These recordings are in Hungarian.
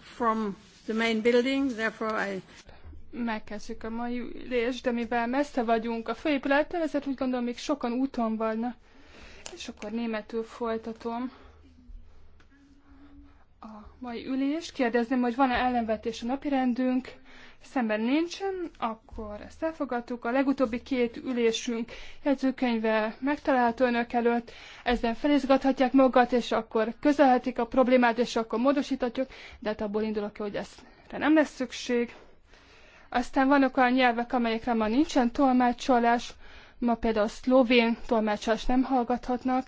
from the main building, therefore I megkezdjük a mai ülést, de mivel messze vagyunk a főépülettől, ezért úgy gondolom, még sokan úton vannak. És akkor németül folytatom a mai ülést. Kérdezném, hogy van-e ellenvetés a napirendünk szemben nincsen, akkor ezt elfogadtuk. A legutóbbi két ülésünk jegyzőkönyve megtalálható önök előtt, ezzel felizgathatják magat és akkor közelhetik a problémát, és akkor módosíthatjuk, de hát abból indulok ki, hogy ezre nem lesz szükség. Aztán vannak olyan nyelvek, amelyekre ma nincsen tolmácsolás, ma például a szlovén tolmácsolás nem hallgathatnak,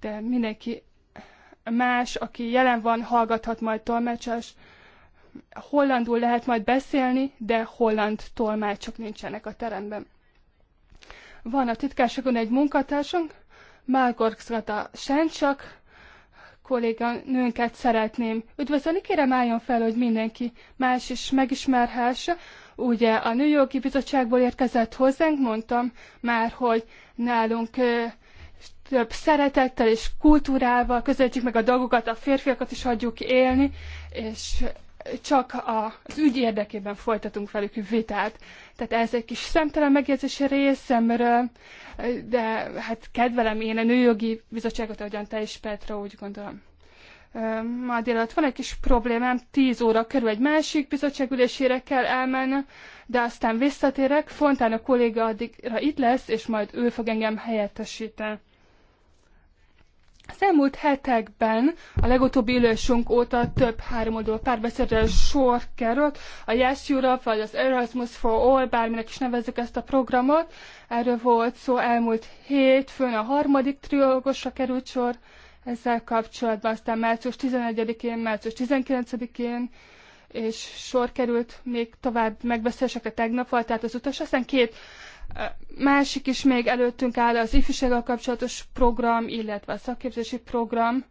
de mindenki más, aki jelen van, hallgathat majd tolmácsolás hollandul lehet majd beszélni, de holland tolmácsok nincsenek a teremben. Van a titkárságon egy munkatársunk, Málgorgszata Sáncsak, kolléganőnket szeretném üdvözölni. Kérem álljon fel, hogy mindenki más is megismerhesse. Ugye a Nőjogi Bizottságból érkezett hozzánk, mondtam már, hogy nálunk ö, több szeretettel és kultúrával közelítjük meg a dolgokat, a férfiakat is hagyjuk élni, és csak az ügy érdekében folytatunk velük vitát. Tehát ez egy kis szemtelen megjegyzési részemről, de hát kedvelem én a nőjogi bizottságot, ahogyan te is, Petra, úgy gondolom. Ma délelőtt van egy kis problémám, 10 óra körül egy másik bizottságülésére kell elmennem, de aztán visszatérek, Fontán a kolléga addigra itt lesz, és majd ő fog engem helyettesíteni. Az elmúlt hetekben a legutóbbi ülésünk óta több háromoldalú párbeszédre sor került. A Yes Europe, vagy az Erasmus for All, bárminek is nevezzük ezt a programot. Erről volt szó elmúlt hétfőn, a harmadik triológusra került sor ezzel kapcsolatban. Aztán március 11-én, március 19-én és sor került még tovább megbeszélésekre tegnap volt, tehát az utolsó, Aztán két Másik is még előttünk áll az ifjúsággal kapcsolatos program, illetve a szakképzési program.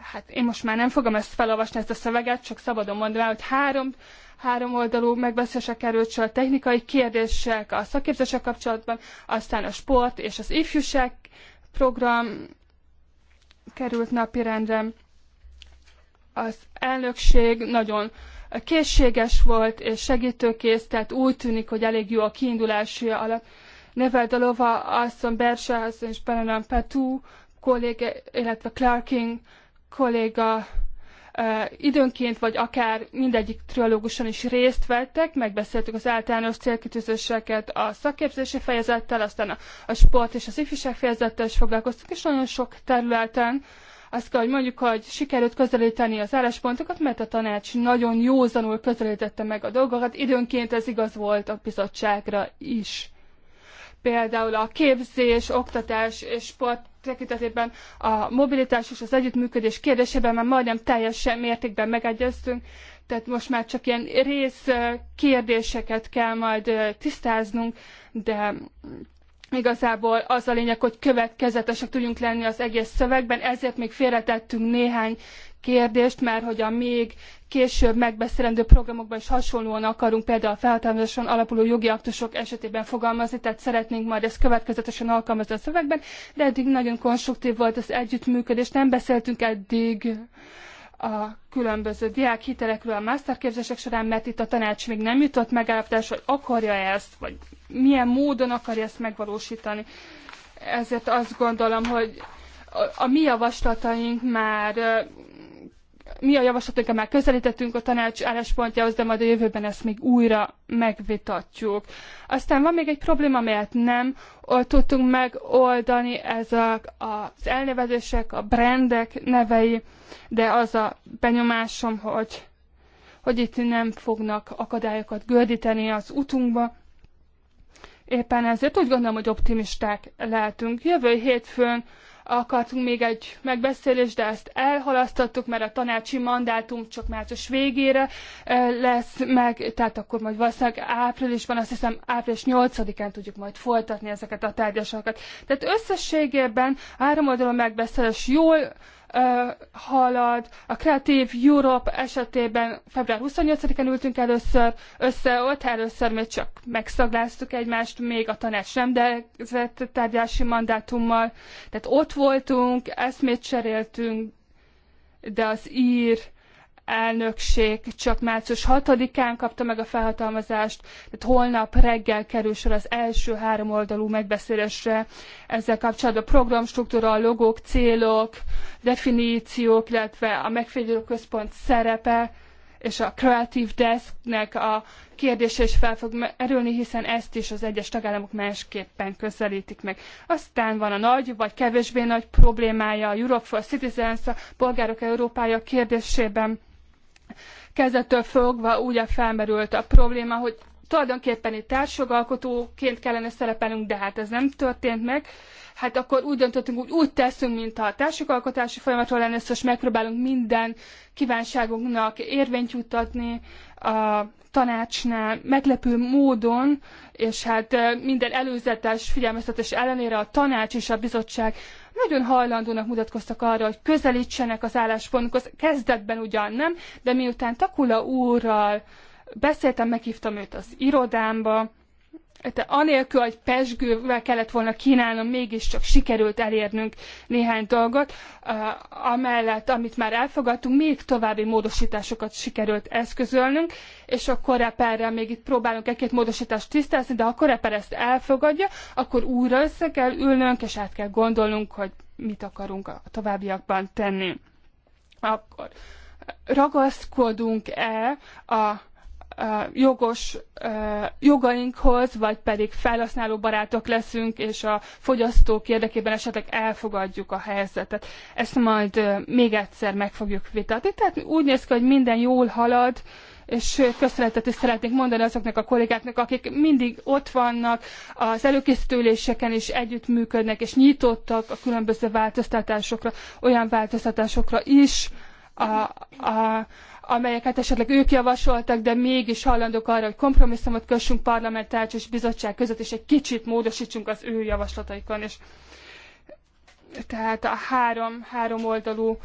Hát én most már nem fogom ezt felolvasni, ezt a szöveget, csak szabadon mondom el, hogy három, három oldalú megbeszélésre került sor, technikai kérdések a szakképzések kapcsolatban, aztán a sport és az ifjúság program került napirendre. Az elnökség nagyon készséges volt és segítőkész, tehát úgy tűnik, hogy elég jó a kiindulási alap. Neveldalova, Aston Bersa, és Belenan Petú kolléga, illetve Clarking kolléga időnként, vagy akár mindegyik triológuson is részt vettek, megbeszéltük az általános célkitűzéseket a szakképzési fejezettel, aztán a, a sport és az ifjúság fejezettel is foglalkoztunk, és nagyon sok területen uh, azt kell, hogy mondjuk, hogy sikerült közelíteni az álláspontokat, mert a tanács nagyon józanul közelítette meg a dolgokat. Időnként ez igaz volt a bizottságra is. Például a képzés, oktatás és sport tekintetében a mobilitás és az együttműködés kérdésében már majdnem teljesen mértékben megegyeztünk, tehát most már csak ilyen rész kérdéseket kell majd tisztáznunk, de Igazából az a lényeg, hogy következetesek tudjunk lenni az egész szövegben, ezért még félretettünk néhány kérdést, mert hogy a még később megbeszélendő programokban is hasonlóan akarunk például a felhatalmazáson alapuló jogi aktusok esetében fogalmazni, tehát szeretnénk majd ezt következetesen alkalmazni a szövegben, de eddig nagyon konstruktív volt az együttműködés, nem beszéltünk eddig a különböző diákhitelekről a masterképzések során, mert itt a tanács még nem jutott megállapodás, hogy akarja ezt, vagy milyen módon akarja ezt megvalósítani. Ezért azt gondolom, hogy a mi javaslataink már mi a javaslatunk, már közelítettünk a tanács álláspontjához, de majd a jövőben ezt még újra megvitatjuk. Aztán van még egy probléma, amelyet nem tudtunk megoldani, ezek az elnevezések, a brandek nevei, de az a benyomásom, hogy, hogy itt nem fognak akadályokat gördíteni az utunkba. Éppen ezért úgy gondolom, hogy optimisták lehetünk. Jövő hétfőn akartunk még egy megbeszélést, de ezt elhalasztottuk, mert a tanácsi mandátum csak március végére lesz meg, tehát akkor majd valószínűleg áprilisban, azt hiszem április 8-án tudjuk majd folytatni ezeket a tárgyalásokat. Tehát összességében három oldalon megbeszélés jól halad. A Creative Europe esetében február 28-án ültünk először össze, ott először még csak megszagláztuk egymást, még a tanács nem rendelkezett tárgyási mandátummal. Tehát ott voltunk, eszmét cseréltünk, de az ír elnökség csak március 6-án kapta meg a felhatalmazást, tehát holnap reggel kerül sor az első három oldalú megbeszélésre. Ezzel kapcsolatban a programstruktúra, logók, célok, definíciók, illetve a megfigyelő központ szerepe, és a Creative Desknek a kérdése is fel fog erülni, hiszen ezt is az egyes tagállamok másképpen közelítik meg. Aztán van a nagy vagy kevésbé nagy problémája a Europe for Citizens, a polgárok Európája kérdésében kezdettől fogva újra felmerült a probléma, hogy tulajdonképpen itt társjogalkotóként kellene szerepelnünk, de hát ez nem történt meg. Hát akkor úgy döntöttünk, hogy úgy teszünk, mint a társjogalkotási folyamatról lenne, és megpróbálunk minden kívánságunknak érvényt juttatni a tanácsnál meglepő módon, és hát minden előzetes figyelmeztetés ellenére a tanács és a bizottság nagyon hajlandónak mutatkoztak arra, hogy közelítsenek az álláspontokhoz. Kezdetben ugyan nem, de miután Takula úrral beszéltem, meghívtam őt az irodámba, te anélkül, hogy pesgővel kellett volna kínálnom, mégiscsak sikerült elérnünk néhány dolgot. Amellett, amit már elfogadtunk, még további módosításokat sikerült eszközölnünk, és a koreperrel még itt próbálunk egy-két módosítást tisztázni, de ha a koreper ezt elfogadja, akkor újra össze kell ülnünk, és át kell gondolnunk, hogy mit akarunk a továbbiakban tenni. Akkor ragaszkodunk-e a jogos jogainkhoz, vagy pedig felhasználóbarátok leszünk, és a fogyasztók érdekében esetleg elfogadjuk a helyzetet. Ezt majd még egyszer meg fogjuk vitatni. Tehát úgy néz ki, hogy minden jól halad, és köszönetet is szeretnék mondani azoknak a kollégáknak, akik mindig ott vannak, az előkészítőléseken is együttműködnek, és nyitottak a különböző változtatásokra, olyan változtatásokra is, a, a, amelyeket esetleg ők javasoltak, de mégis hajlandók arra, hogy kompromisszumot kössünk parlament, és bizottság között, és egy kicsit módosítsunk az ő javaslataikon. És tehát a három, három oldalú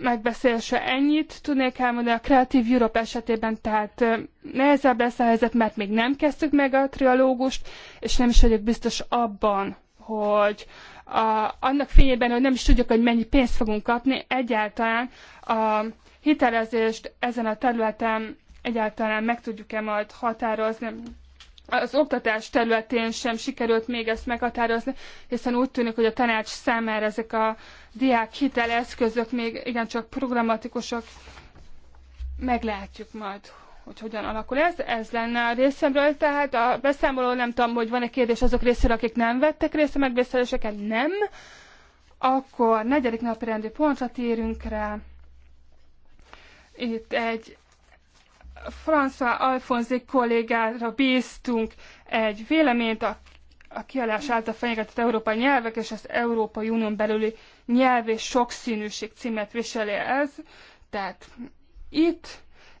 megbeszélésre ennyit tudnék elmondani. A Creative Europe esetében tehát nehezebb lesz a helyzet, mert még nem kezdtük meg a trialógust, és nem is vagyok biztos abban, hogy a, annak fényében, hogy nem is tudjuk, hogy mennyi pénzt fogunk kapni, egyáltalán a hitelezést ezen a területen egyáltalán meg tudjuk-e majd határozni. Az oktatás területén sem sikerült még ezt meghatározni, hiszen úgy tűnik, hogy a tanács számára ezek a diák hiteleszközök még igencsak programatikusak. Meglátjuk majd, hogy hogyan alakul ez. Ez lenne a részemről, tehát a beszámoló nem tudom, hogy van-e kérdés azok részéről, akik nem vettek részt a megbeszéléseken, nem. Akkor negyedik napi rendi pontra térünk rá. Itt egy François Alfonzi kollégára bíztunk egy véleményt a, a kiállás által fenyegetett európai nyelvek és az Európai Unión belüli nyelv és sokszínűség címet viseli ez. Tehát itt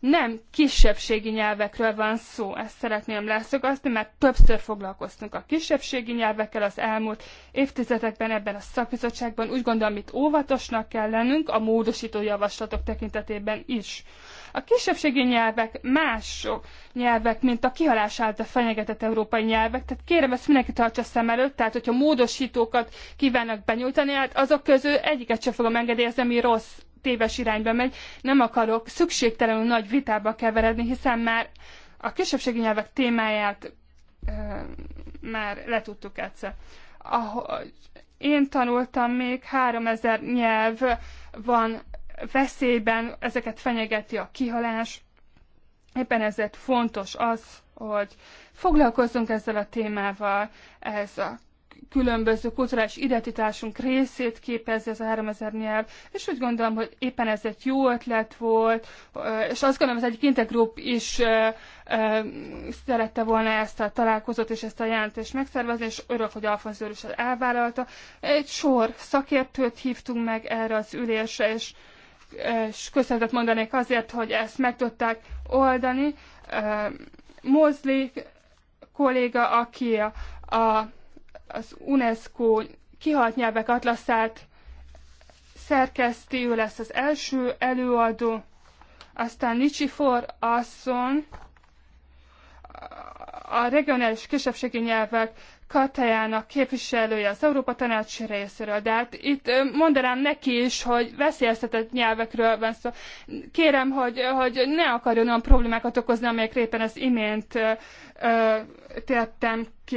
nem kisebbségi nyelvekről van szó, ezt szeretném leszögezni, mert többször foglalkoztunk a kisebbségi nyelvekkel az elmúlt évtizedekben ebben a szakbizottságban. Úgy gondolom, itt óvatosnak kell lennünk a módosító javaslatok tekintetében is. A kisebbségi nyelvek mások nyelvek, mint a kihalás által fenyegetett európai nyelvek. Tehát kérem, ezt mindenki tartsa szem előtt, tehát hogyha módosítókat kívánnak benyújtani, hát azok közül egyiket sem fogom engedélyezni, ami rossz téves irányba megy. Nem akarok szükségtelenül nagy vitába keveredni, hiszen már a kisebbségi nyelvek témáját e, már letudtuk egyszer. Ahogy én tanultam, még 3000 nyelv van veszélyben, ezeket fenyegeti a kihalás. Éppen ezért fontos az, hogy foglalkozzunk ezzel a témával, ez a különböző kulturális identitásunk részét képezi ez a 3000 nyelv, és úgy gondolom, hogy éppen ez egy jó ötlet volt, és azt gondolom, az egyik intergrup is szerette volna ezt a találkozót és ezt a jelentést megszervezni, és örök, hogy Alfonz is elvállalta. Egy sor szakértőt hívtunk meg erre az ülésre, és és köszönetet mondanék azért, hogy ezt meg tudták oldani. Mozli kolléga, aki a, a az UNESCO kihalt nyelvek atlaszát szerkeszti, ő lesz az első előadó, aztán Nicsifor Asszon, a regionális kisebbségi nyelvek Katájának képviselője az Európa Tanács részéről, de hát itt mondanám neki is, hogy veszélyeztetett nyelvekről van szó. Szóval kérem, hogy, hogy ne akarjon olyan problémákat okozni, amelyek éppen az imént ö, ki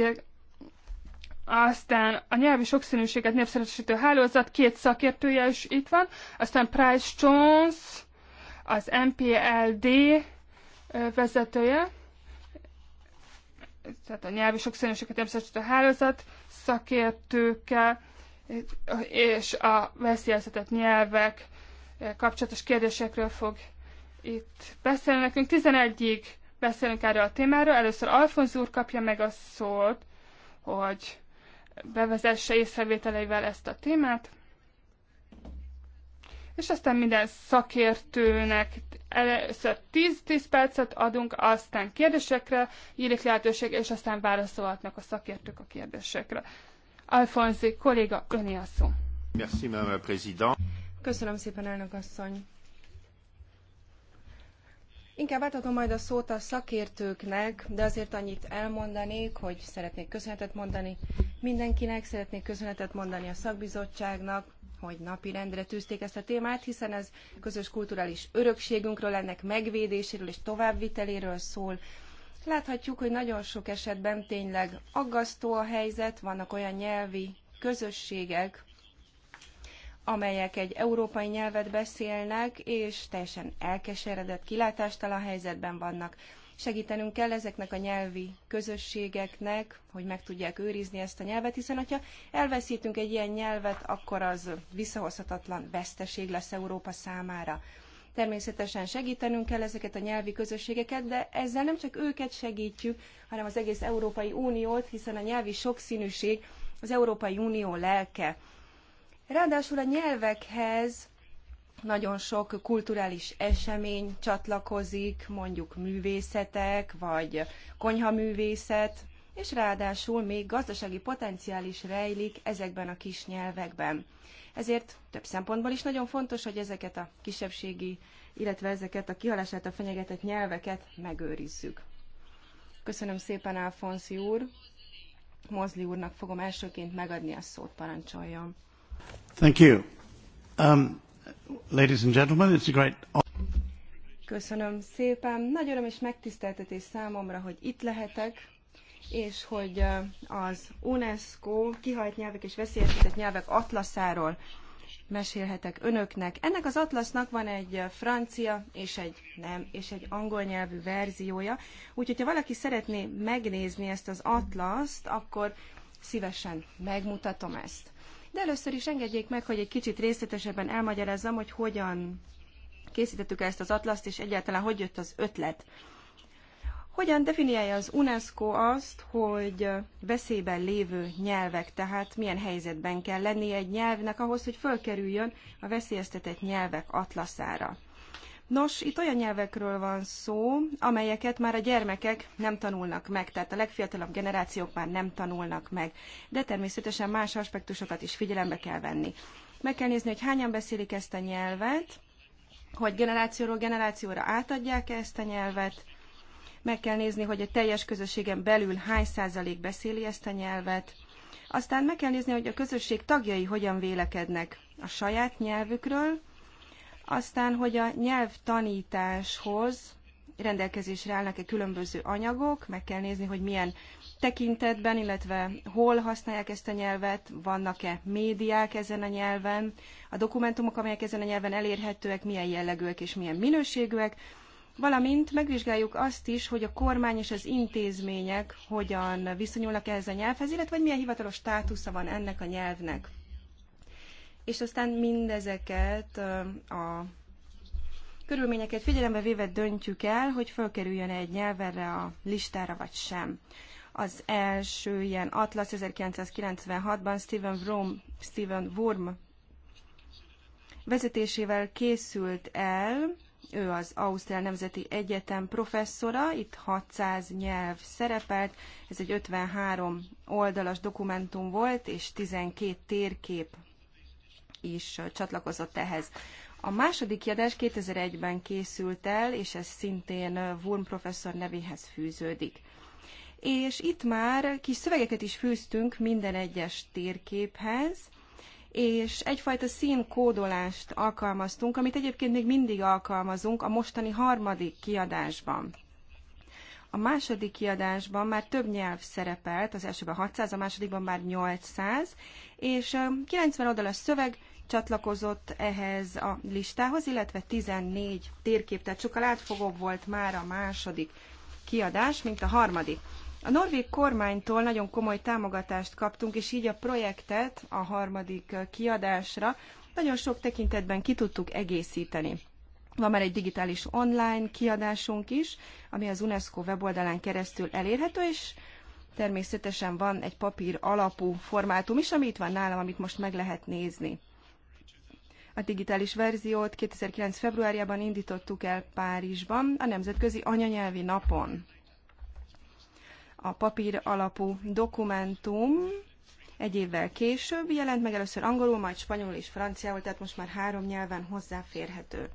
aztán a nyelvi sokszínűséget népszerűsítő hálózat két szakértője is itt van, aztán Price Jones, az MPLD vezetője, tehát a nyelvi sokszínűséget népszerűsítő hálózat szakértőkkel, és a veszélyeztetett nyelvek kapcsolatos kérdésekről fog itt beszélni nekünk. 11-ig beszélünk erről a témáról. Először Alfonz úr kapja meg a szót, hogy bevezesse észrevételeivel ezt a témát, és aztán minden szakértőnek először 10-10 percet adunk, aztán kérdésekre írik lehetőség, és aztán válaszolhatnak a szakértők a kérdésekre. Alfonzi kolléga, öné a szó. Merci, Köszönöm szépen, elnök asszony. Inkább átadom majd a szót a szakértőknek, de azért annyit elmondanék, hogy szeretnék köszönetet mondani mindenkinek, szeretnék köszönetet mondani a szakbizottságnak, hogy napirendre tűzték ezt a témát, hiszen ez közös kulturális örökségünkről, ennek megvédéséről és továbbviteléről szól. Láthatjuk, hogy nagyon sok esetben tényleg aggasztó a helyzet, vannak olyan nyelvi közösségek, amelyek egy európai nyelvet beszélnek, és teljesen elkeseredett, kilátástalan helyzetben vannak. Segítenünk kell ezeknek a nyelvi közösségeknek, hogy meg tudják őrizni ezt a nyelvet, hiszen ha elveszítünk egy ilyen nyelvet, akkor az visszahozhatatlan veszteség lesz Európa számára. Természetesen segítenünk kell ezeket a nyelvi közösségeket, de ezzel nem csak őket segítjük, hanem az egész Európai Uniót, hiszen a nyelvi sokszínűség az Európai Unió lelke. Ráadásul a nyelvekhez nagyon sok kulturális esemény csatlakozik, mondjuk művészetek, vagy konyhaművészet, és ráadásul még gazdasági potenciál is rejlik ezekben a kis nyelvekben. Ezért több szempontból is nagyon fontos, hogy ezeket a kisebbségi, illetve ezeket a kihalását a fenyegetett nyelveket megőrizzük. Köszönöm szépen, Alfonszi úr! Mozli úrnak fogom elsőként megadni a szót, parancsoljon! Thank you. Um, ladies and gentlemen, it's a great... Köszönöm szépen. Nagy öröm és megtiszteltetés számomra, hogy itt lehetek, és hogy uh, az UNESCO kihajt nyelvek és veszélyesített nyelvek atlaszáról mesélhetek önöknek. Ennek az atlasznak van egy uh, francia és egy nem, és egy angol nyelvű verziója, úgyhogy ha valaki szeretné megnézni ezt az atlaszt, akkor szívesen megmutatom ezt. De először is engedjék meg, hogy egy kicsit részletesebben elmagyarázzam, hogy hogyan készítettük ezt az atlaszt, és egyáltalán hogy jött az ötlet. Hogyan definiálja az UNESCO azt, hogy veszélyben lévő nyelvek, tehát milyen helyzetben kell lennie egy nyelvnek ahhoz, hogy fölkerüljön a veszélyeztetett nyelvek atlaszára? Nos, itt olyan nyelvekről van szó, amelyeket már a gyermekek nem tanulnak meg, tehát a legfiatalabb generációk már nem tanulnak meg. De természetesen más aspektusokat is figyelembe kell venni. Meg kell nézni, hogy hányan beszélik ezt a nyelvet, hogy generációról generációra átadják -e ezt a nyelvet, meg kell nézni, hogy a teljes közösségen belül hány százalék beszéli ezt a nyelvet, aztán meg kell nézni, hogy a közösség tagjai hogyan vélekednek a saját nyelvükről, aztán, hogy a nyelvtanításhoz rendelkezésre állnak-e különböző anyagok, meg kell nézni, hogy milyen tekintetben, illetve hol használják ezt a nyelvet, vannak-e médiák ezen a nyelven, a dokumentumok, amelyek ezen a nyelven elérhetőek, milyen jellegűek és milyen minőségűek, valamint megvizsgáljuk azt is, hogy a kormány és az intézmények hogyan viszonyulnak ehhez a nyelvhez, illetve hogy milyen hivatalos státusza van ennek a nyelvnek és aztán mindezeket a körülményeket figyelembe véve döntjük el, hogy fölkerüljön -e egy nyelv erre a listára, vagy sem. Az első ilyen atlasz 1996-ban Stephen, Rome, Stephen Worm vezetésével készült el, ő az Ausztrál Nemzeti Egyetem professzora, itt 600 nyelv szerepelt, ez egy 53 oldalas dokumentum volt, és 12 térkép is csatlakozott ehhez. A második kiadás 2001-ben készült el, és ez szintén Wurm professzor nevéhez fűződik. És itt már kis szövegeket is fűztünk minden egyes térképhez, és egyfajta színkódolást alkalmaztunk, amit egyébként még mindig alkalmazunk a mostani harmadik kiadásban. A második kiadásban már több nyelv szerepelt, az elsőben 600, a másodikban már 800, és 90 oldalas szöveg csatlakozott ehhez a listához, illetve 14 térkép, tehát sokkal átfogóbb volt már a második kiadás, mint a harmadik. A norvég kormánytól nagyon komoly támogatást kaptunk, és így a projektet a harmadik kiadásra nagyon sok tekintetben ki tudtuk egészíteni. Van már egy digitális online kiadásunk is, ami az UNESCO weboldalán keresztül elérhető, és természetesen van egy papír alapú formátum is, ami itt van nálam, amit most meg lehet nézni. A digitális verziót 2009. februárjában indítottuk el Párizsban, a Nemzetközi Anyanyelvi Napon. A papír alapú dokumentum egy évvel később jelent meg először angolul, majd spanyolul és franciául, tehát most már három nyelven hozzáférhető.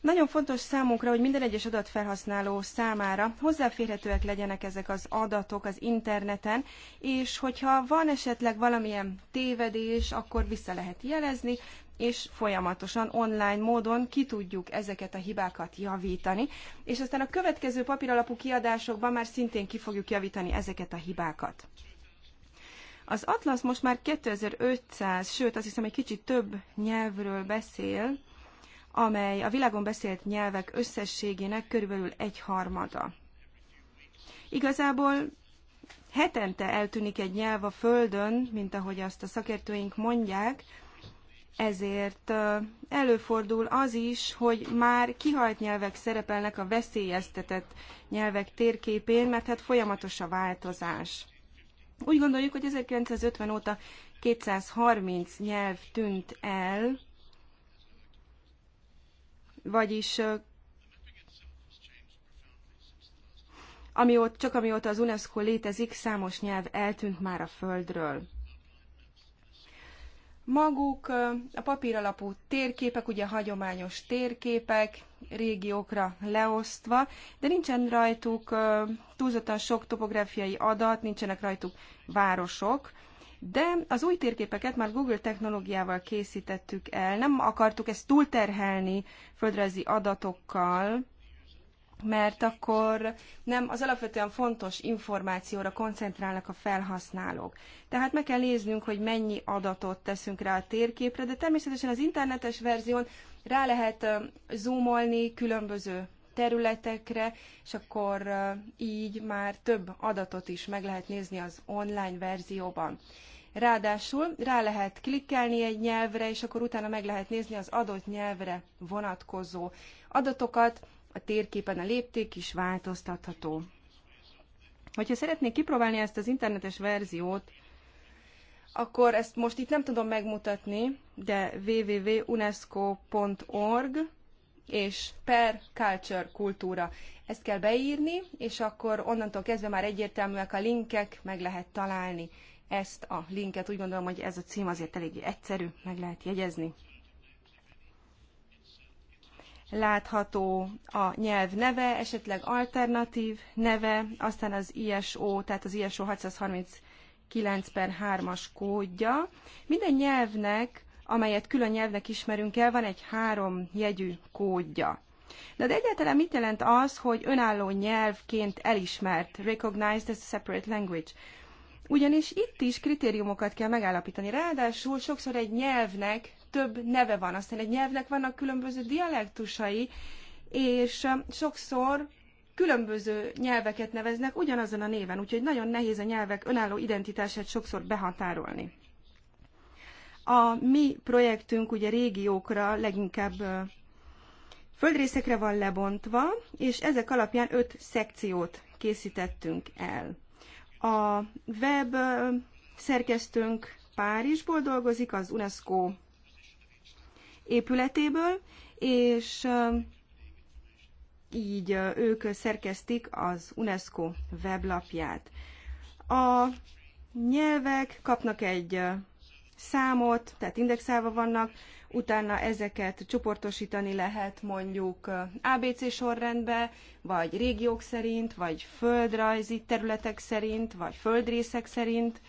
Nagyon fontos számunkra, hogy minden egyes adatfelhasználó számára hozzáférhetőek legyenek ezek az adatok az interneten, és hogyha van esetleg valamilyen tévedés, akkor vissza lehet jelezni, és folyamatosan online módon ki tudjuk ezeket a hibákat javítani, és aztán a következő papíralapú kiadásokban már szintén ki fogjuk javítani ezeket a hibákat. Az Atlasz most már 2500, sőt azt hiszem egy kicsit több nyelvről beszél, amely a világon beszélt nyelvek összességének körülbelül egy harmada. Igazából hetente eltűnik egy nyelv a Földön, mint ahogy azt a szakértőink mondják, ezért előfordul az is, hogy már kihalt nyelvek szerepelnek a veszélyeztetett nyelvek térképén, mert hát folyamatos a változás. Úgy gondoljuk, hogy 1950 óta 230 nyelv tűnt el, vagyis amióta, csak amióta az UNESCO létezik, számos nyelv eltűnt már a földről. Maguk a papír alapú térképek, ugye hagyományos térképek, régiókra leosztva, de nincsen rajtuk túlzottan sok topográfiai adat, nincsenek rajtuk városok, de az új térképeket már Google technológiával készítettük el, nem akartuk ezt túlterhelni földrajzi adatokkal, mert akkor nem az alapvetően fontos információra koncentrálnak a felhasználók. Tehát meg kell néznünk, hogy mennyi adatot teszünk rá a térképre, de természetesen az internetes verzión rá lehet zoomolni különböző területekre, és akkor így már több adatot is meg lehet nézni az online verzióban. Ráadásul rá lehet klikkelni egy nyelvre, és akkor utána meg lehet nézni az adott nyelvre vonatkozó adatokat, a térképen a lépték is változtatható. Hogyha szeretnék kipróbálni ezt az internetes verziót, akkor ezt most itt nem tudom megmutatni, de www.unesco.org és per culture kultúra. Ezt kell beírni, és akkor onnantól kezdve már egyértelműek a linkek, meg lehet találni ezt a linket. Úgy gondolom, hogy ez a cím azért eléggé egyszerű, meg lehet jegyezni látható a nyelv neve, esetleg alternatív neve, aztán az ISO, tehát az ISO 639 per 3-as kódja. Minden nyelvnek, amelyet külön nyelvnek ismerünk el, van egy három jegyű kódja. Na de egyáltalán mit jelent az, hogy önálló nyelvként elismert, recognized as a separate language? Ugyanis itt is kritériumokat kell megállapítani. Ráadásul sokszor egy nyelvnek több neve van, aztán egy nyelvnek vannak különböző dialektusai, és um, sokszor különböző nyelveket neveznek ugyanazon a néven, úgyhogy nagyon nehéz a nyelvek önálló identitását sokszor behatárolni. A mi projektünk ugye régiókra leginkább földrészekre van lebontva, és ezek alapján öt szekciót készítettünk el. A web szerkesztőnk Párizsból dolgozik, az UNESCO épületéből, és így ők szerkesztik az UNESCO weblapját. A nyelvek kapnak egy számot, tehát indexálva vannak, utána ezeket csoportosítani lehet mondjuk ABC sorrendbe, vagy régiók szerint, vagy földrajzi területek szerint, vagy földrészek szerint,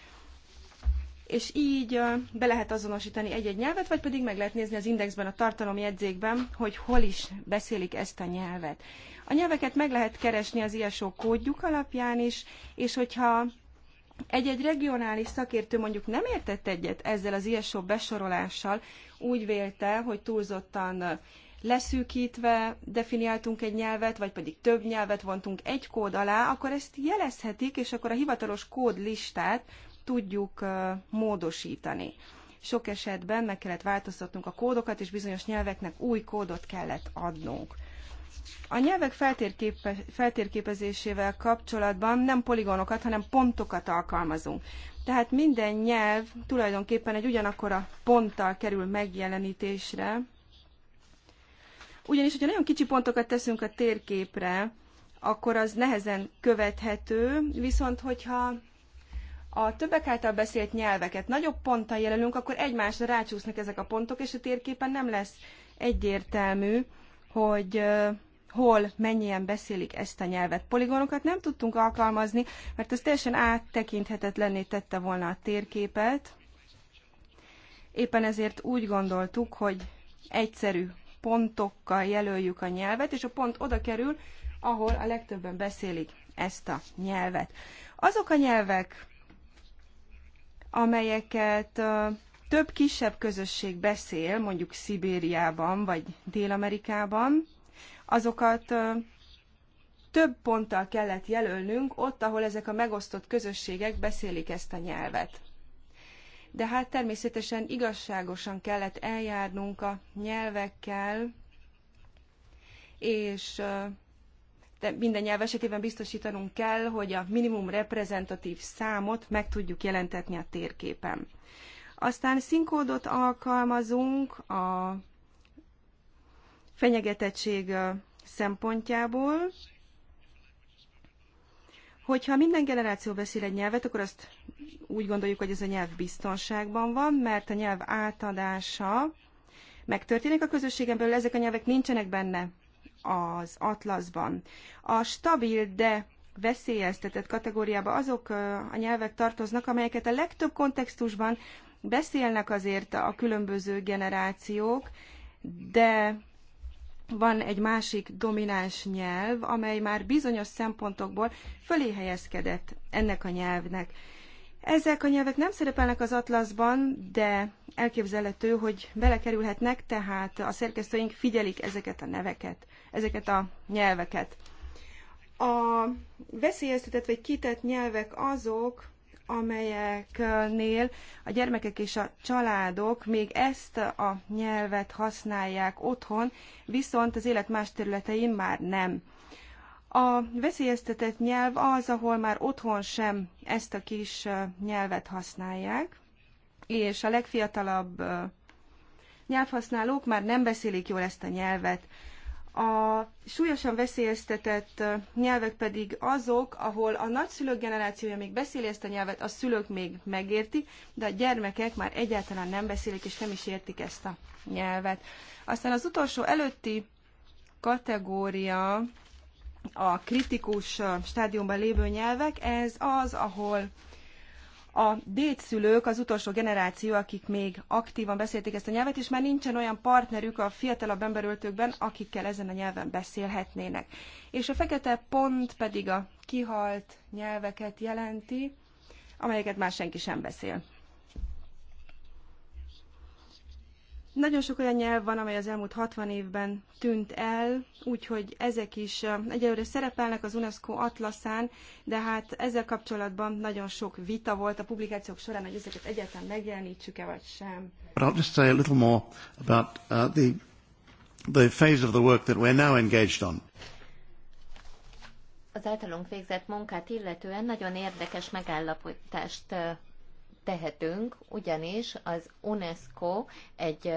és így be lehet azonosítani egy-egy nyelvet, vagy pedig meg lehet nézni az indexben, a tartalomjegyzékben, hogy hol is beszélik ezt a nyelvet. A nyelveket meg lehet keresni az ISO kódjuk alapján is, és hogyha egy-egy regionális szakértő mondjuk nem értett egyet ezzel az ISO besorolással, úgy vélte, hogy túlzottan leszűkítve definiáltunk egy nyelvet, vagy pedig több nyelvet vontunk egy kód alá, akkor ezt jelezhetik, és akkor a hivatalos kódlistát tudjuk módosítani. Sok esetben meg kellett változtatnunk a kódokat, és bizonyos nyelveknek új kódot kellett adnunk. A nyelvek feltérképe, feltérképezésével kapcsolatban nem poligonokat, hanem pontokat alkalmazunk. Tehát minden nyelv tulajdonképpen egy ugyanakkora ponttal kerül megjelenítésre, ugyanis, hogyha nagyon kicsi pontokat teszünk a térképre, akkor az nehezen követhető, viszont hogyha a többek által beszélt nyelveket nagyobb ponttal jelölünk, akkor egymásra rácsúsznak ezek a pontok, és a térképen nem lesz egyértelmű, hogy hol mennyien beszélik ezt a nyelvet. Poligonokat nem tudtunk alkalmazni, mert ez teljesen áttekinthetetlenné tette volna a térképet. Éppen ezért úgy gondoltuk, hogy egyszerű pontokkal jelöljük a nyelvet, és a pont oda kerül, ahol a legtöbben beszélik ezt a nyelvet. Azok a nyelvek, amelyeket több kisebb közösség beszél, mondjuk Szibériában vagy Dél-Amerikában, azokat több ponttal kellett jelölnünk ott, ahol ezek a megosztott közösségek beszélik ezt a nyelvet. De hát természetesen igazságosan kellett eljárnunk a nyelvekkel, és de minden nyelv esetében biztosítanunk kell, hogy a minimum reprezentatív számot meg tudjuk jelentetni a térképen. Aztán színkódot alkalmazunk a fenyegetettség szempontjából, hogyha minden generáció beszél egy nyelvet, akkor azt úgy gondoljuk, hogy ez a nyelv biztonságban van, mert a nyelv átadása megtörténik a közösségen belül, ezek a nyelvek nincsenek benne az atlaszban. A stabil, de veszélyeztetett kategóriába azok a nyelvek tartoznak, amelyeket a legtöbb kontextusban beszélnek azért a különböző generációk, de van egy másik domináns nyelv, amely már bizonyos szempontokból fölé helyezkedett ennek a nyelvnek. Ezek a nyelvek nem szerepelnek az atlaszban, de elképzelhető, hogy belekerülhetnek, tehát a szerkesztőink figyelik ezeket a neveket ezeket a nyelveket. A veszélyeztetett vagy kitett nyelvek azok, amelyeknél a gyermekek és a családok még ezt a nyelvet használják otthon, viszont az élet más területein már nem. A veszélyeztetett nyelv az, ahol már otthon sem ezt a kis nyelvet használják, és a legfiatalabb nyelvhasználók már nem beszélik jól ezt a nyelvet. A súlyosan veszélyeztetett nyelvek pedig azok, ahol a nagyszülők generációja még beszéli ezt a nyelvet, a szülők még megértik, de a gyermekek már egyáltalán nem beszélik és nem is értik ezt a nyelvet. Aztán az utolsó előtti kategória a kritikus stádiumban lévő nyelvek, ez az, ahol a dédszülők az utolsó generáció, akik még aktívan beszélték ezt a nyelvet, és már nincsen olyan partnerük a fiatalabb emberöltőkben, akikkel ezen a nyelven beszélhetnének. És a fekete pont pedig a kihalt nyelveket jelenti, amelyeket már senki sem beszél. Nagyon sok olyan nyelv van, amely az elmúlt 60 évben tűnt el, úgyhogy ezek is egyelőre szerepelnek az UNESCO atlaszán, de hát ezzel kapcsolatban nagyon sok vita volt a publikációk során, hogy ezeket egyáltalán megjelenítsük-e vagy sem. But I'll just say a little more about uh, the, the phase of the work that we're now engaged on. Az általunk végzett munkát illetően nagyon érdekes megállapítást tehetünk, ugyanis az UNESCO egy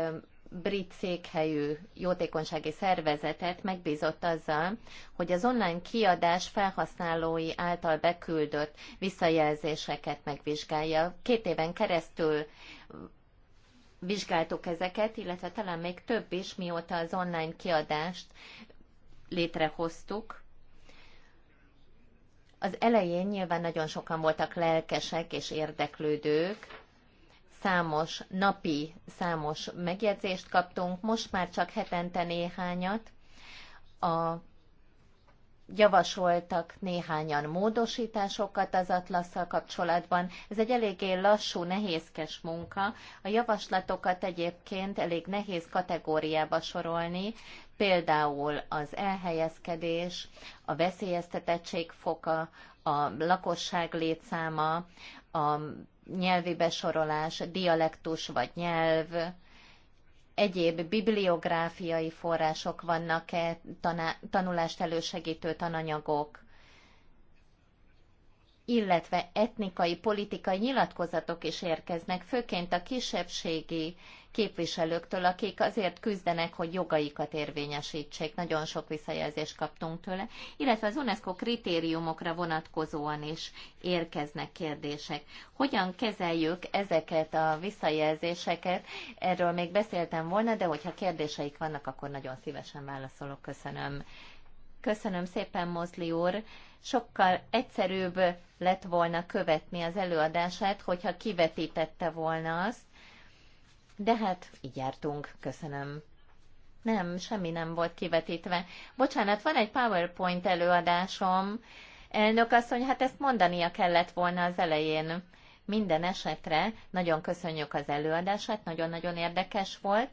brit székhelyű jótékonysági szervezetet megbízott azzal, hogy az online kiadás felhasználói által beküldött visszajelzéseket megvizsgálja. Két éven keresztül vizsgáltuk ezeket, illetve talán még több is, mióta az online kiadást létrehoztuk, az elején nyilván nagyon sokan voltak lelkesek és érdeklődők, számos napi, számos megjegyzést kaptunk, most már csak hetente néhányat. A javasoltak néhányan módosításokat az atlasszal kapcsolatban. Ez egy eléggé lassú, nehézkes munka. A javaslatokat egyébként elég nehéz kategóriába sorolni, például az elhelyezkedés, a veszélyeztetettség foka, a lakosság létszáma, a nyelvi besorolás, dialektus vagy nyelv, egyéb bibliográfiai források vannak-e, tanulást elősegítő tananyagok, illetve etnikai, politikai nyilatkozatok is érkeznek, főként a kisebbségi képviselőktől, akik azért küzdenek, hogy jogaikat érvényesítsék. Nagyon sok visszajelzést kaptunk tőle, illetve az UNESCO kritériumokra vonatkozóan is érkeznek kérdések. Hogyan kezeljük ezeket a visszajelzéseket? Erről még beszéltem volna, de hogyha kérdéseik vannak, akkor nagyon szívesen válaszolok. Köszönöm. Köszönöm szépen, Mozli úr. Sokkal egyszerűbb lett volna követni az előadását, hogyha kivetítette volna azt, de hát így jártunk, köszönöm. Nem, semmi nem volt kivetítve. Bocsánat, van egy PowerPoint előadásom. Elnök asszony, hát ezt mondania kellett volna az elején. Minden esetre nagyon köszönjük az előadását, nagyon-nagyon érdekes volt.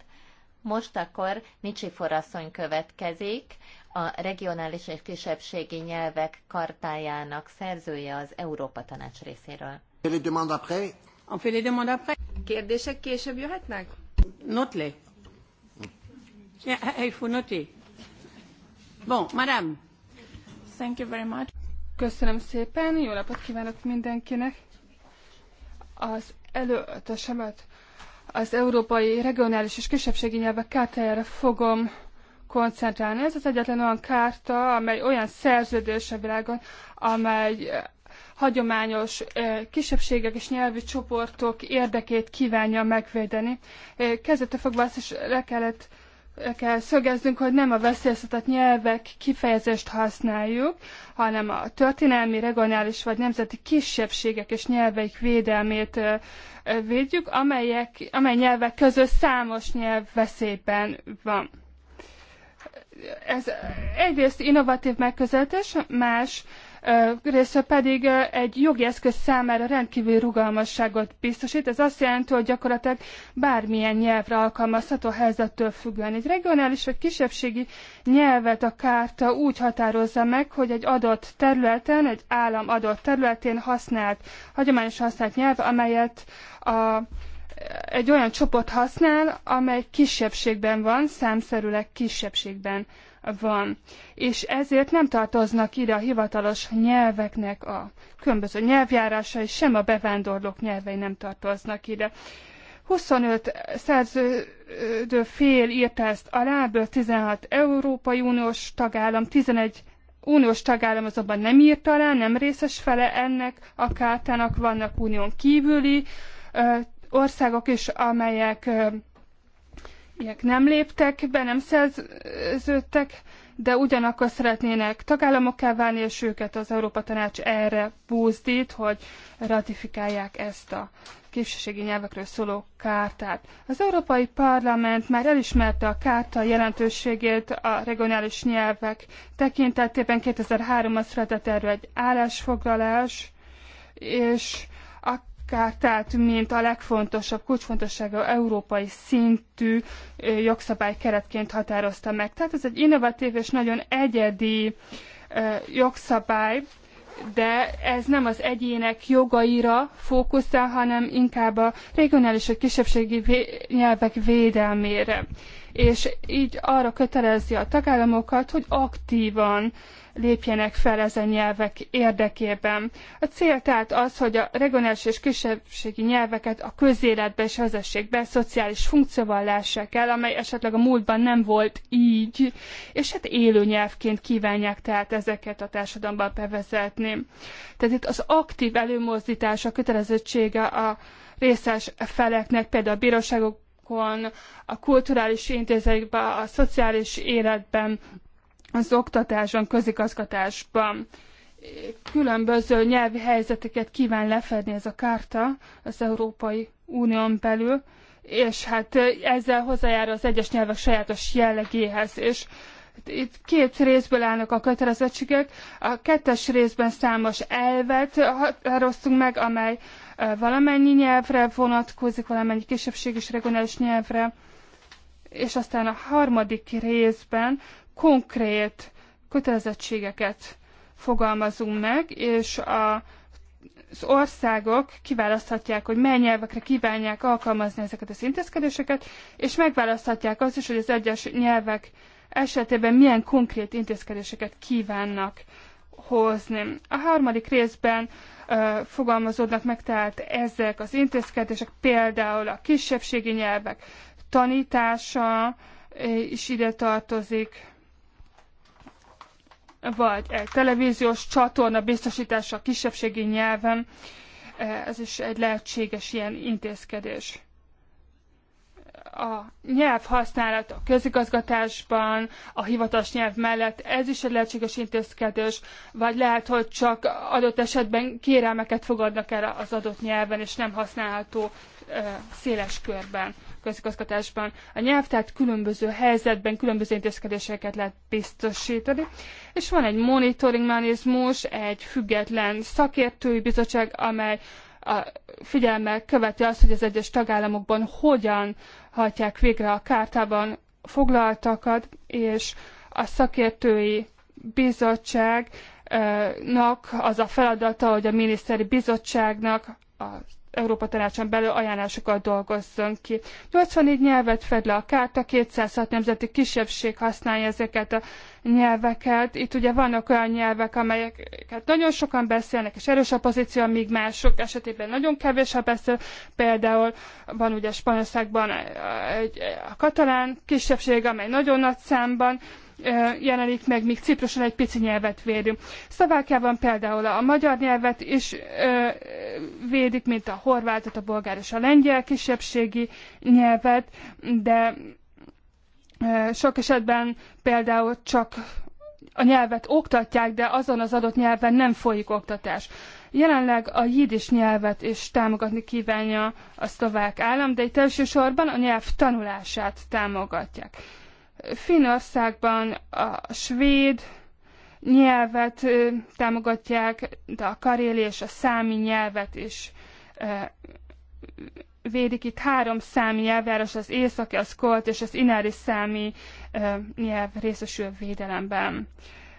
Most akkor Nicsi Forasszony következik, a regionális és kisebbségi nyelvek kartájának szerzője az Európa Tanács részéről. On fait les demandes après. Kérdések később jöhetnek? Notlé. Yeah, eh, eh, il faut noter. Bon, madame. Thank you very much. Köszönöm szépen, jó napot kívánok mindenkinek. Az előadásomat az európai regionális és kisebbségi nyelvek kártyájára fogom koncentrálni. Ez az egyetlen olyan kárta, amely olyan szerződés a világon, amely hagyományos kisebbségek és nyelvi csoportok érdekét kívánja megvédeni. Kezdetől fogva azt is le kellett kell szögeznünk, hogy nem a veszélyeztetett nyelvek kifejezést használjuk, hanem a történelmi, regionális vagy nemzeti kisebbségek és nyelveik védelmét védjük, amelyek, amely nyelvek közül számos nyelv veszélyben van. Ez egyrészt innovatív megközelítés, más része pedig egy jogi eszköz számára rendkívül rugalmasságot biztosít. Ez azt jelenti, hogy gyakorlatilag bármilyen nyelvre alkalmazható helyzettől függően. Egy regionális vagy kisebbségi nyelvet a kárta úgy határozza meg, hogy egy adott területen, egy állam adott területén használt, hagyományosan használt nyelv, amelyet a egy olyan csoport használ, amely kisebbségben van, számszerűleg kisebbségben van. És ezért nem tartoznak ide a hivatalos nyelveknek a különböző nyelvjárásai, sem a bevándorlók nyelvei nem tartoznak ide. 25 szerződő fél írta ezt alá, 16 Európai Uniós tagállam, 11 uniós tagállam azonban nem írta alá, nem részes fele ennek a kártának, vannak unión kívüli ö, országok is, amelyek ö, ilyek nem léptek be, nem szerződtek, de ugyanakkor szeretnének tagállamokká válni, és őket az Európa Tanács erre búzdít, hogy ratifikálják ezt a kisebbségi nyelvekről szóló kártát. Az Európai Parlament már elismerte a kárta jelentőségét a regionális nyelvek tekintetében. 2003-ban született erről egy állásfoglalás, és kártát, mint a legfontosabb, kulcsfontosságú európai szintű jogszabály határozta meg. Tehát ez egy innovatív és nagyon egyedi jogszabály, de ez nem az egyének jogaira fókuszál, hanem inkább a regionális vagy kisebbségi vé- nyelvek védelmére. És így arra kötelezi a tagállamokat, hogy aktívan lépjenek fel ezen nyelvek érdekében. A cél tehát az, hogy a regionális és kisebbségi nyelveket a közéletbe és vezessék szociális funkcióval lássák el, amely esetleg a múltban nem volt így, és hát élő nyelvként kívánják tehát ezeket a társadalomban bevezetni. Tehát itt az aktív előmozdítás, a kötelezettsége a részes feleknek, például a bíróságokon, a kulturális intézetekben, a szociális életben az oktatásban, közigazgatásban. Különböző nyelvi helyzeteket kíván lefedni ez a kárta az Európai Unión belül, és hát ezzel hozzájár az egyes nyelvek sajátos jellegéhez, és itt két részből állnak a kötelezettségek. A kettes részben számos elvet határoztunk meg, amely valamennyi nyelvre vonatkozik, valamennyi kisebbség és regionális nyelvre, és aztán a harmadik részben konkrét kötelezettségeket fogalmazunk meg, és a, az országok kiválaszthatják, hogy mely nyelvekre kívánják alkalmazni ezeket az intézkedéseket, és megválaszthatják azt is, hogy az egyes nyelvek esetében milyen konkrét intézkedéseket kívánnak hozni. A harmadik részben ö, fogalmazódnak meg tehát ezek az intézkedések, például a kisebbségi nyelvek tanítása is ide tartozik, vagy egy televíziós csatorna biztosítása a kisebbségi nyelven, eh, ez is egy lehetséges ilyen intézkedés. A nyelv használat a közigazgatásban, a hivatalos nyelv mellett, ez is egy lehetséges intézkedés, vagy lehet, hogy csak adott esetben kérelmeket fogadnak el az adott nyelven, és nem használható eh, széles körben közigazgatásban a nyelv, tehát különböző helyzetben különböző intézkedéseket lehet biztosítani. És van egy monitoring mechanizmus, egy független szakértői bizottság, amely a figyelemmel követi azt, hogy az egyes tagállamokban hogyan hajtják végre a kártában foglaltakat, és a szakértői bizottságnak az a feladata, hogy a miniszteri bizottságnak az Európa Tanácson belül ajánlásokat dolgozzon ki. 84 nyelvet fed le a kárta, 206 nemzeti kisebbség használja ezeket a nyelveket. Itt ugye vannak olyan nyelvek, amelyeket nagyon sokan beszélnek, és erős a pozíció, míg mások esetében nagyon kevés a beszél. Például van ugye Spanyolországban egy, a katalán kisebbség, amely nagyon nagy számban jelenik meg, míg Cipruson egy pici nyelvet védünk. Szlovákiában például a magyar nyelvet is védik, mint a horvátot, a bolgár és a lengyel kisebbségi nyelvet, de sok esetben például csak a nyelvet oktatják, de azon az adott nyelven nem folyik oktatás. Jelenleg a jidis nyelvet is támogatni kívánja a szlovák állam, de itt elsősorban a nyelv tanulását támogatják. Finnországban a svéd nyelvet támogatják, de a karéli és a számi nyelvet is védik. Itt három számi nyelvjárás, az északi, az kolt és az inári számi nyelv részesül védelemben.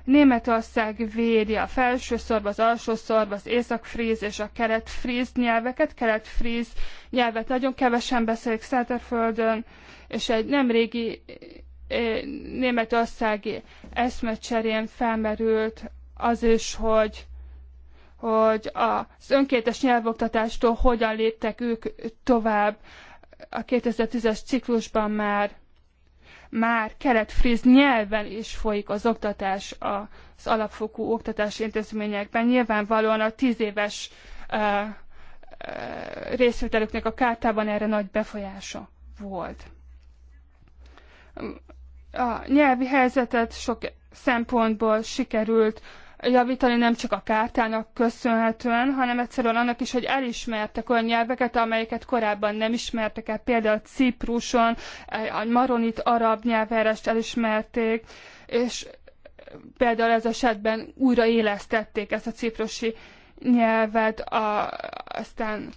Németország védi a felső szorba, az alsó szorba, az észak-fríz és a kelet-fríz nyelveket. Kelet-fríz nyelvet nagyon kevesen beszélik Száterföldön, és egy nem régi németországi eszmecserén felmerült az is, hogy hogy az önkéntes nyelvoktatástól hogyan léptek ők tovább a 2010-es ciklusban már már kelet-friz nyelven is folyik az oktatás az alapfokú oktatási intézményekben. Nyilvánvalóan a tíz éves részvételüknek a kártában erre nagy befolyása volt a nyelvi helyzetet sok szempontból sikerült javítani nem csak a kártának köszönhetően, hanem egyszerűen annak is, hogy elismertek olyan nyelveket, amelyeket korábban nem ismertek el. Például Cipruson a maronit arab nyelvjárást elismerték, és például ez esetben újraélesztették ezt a ciprusi nyelvet, a, aztán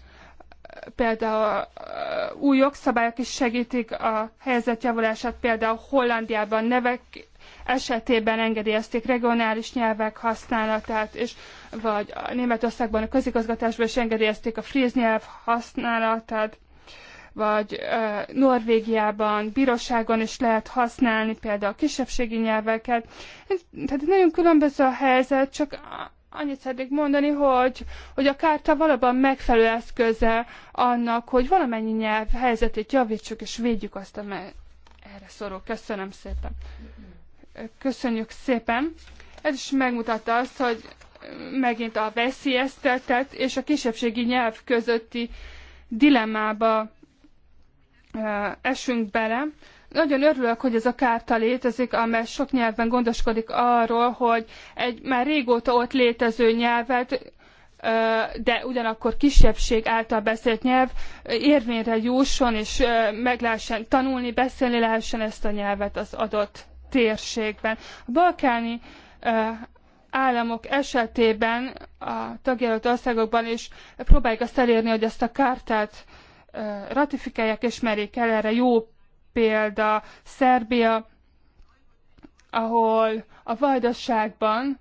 például új jogszabályok is segítik a helyzet javulását, például Hollandiában nevek esetében engedélyezték regionális nyelvek használatát, és vagy a Németországban a közigazgatásban is engedélyezték a fríz nyelv használatát, vagy e, Norvégiában, bíróságon is lehet használni például a kisebbségi nyelveket. Tehát nagyon különböző a helyzet, csak annyit szeretnék mondani, hogy, hogy a kárta valóban megfelelő eszköze annak, hogy valamennyi nyelv helyzetét javítsuk és védjük azt, amely erre szorul. Köszönöm szépen. Köszönjük szépen. Ez is megmutatta azt, hogy megint a veszélyeztetett és a kisebbségi nyelv közötti dilemmába eh, esünk bele, nagyon örülök, hogy ez a kárta létezik, amely sok nyelven gondoskodik arról, hogy egy már régóta ott létező nyelvet, de ugyanakkor kisebbség által beszélt nyelv érvényre jusson, és meg lehessen tanulni, beszélni lehessen ezt a nyelvet az adott térségben. A balkáni államok esetében a tagjelölt országokban is próbálják azt elérni, hogy ezt a kártát ratifikálják, ismerik el, erre jó példa Szerbia, ahol a vajdaságban,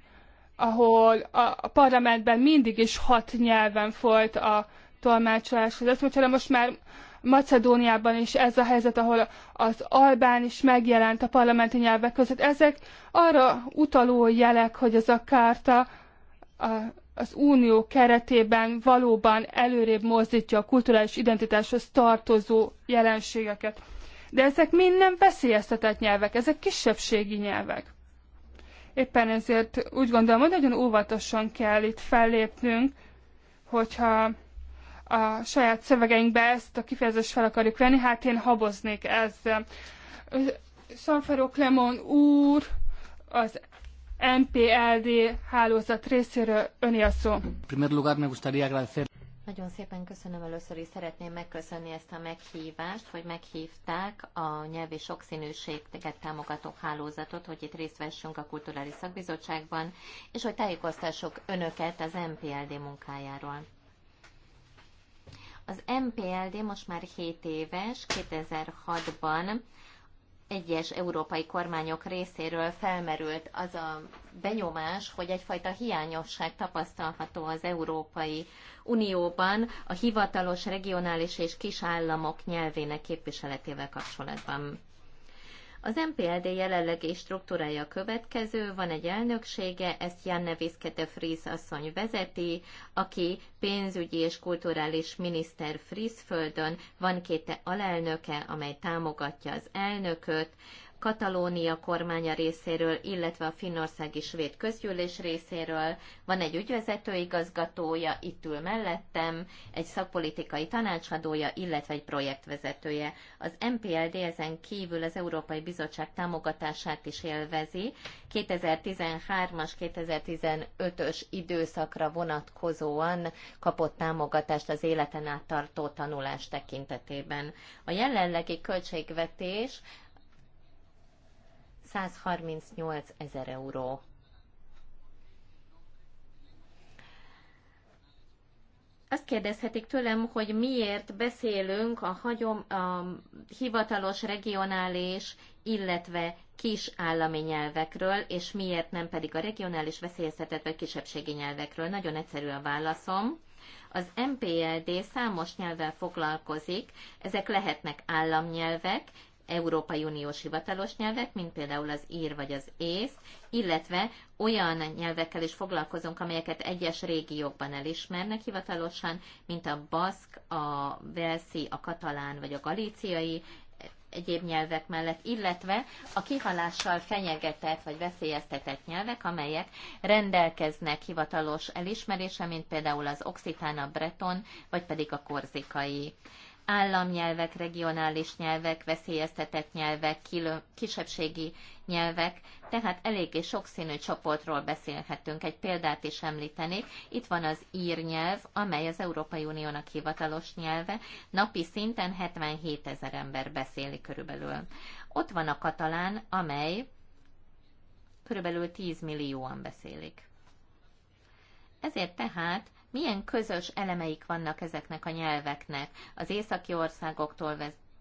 ahol a parlamentben mindig is hat nyelven folyt a tolmácsolás. Ez mondja, most már Macedóniában is ez a helyzet, ahol az albán is megjelent a parlamenti nyelvek között. Ezek arra utaló jelek, hogy ez a kárta a, az unió keretében valóban előrébb mozdítja a kulturális identitáshoz tartozó jelenségeket. De ezek mind nem veszélyeztetett nyelvek, ezek kisebbségi nyelvek. Éppen ezért úgy gondolom, hogy nagyon óvatosan kell itt fellépnünk, hogyha a saját szövegeinkbe ezt a kifejezést fel akarjuk venni, hát én haboznék ezzel. Sanferó Clemon úr, az MPLD hálózat részéről öné a szó. Nagyon szépen köszönöm először is. Szeretném megköszönni ezt a meghívást, hogy meghívták a nyelvi sokszínűséget támogató hálózatot, hogy itt részt vessünk a Kulturális Szakbizottságban, és hogy tájékoztassuk önöket az MPLD munkájáról. Az MPLD most már 7 éves, 2006-ban egyes európai kormányok részéről felmerült az a benyomás, hogy egyfajta hiányosság tapasztalható az Európai Unióban a hivatalos regionális és kisállamok nyelvének képviseletével kapcsolatban. Az MPLD jelenlegi struktúrája a következő, van egy elnöksége, ezt Janne Viszkete Frisz asszony vezeti, aki pénzügyi és kulturális miniszter földön van két alelnöke, amely támogatja az elnököt, Katalónia kormánya részéről, illetve a finnországi svéd közgyűlés részéről. Van egy ügyvezető igazgatója, itt ül mellettem, egy szakpolitikai tanácsadója, illetve egy projektvezetője. Az MPLD ezen kívül az Európai Bizottság támogatását is élvezi. 2013-as, 2015-ös időszakra vonatkozóan kapott támogatást az életen át tartó tanulás tekintetében. A jelenlegi költségvetés 138 ezer euró. Azt kérdezhetik tőlem, hogy miért beszélünk a, hagyom, a hivatalos, regionális, illetve kis állami nyelvekről, és miért nem pedig a regionális veszélyeztetett vagy kisebbségi nyelvekről. Nagyon egyszerű a válaszom. Az MPLD számos nyelvvel foglalkozik, ezek lehetnek államnyelvek, Európai Uniós hivatalos nyelvek, mint például az ír vagy az ész, illetve olyan nyelvekkel is foglalkozunk, amelyeket egyes régiókban elismernek hivatalosan, mint a baszk, a velszi, a katalán vagy a galíciai egyéb nyelvek mellett, illetve a kihalással fenyegetett vagy veszélyeztetett nyelvek, amelyek rendelkeznek hivatalos elismerése, mint például az oxitán, a breton, vagy pedig a korzikai államnyelvek, regionális nyelvek, veszélyeztetett nyelvek, kisebbségi nyelvek, tehát eléggé sokszínű csoportról beszélhetünk. Egy példát is említenék. Itt van az ír nyelv, amely az Európai Uniónak hivatalos nyelve. Napi szinten 77 ezer ember beszéli körülbelül. Ott van a katalán, amely körülbelül 10 millióan beszélik. Ezért tehát milyen közös elemeik vannak ezeknek a nyelveknek? Az északi országoktól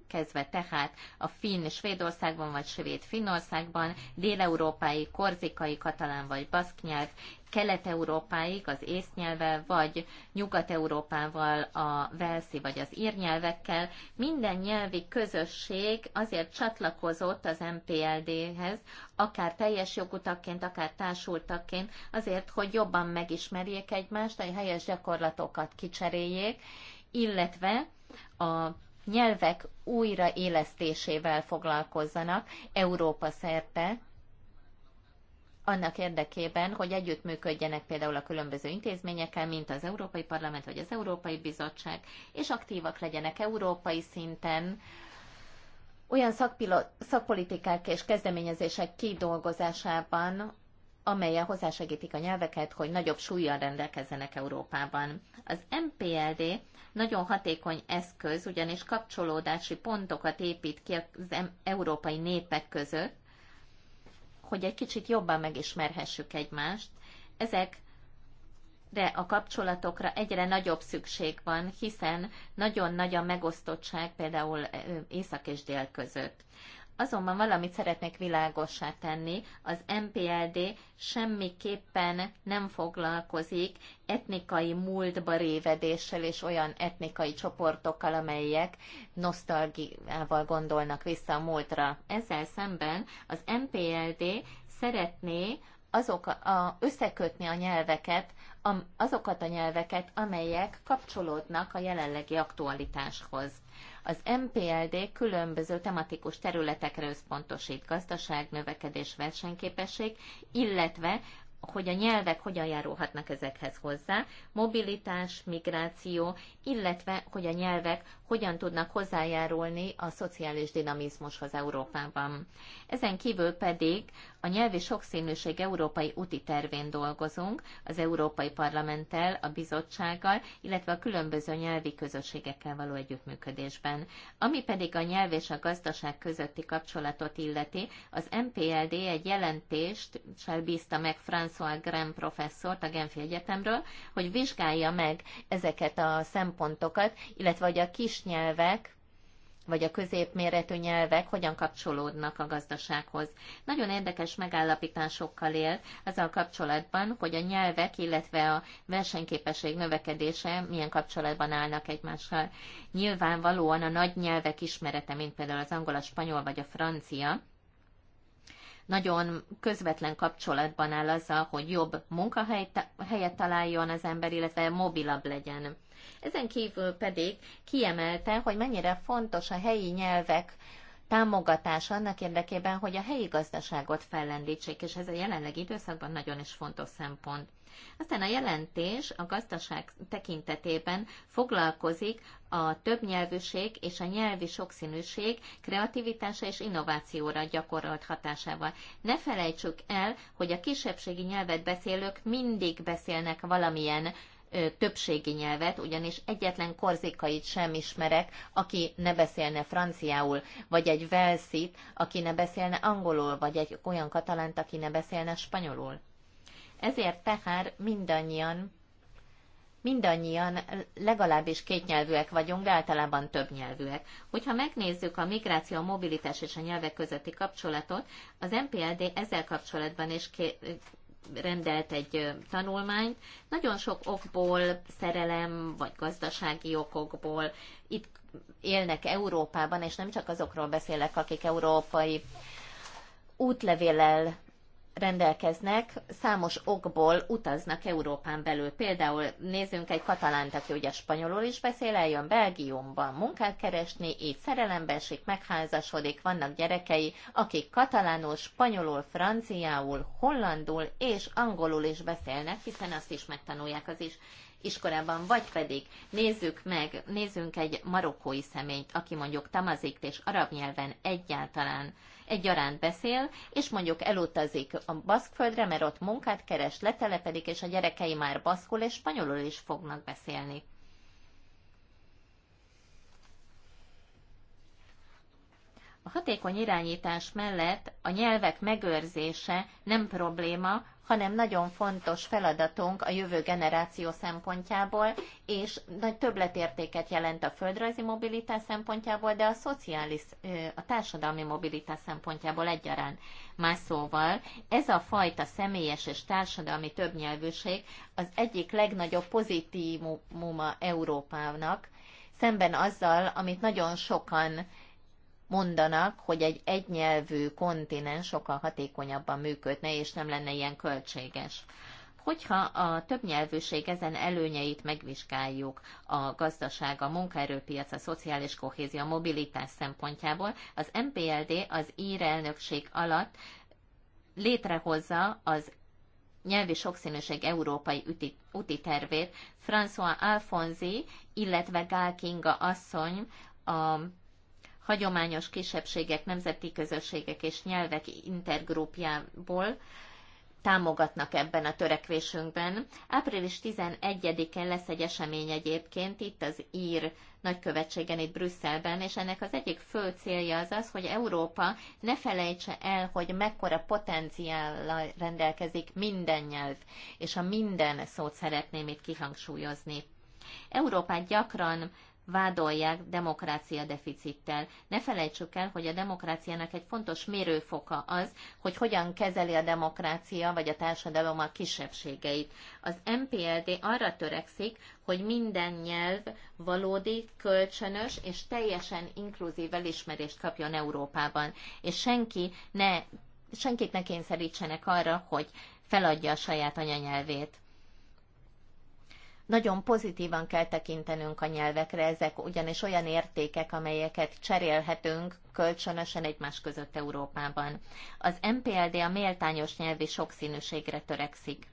kezdve tehát a Finn Svédországban vagy Svéd Finnországban, Dél-Európai, Korzikai, Katalán vagy Baszk nyelv, Kelet-Európáig az ész nyelve, vagy Nyugat-Európával a velszi vagy az ír nyelvekkel. Minden nyelvi közösség azért csatlakozott az MPLD-hez, akár teljes jogutakként, akár társultakként, azért, hogy jobban megismerjék egymást, a helyes gyakorlatokat kicseréljék, illetve a nyelvek újraélesztésével foglalkozzanak Európa szerte, annak érdekében, hogy együttműködjenek például a különböző intézményekkel, mint az Európai Parlament vagy az Európai Bizottság, és aktívak legyenek európai szinten, olyan szakpilot, szakpolitikák és kezdeményezések kidolgozásában, amelyek hozzásegítik a nyelveket, hogy nagyobb súlyjal rendelkezzenek Európában. Az MPLD nagyon hatékony eszköz, ugyanis kapcsolódási pontokat épít ki az európai népek között, hogy egy kicsit jobban megismerhessük egymást. Ezek de a kapcsolatokra egyre nagyobb szükség van, hiszen nagyon nagy a megosztottság például észak és dél között. Azonban valamit szeretnék világossá tenni, az MPLD semmiképpen nem foglalkozik etnikai múltba révedéssel és olyan etnikai csoportokkal, amelyek nosztalgiával gondolnak vissza a múltra. Ezzel szemben az MPLD szeretné azok a, összekötni a nyelveket, azokat a nyelveket, amelyek kapcsolódnak a jelenlegi aktualitáshoz. Az MPLD különböző tematikus területekre összpontosít gazdaság, növekedés, versenyképesség, illetve hogy a nyelvek hogyan járulhatnak ezekhez hozzá, mobilitás, migráció, illetve hogy a nyelvek hogyan tudnak hozzájárulni a szociális dinamizmushoz Európában. Ezen kívül pedig a nyelvi sokszínűség európai úti tervén dolgozunk, az Európai Parlamenttel, a bizottsággal, illetve a különböző nyelvi közösségekkel való együttműködésben. Ami pedig a nyelv és a gazdaság közötti kapcsolatot illeti, az MPLD egy jelentést bízta meg François Graham professzort a Genfi Egyetemről, hogy vizsgálja meg ezeket a szempontokat, illetve hogy a kisnyelvek vagy a középméretű nyelvek hogyan kapcsolódnak a gazdasághoz. Nagyon érdekes megállapításokkal él azzal kapcsolatban, hogy a nyelvek, illetve a versenyképesség növekedése milyen kapcsolatban állnak egymással. Nyilvánvalóan a nagy nyelvek ismerete, mint például az angol, a spanyol vagy a francia, nagyon közvetlen kapcsolatban áll azzal, hogy jobb munkahelyet találjon az ember, illetve mobilabb legyen. Ezen kívül pedig kiemelte, hogy mennyire fontos a helyi nyelvek támogatása annak érdekében, hogy a helyi gazdaságot fellendítsék, és ez a jelenlegi időszakban nagyon is fontos szempont. Aztán a jelentés a gazdaság tekintetében foglalkozik a többnyelvűség és a nyelvi sokszínűség kreativitása és innovációra gyakorolt hatásával. Ne felejtsük el, hogy a kisebbségi nyelvet beszélők mindig beszélnek valamilyen többségi nyelvet, ugyanis egyetlen korzikait sem ismerek, aki ne beszélne franciául, vagy egy velszit, aki ne beszélne angolul, vagy egy olyan katalánt, aki ne beszélne spanyolul. Ezért tehát mindannyian mindannyian legalábbis kétnyelvűek vagyunk, de általában többnyelvűek. Hogyha megnézzük a migráció, a mobilitás és a nyelvek közötti kapcsolatot, az MPLD ezzel kapcsolatban is rendelt egy tanulmányt. Nagyon sok okból, szerelem vagy gazdasági okokból itt élnek Európában, és nem csak azokról beszélek, akik európai útlevéllel rendelkeznek, számos okból utaznak Európán belül. Például nézzünk egy katalánt, aki ugye spanyolul is beszél, eljön Belgiumban munkát keresni, így szerelembe esik, megházasodik, vannak gyerekei, akik katalánul, spanyolul, franciául, hollandul és angolul is beszélnek, hiszen azt is megtanulják az is iskolában, vagy pedig nézzük meg, nézzünk egy marokkói személyt, aki mondjuk tamazikt és arab nyelven egyáltalán egyaránt beszél, és mondjuk elutazik a baszkföldre, mert ott munkát keres, letelepedik, és a gyerekei már baszkul, és spanyolul is fognak beszélni. A hatékony irányítás mellett a nyelvek megőrzése nem probléma, hanem nagyon fontos feladatunk a jövő generáció szempontjából, és nagy többletértéket jelent a földrajzi mobilitás szempontjából, de a szociális, a társadalmi mobilitás szempontjából egyaránt. Más szóval ez a fajta személyes és társadalmi többnyelvűség az egyik legnagyobb pozitívuma Európának, szemben azzal, amit nagyon sokan mondanak, hogy egy egynyelvű kontinens sokkal hatékonyabban működne, és nem lenne ilyen költséges. Hogyha a többnyelvűség ezen előnyeit megvizsgáljuk a gazdaság, a munkaerőpiac, a szociális kohézió, a mobilitás szempontjából, az MPLD az ír elnökség alatt létrehozza az nyelvi sokszínűség európai üti, úti tervét. François Alfonzi, illetve Gál Kinga asszony a hagyományos kisebbségek, nemzeti közösségek és nyelvek intergrupjából támogatnak ebben a törekvésünkben. Április 11 en lesz egy esemény egyébként itt az ír nagykövetségen itt Brüsszelben, és ennek az egyik fő célja az az, hogy Európa ne felejtse el, hogy mekkora potenciállal rendelkezik minden nyelv, és a minden szót szeretném itt kihangsúlyozni. Európát gyakran vádolják demokrácia deficittel. Ne felejtsük el, hogy a demokráciának egy fontos mérőfoka az, hogy hogyan kezeli a demokrácia vagy a társadalom a kisebbségeit. Az MPLD arra törekszik, hogy minden nyelv valódi, kölcsönös és teljesen inkluzív elismerést kapjon Európában, és senki ne, senkit ne kényszerítsenek arra, hogy feladja a saját anyanyelvét. Nagyon pozitívan kell tekintenünk a nyelvekre, ezek ugyanis olyan értékek, amelyeket cserélhetünk kölcsönösen egymás között Európában. Az MPLD a méltányos nyelvi sokszínűségre törekszik.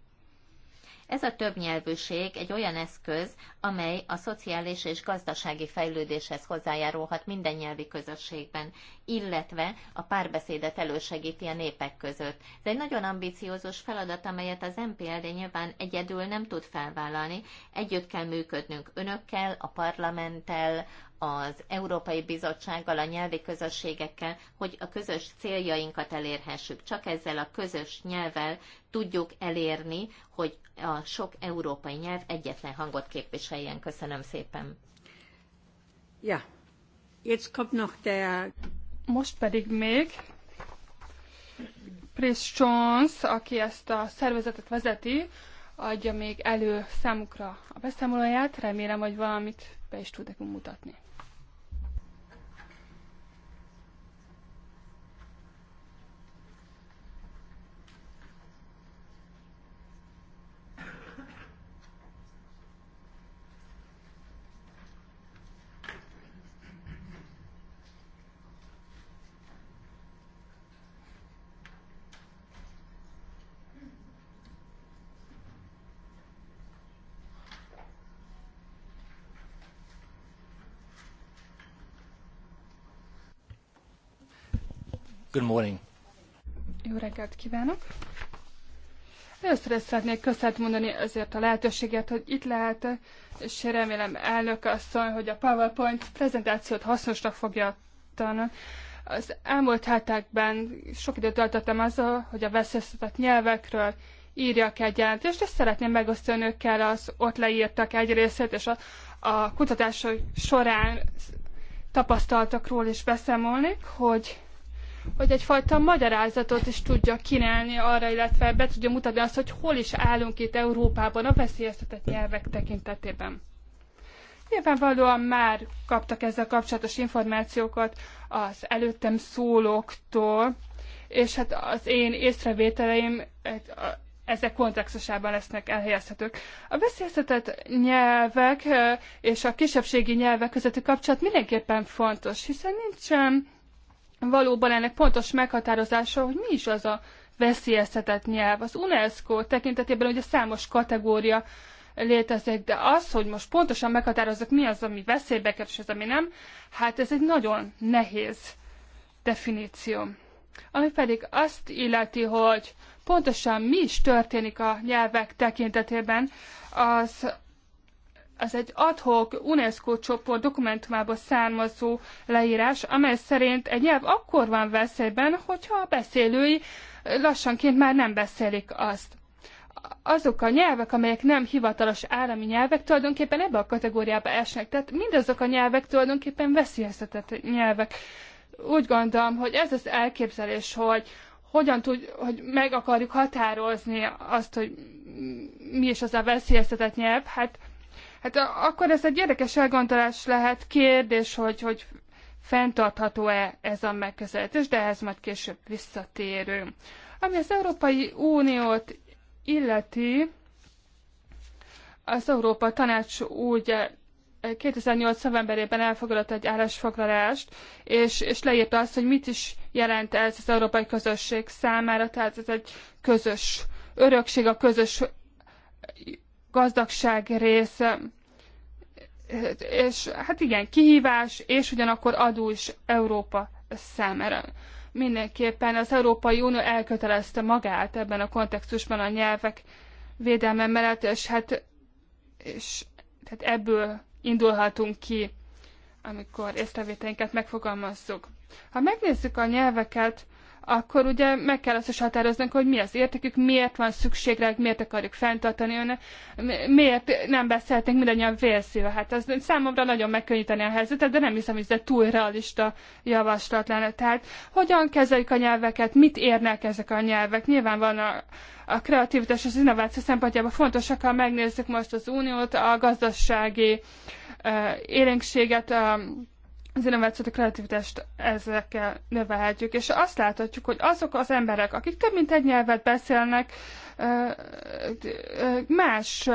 Ez a többnyelvűség egy olyan eszköz, amely a szociális és gazdasági fejlődéshez hozzájárulhat minden nyelvi közösségben, illetve a párbeszédet elősegíti a népek között. Ez egy nagyon ambiciózus feladat, amelyet az MPLD nyilván egyedül nem tud felvállalni. Együtt kell működnünk önökkel, a parlamenttel, az Európai Bizottsággal, a nyelvi közösségekkel, hogy a közös céljainkat elérhessük. Csak ezzel a közös nyelvel tudjuk elérni, hogy a sok európai nyelv egyetlen hangot képviseljen. Köszönöm szépen. Ja, jetzt kommt noch der... Most pedig még Chris Jones, aki ezt a szervezetet vezeti, adja még elő számukra a beszámolóját. Remélem, hogy valamit be is tud nekünk mutatni. Good morning. Jó reggelt kívánok! Először is szeretnék köszönet mondani azért a lehetőséget, hogy itt lehet, és remélem elnök asszony, hogy a PowerPoint prezentációt hasznosnak fogja tanulni. Az elmúlt hetekben sok időt töltöttem azzal, hogy a veszélyeztetett nyelvekről írjak egy jelentést, és szeretném megosztani önökkel az ott leírtak egy részét, és a, a kutatások során tapasztaltakról is beszámolnék, hogy hogy egyfajta magyarázatot is tudja kínálni arra, illetve be tudja mutatni azt, hogy hol is állunk itt Európában a veszélyeztetett nyelvek tekintetében. Nyilvánvalóan már kaptak ezzel kapcsolatos információkat az előttem szólóktól, és hát az én észrevételeim ezek kontextusában lesznek elhelyezhetők. A veszélyeztetett nyelvek és a kisebbségi nyelvek közötti kapcsolat mindenképpen fontos, hiszen nincsen valóban ennek pontos meghatározása, hogy mi is az a veszélyeztetett nyelv. Az UNESCO tekintetében ugye számos kategória létezik, de az, hogy most pontosan meghatározzuk, mi az, ami veszélybe kerül, és az, ami nem, hát ez egy nagyon nehéz definíció. Ami pedig azt illeti, hogy pontosan mi is történik a nyelvek tekintetében, az az egy adhok UNESCO csoport dokumentumába származó leírás, amely szerint egy nyelv akkor van veszélyben, hogyha a beszélői lassanként már nem beszélik azt. Azok a nyelvek, amelyek nem hivatalos állami nyelvek, tulajdonképpen ebbe a kategóriába esnek. Tehát mindazok a nyelvek tulajdonképpen veszélyeztetett nyelvek. Úgy gondolom, hogy ez az elképzelés, hogy hogyan tud, hogy meg akarjuk határozni azt, hogy mi is az a veszélyeztetett nyelv, hát Hát akkor ez egy érdekes elgondolás lehet, kérdés, hogy, hogy fenntartható-e ez a megközelítés, de ehhez majd később visszatérünk. Ami az Európai Uniót illeti, az Európa Tanács úgy 2008. Eh, novemberében elfogadott egy állásfoglalást, és, és leírta azt, hogy mit is jelent ez az európai közösség számára, tehát ez egy közös örökség, a közös gazdagság része, és hát igen, kihívás, és ugyanakkor adó is Európa számára. Mindenképpen az Európai Unió elkötelezte magát ebben a kontextusban a nyelvek védelme mellett, és hát és, tehát ebből indulhatunk ki, amikor észrevételeinket megfogalmazzuk. Ha megnézzük a nyelveket, akkor ugye meg kell azt is határoznunk, hogy mi az értékük, miért van szükség rá, miért akarjuk fenntartani, önnek, miért nem beszélhetnénk mindannyian vérszíve. Hát az számomra nagyon megkönnyíteni a helyzetet, de nem hiszem, hogy ez túl realista javaslat lenne. Tehát hogyan kezeljük a nyelveket, mit érnek ezek a nyelvek? Nyilván van a, a kreativitás, az innováció szempontjából fontosak, ha megnézzük most az uniót, a gazdasági uh, élénkséget, uh, az innovációt, a kreativitást ezekkel növelhetjük. És azt láthatjuk, hogy azok az emberek, akik több mint egy nyelvet beszélnek, más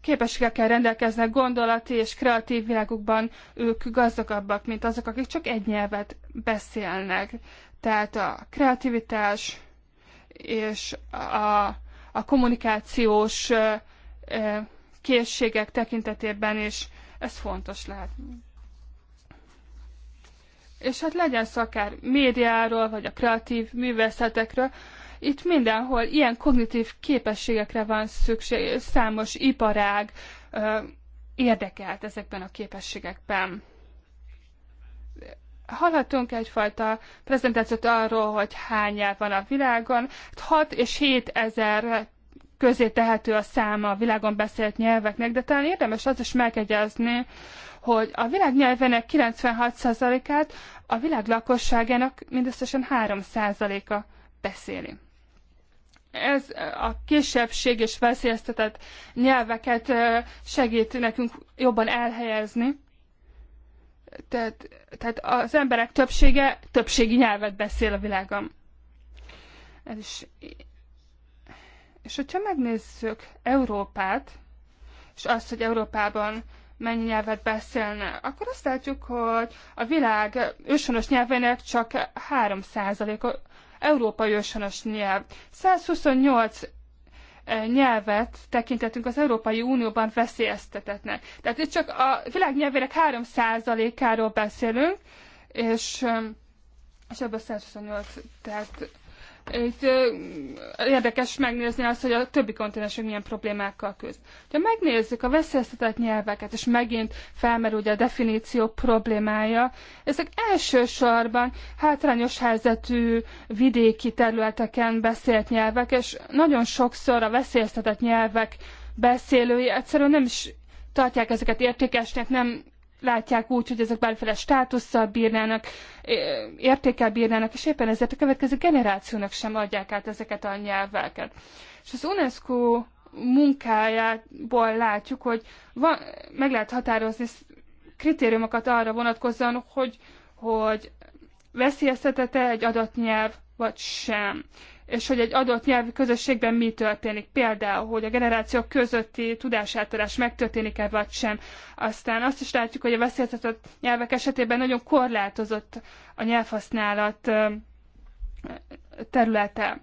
képességekkel rendelkeznek gondolati és kreatív világukban, ők gazdagabbak, mint azok, akik csak egy nyelvet beszélnek. Tehát a kreativitás és a, a kommunikációs készségek tekintetében is ez fontos lehet. És hát legyen szó akár médiáról, vagy a kreatív művészetekről, itt mindenhol ilyen kognitív képességekre van szükség, számos iparág ö, érdekelt ezekben a képességekben. Hallhatunk egyfajta prezentációt arról, hogy hány nyelv van a világon. 6 hát és 7 ezer közé tehető a száma a világon beszélt nyelveknek, de talán érdemes az is megegyezni, hogy a világ nyelvenek 96%-át a világ lakosságának mindösszesen 3%-a beszéli. Ez a kisebbség és veszélyeztetett nyelveket segít nekünk jobban elhelyezni. Tehát, tehát az emberek többsége többségi nyelvet beszél a világon. Ez is. És hogyha megnézzük Európát, és azt, hogy Európában mennyi nyelvet beszélne, akkor azt látjuk, hogy a világ őshonos nyelvének csak 3%-a európai őshonos nyelv. 128 e, nyelvet tekintetünk az Európai Unióban veszélyeztetetnek. Tehát itt csak a világ nyelvének 3%-áról beszélünk, és, e, és ebből 128, tehát itt érdekes megnézni azt, hogy a többi kontinensek milyen problémákkal küzd. Ha megnézzük a veszélyeztetett nyelveket, és megint felmerül ugye a definíció problémája, ezek elsősorban hátrányos helyzetű vidéki területeken beszélt nyelvek, és nagyon sokszor a veszélyeztetett nyelvek beszélői egyszerűen nem is tartják ezeket értékesnek, nem látják úgy, hogy ezek bármiféle státusszal bírnának, értékkel bírnának, és éppen ezért a következő generációnak sem adják át ezeket a nyelveket. És az UNESCO munkájából látjuk, hogy van, meg lehet határozni kritériumokat arra vonatkozóan, hogy, hogy veszélyeztetete egy adott nyelv, vagy sem és hogy egy adott nyelvi közösségben mi történik. Például, hogy a generációk közötti tudásátadás megtörténik-e vagy sem. Aztán azt is látjuk, hogy a veszélyeztetett nyelvek esetében nagyon korlátozott a nyelvhasználat területe.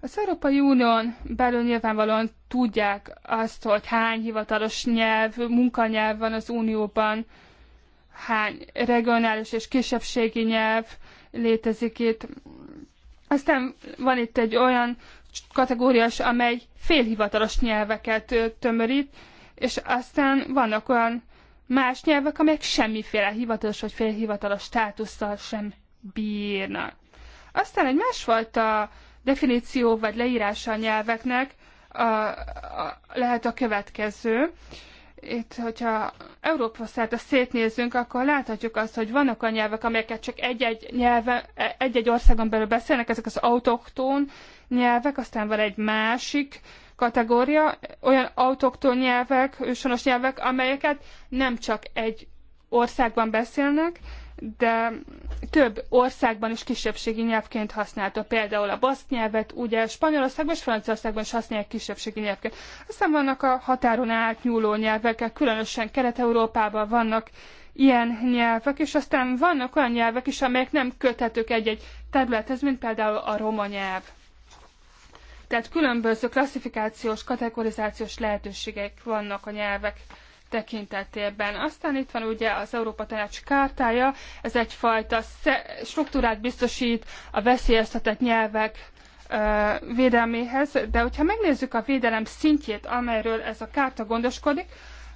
Az Európai Unión belül nyilvánvalóan tudják azt, hogy hány hivatalos nyelv, munkanyelv van az Unióban, hány regionális és kisebbségi nyelv létezik itt. Aztán van itt egy olyan kategóriás, amely félhivatalos nyelveket tömörít, és aztán vannak olyan más nyelvek, amelyek semmiféle hivatalos vagy félhivatalos státusszal sem bírnak. Aztán egy másfajta definíció vagy leírása a nyelveknek a, a, lehet a következő itt, hogyha Európa szerte szétnézzünk, akkor láthatjuk azt, hogy vannak a nyelvek, amelyeket csak egy-egy nyelve, egy-egy országon belül beszélnek, ezek az autoktón nyelvek, aztán van egy másik kategória, olyan autoktón nyelvek, ősonos nyelvek, amelyeket nem csak egy országban beszélnek, de több országban is kisebbségi nyelvként használta, például a baszk nyelvet, ugye Spanyolországban és Franciaországban is használják kisebbségi nyelvként. Aztán vannak a határon átnyúló nyelvek, különösen Kelet-Európában vannak ilyen nyelvek, és aztán vannak olyan nyelvek is, amelyek nem köthetők egy-egy területhez, mint például a roma nyelv. Tehát különböző klasszifikációs, kategorizációs lehetőségek vannak a nyelvek tekintetében. Aztán itt van ugye az Európa Tanács kártája, ez egyfajta struktúrát biztosít a veszélyeztetett nyelvek védelméhez, de hogyha megnézzük a védelem szintjét, amelyről ez a kárta gondoskodik,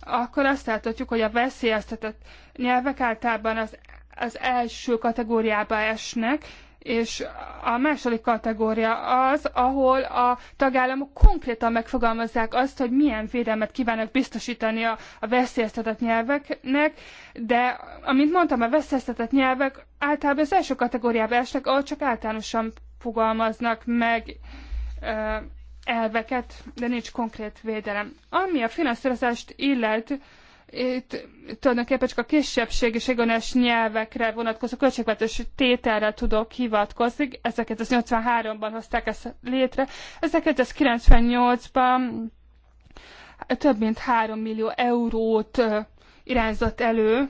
akkor azt láthatjuk, hogy a veszélyeztetett nyelvek általában az, az első kategóriába esnek, és a második kategória az, ahol a tagállamok konkrétan megfogalmazzák azt, hogy milyen védelmet kívánnak biztosítani a, a veszélyeztetett nyelveknek, de amint mondtam, a veszélyeztetett nyelvek általában az első kategóriába esnek, ahol csak általánosan fogalmaznak meg elveket, de nincs konkrét védelem. Ami a finanszírozást illet, itt tulajdonképpen csak a kisebbség és egyonos nyelvekre vonatkozó költségvetés tételre tudok hivatkozni. Ezeket az 83-ban hozták ezt létre. Ezeket az 98-ban több mint 3 millió eurót irányzott elő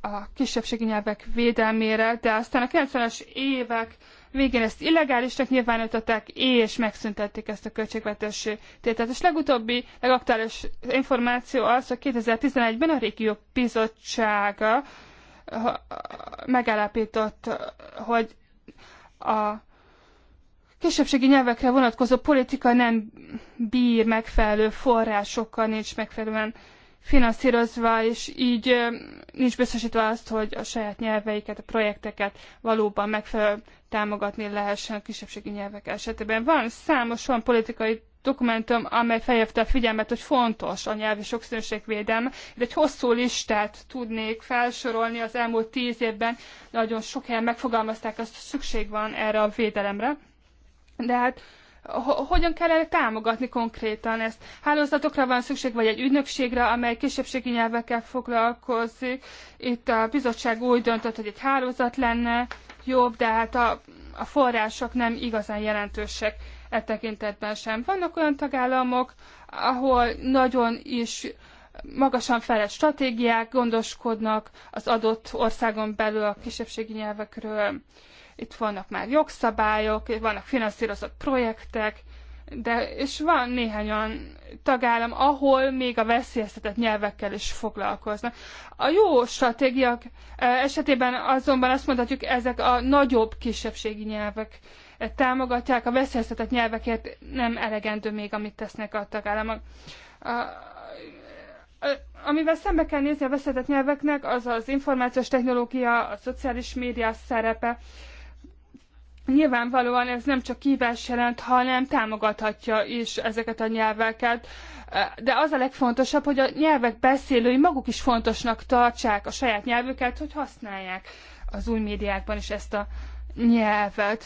a kisebbségi nyelvek védelmére, de aztán a 90-es évek végén ezt illegálisnak nyilvánították, és megszüntették ezt a költségvetési tételt. És legutóbbi, legaktuális információ az, hogy 2011-ben a Régió Bizottsága megállapított, hogy a kisebbségi nyelvekre vonatkozó politika nem bír megfelelő forrásokkal, nincs megfelelően finanszírozva, és így nincs biztosítva azt, hogy a saját nyelveiket, a projekteket valóban megfelelően támogatni lehessen a kisebbségi nyelvek esetében. Van számos olyan politikai dokumentum, amely felhívta a figyelmet, hogy fontos a nyelvi sokszínűség védelme. Itt egy hosszú listát tudnék felsorolni az elmúlt tíz évben, nagyon sok helyen megfogalmazták azt, hogy szükség van erre a védelemre. De hát hogyan kell támogatni konkrétan ezt? Hálózatokra van szükség, vagy egy ügynökségre, amely kisebbségi nyelvekkel foglalkozik. Itt a bizottság úgy döntött, hogy egy hálózat lenne jobb, de hát a, a források nem igazán jelentősek e tekintetben sem. Vannak olyan tagállamok, ahol nagyon is magasan felett stratégiák gondoskodnak az adott országon belül a kisebbségi nyelvekről itt vannak már jogszabályok, vannak finanszírozott projektek, de és van néhány olyan tagállam, ahol még a veszélyeztetett nyelvekkel is foglalkoznak. A jó stratégiák e, esetében azonban azt mondhatjuk, ezek a nagyobb kisebbségi nyelvek e, támogatják, a veszélyeztetett nyelvekért nem elegendő még, amit tesznek a tagállamok. amivel szembe kell nézni a veszélyeztetett nyelveknek, az az információs technológia, a szociális média szerepe, Nyilvánvalóan ez nem csak kívás jelent, hanem támogathatja is ezeket a nyelveket. De az a legfontosabb, hogy a nyelvek beszélői maguk is fontosnak tartsák a saját nyelvüket, hogy használják az új médiákban is ezt a nyelvet.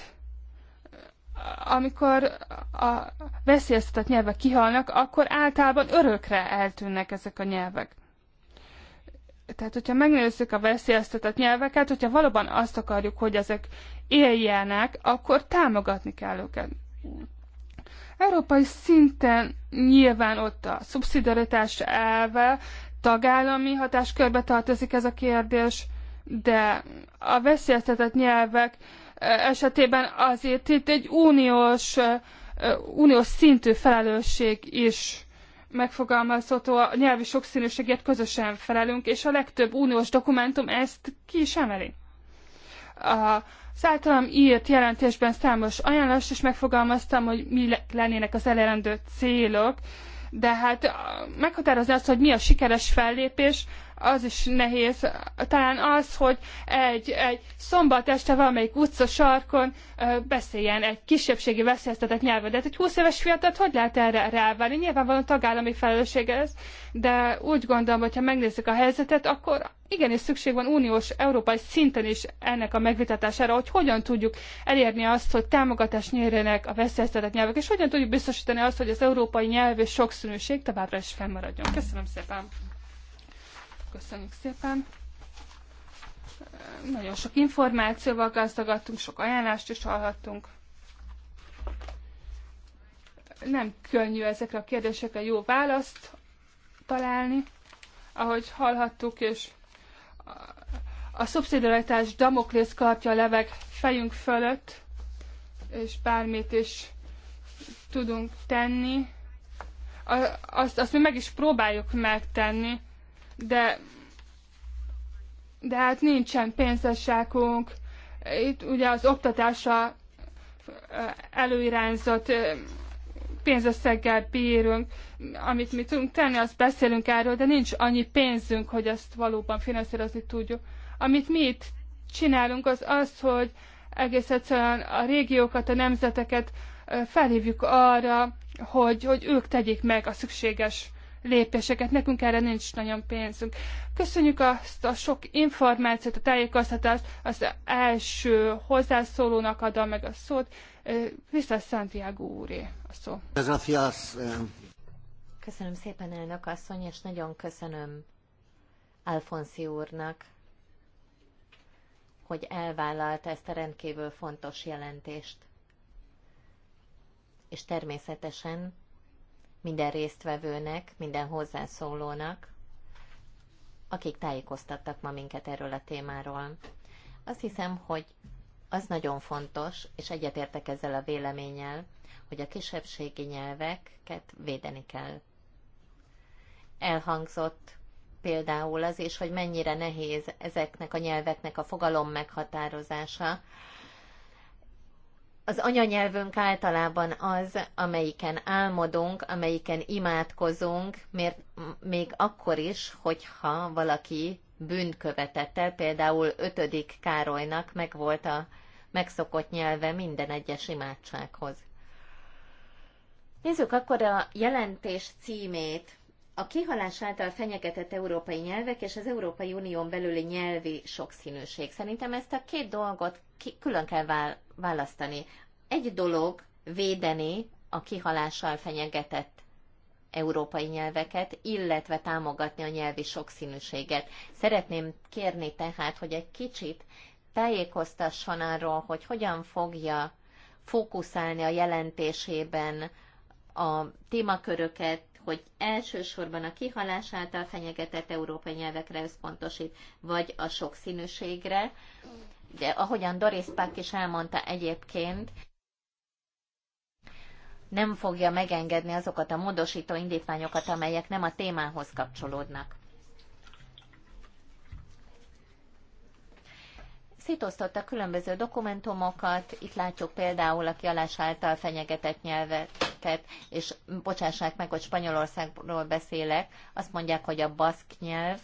Amikor a veszélyeztetett nyelvek kihalnak, akkor általában örökre eltűnnek ezek a nyelvek tehát hogyha megnézzük a veszélyeztetett nyelveket, hogyha valóban azt akarjuk, hogy ezek éljenek, akkor támogatni kell őket. Európai szinten nyilván ott a szubszidaritás elve, tagállami hatáskörbe tartozik ez a kérdés, de a veszélyeztetett nyelvek esetében azért itt egy uniós, uniós szintű felelősség is megfogalmazható, a nyelvi sokszínűségért közösen felelünk, és a legtöbb uniós dokumentum ezt ki is emeli. A, az általam írt jelentésben számos ajánlást is megfogalmaztam, hogy mi lennének az elérendő célok, de hát meghatározni azt, hogy mi a sikeres fellépés, az is nehéz. Talán az, hogy egy, egy szombat este valamelyik utca sarkon ö, beszéljen egy kisebbségi veszélyeztetett nyelven. De egy hát, 20 éves fiatalt hogy lehet erre rávárni? Nyilvánvalóan tagállami felelősség ez, de úgy gondolom, hogy ha megnézzük a helyzetet, akkor igenis szükség van uniós, európai szinten is ennek a megvitatására, hogy hogyan tudjuk elérni azt, hogy támogatást nyerjenek a veszélyeztetett nyelvek, és hogyan tudjuk biztosítani azt, hogy az európai nyelv és sokszínűség továbbra is fennmaradjon. Köszönöm szépen! Köszönjük szépen. Nagyon sok információval gazdagadtunk, sok ajánlást is hallhattunk. Nem könnyű ezekre a kérdésekre jó választ találni, ahogy hallhattuk, és a szubszidiaritás Damoklész kartja a leveg fejünk fölött, és bármit is tudunk tenni. Azt, azt mi meg is próbáljuk megtenni, de, de hát nincsen pénzesságunk. Itt ugye az oktatása előirányzott pénzösszeggel bírunk, amit mi tudunk tenni, azt beszélünk erről, de nincs annyi pénzünk, hogy ezt valóban finanszírozni tudjuk. Amit mi itt csinálunk, az az, hogy egész egyszerűen a régiókat, a nemzeteket felhívjuk arra, hogy, hogy ők tegyék meg a szükséges lépéseket. Nekünk erre nincs nagyon pénzünk. Köszönjük azt a sok információt, a tájékoztatást. Az első hozzászólónak adom meg a szót. Vissza Santiago úré a szó. Eh. Köszönöm szépen, elnök asszony, és nagyon köszönöm Alfonszi úrnak, hogy elvállalta ezt a rendkívül fontos jelentést. És természetesen minden résztvevőnek, minden hozzászólónak, akik tájékoztattak ma minket erről a témáról. Azt hiszem, hogy az nagyon fontos, és egyetértek ezzel a véleménnyel, hogy a kisebbségi nyelveket védeni kell. Elhangzott például az is, hogy mennyire nehéz ezeknek a nyelveknek a fogalom meghatározása, az anyanyelvünk általában az, amelyiken álmodunk, amelyiken imádkozunk, mert még akkor is, hogyha valaki bűnt követett el, például ötödik Károlynak volt a megszokott nyelve minden egyes imádsághoz. Nézzük akkor a jelentés címét a kihalás által fenyegetett európai nyelvek és az Európai Unión belüli nyelvi sokszínűség. Szerintem ezt a két dolgot külön kell választani. Egy dolog védeni a kihalással fenyegetett európai nyelveket, illetve támogatni a nyelvi sokszínűséget. Szeretném kérni tehát, hogy egy kicsit tájékoztasson arról, hogy hogyan fogja fókuszálni a jelentésében a témaköröket, hogy elsősorban a kihalás által fenyegetett európai nyelvekre összpontosít, vagy a sokszínűségre. De ahogyan Doris Pack is elmondta egyébként, nem fogja megengedni azokat a módosító indítványokat, amelyek nem a témához kapcsolódnak. szétosztotta különböző dokumentumokat, itt látjuk például a kialás által fenyegetett nyelveket, és bocsássák meg, hogy Spanyolországról beszélek, azt mondják, hogy a baszk nyelv,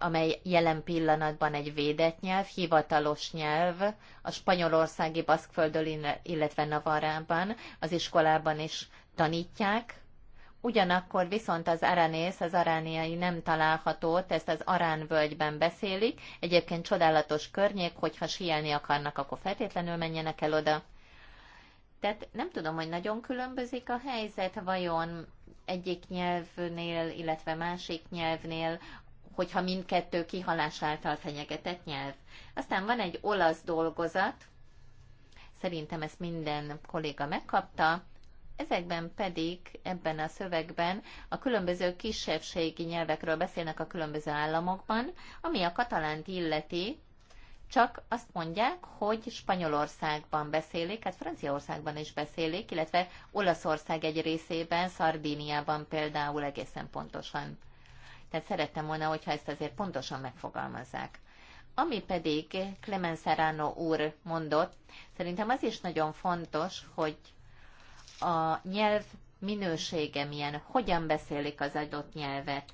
amely jelen pillanatban egy védett nyelv, hivatalos nyelv, a spanyolországi baszkföldön, illetve Navarában, az iskolában is tanítják, Ugyanakkor viszont az aranész, az arániai nem található, ezt az aránvölgyben beszélik. Egyébként csodálatos környék, hogyha sielni akarnak, akkor feltétlenül menjenek el oda. Tehát nem tudom, hogy nagyon különbözik a helyzet, vajon egyik nyelvnél, illetve másik nyelvnél, hogyha mindkettő kihalás által fenyegetett nyelv. Aztán van egy olasz dolgozat, szerintem ezt minden kolléga megkapta, ezekben pedig, ebben a szövegben a különböző kisebbségi nyelvekről beszélnek a különböző államokban, ami a katalánt illeti, csak azt mondják, hogy Spanyolországban beszélik, hát Franciaországban is beszélik, illetve Olaszország egy részében, Szardíniában például egészen pontosan. Tehát szerettem volna, hogyha ezt azért pontosan megfogalmazzák. Ami pedig Clemens Serrano úr mondott, szerintem az is nagyon fontos, hogy a nyelv minősége milyen, hogyan beszélik az adott nyelvet.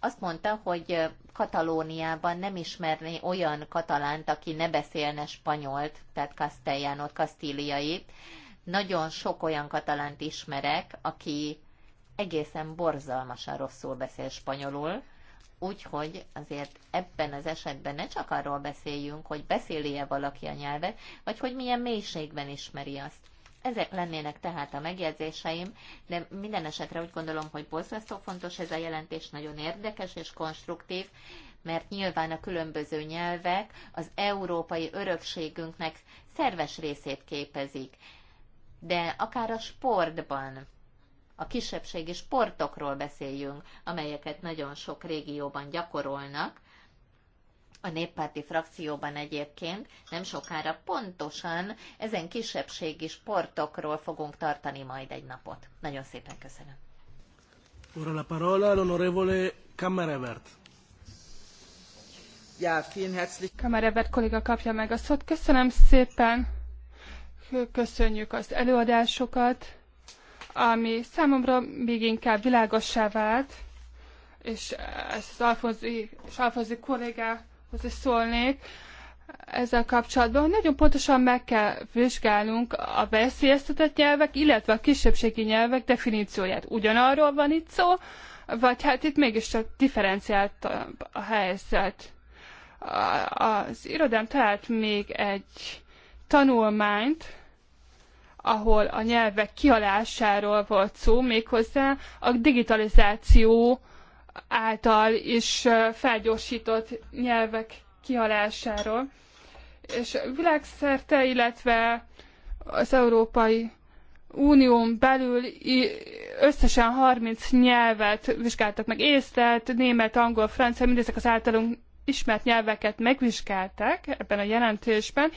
Azt mondta, hogy Katalóniában nem ismerné olyan katalánt, aki ne beszélne spanyolt, tehát kaszteljánot, kasztíliait. Nagyon sok olyan katalánt ismerek, aki egészen borzalmasan rosszul beszél spanyolul, Úgyhogy azért ebben az esetben ne csak arról beszéljünk, hogy beszéli-e valaki a nyelvet, vagy hogy milyen mélységben ismeri azt. Ezek lennének tehát a megjegyzéseim, de minden esetre úgy gondolom, hogy borzasztó fontos ez a jelentés, nagyon érdekes és konstruktív, mert nyilván a különböző nyelvek az európai örökségünknek szerves részét képezik. De akár a sportban, a kisebbségi sportokról beszéljünk, amelyeket nagyon sok régióban gyakorolnak, a néppárti frakcióban egyébként nem sokára pontosan ezen kisebbségi sportokról fogunk tartani majd egy napot. Nagyon szépen köszönöm. Ora la parola l'onorevole Kammerevert. Ja, vielen herzlich. Kammerevert kolléga kapja meg a szót. Köszönöm szépen. Köszönjük az előadásokat, ami számomra még inkább világossá vált és ezt az Alfonzi, és Alfonzi hozzászólnék ezzel kapcsolatban, hogy nagyon pontosan meg kell vizsgálnunk a veszélyeztetett nyelvek, illetve a kisebbségi nyelvek definícióját. Ugyanarról van itt szó, vagy hát itt mégiscsak differenciált a, helyzet. az irodám talált még egy tanulmányt, ahol a nyelvek kialásáról volt szó, méghozzá a digitalizáció által is felgyorsított nyelvek kihalásáról. És világszerte, illetve az Európai Unión belül összesen 30 nyelvet vizsgáltak meg, észtelt, német, angol, francia, mindezek az általunk ismert nyelveket megvizsgálták ebben a jelentésben,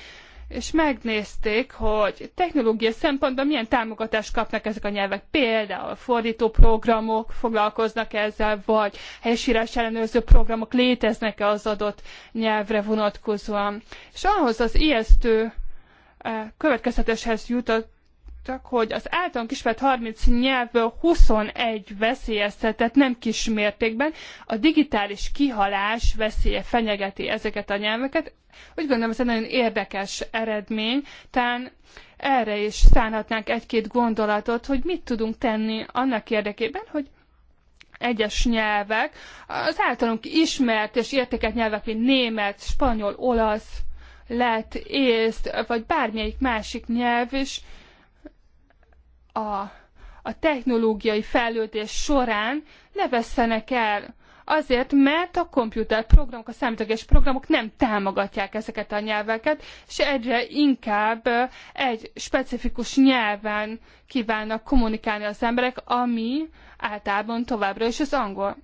és megnézték, hogy technológiai szempontból milyen támogatást kapnak ezek a nyelvek. Például fordító programok foglalkoznak ezzel, vagy helyesírás ellenőrző programok léteznek-e az adott nyelvre vonatkozóan. És ahhoz az ijesztő eh, következtetéshez jutott, csak hogy az általunk ismert 30 nyelvből 21 veszélyeztetett, nem kis mértékben. A digitális kihalás veszélye fenyegeti ezeket a nyelveket. Úgy gondolom, ez egy nagyon érdekes eredmény. Talán erre is szánhatnánk egy-két gondolatot, hogy mit tudunk tenni annak érdekében, hogy egyes nyelvek, az általunk ismert és értékelt nyelvek, mint német, spanyol, olasz, lett, észt, vagy bármelyik másik nyelv is a, a technológiai fejlődés során ne vesszenek el. Azért, mert a komputerprogramok, a számítógépes programok nem támogatják ezeket a nyelveket, és egyre inkább egy specifikus nyelven kívánnak kommunikálni az emberek, ami általában továbbra is az angol.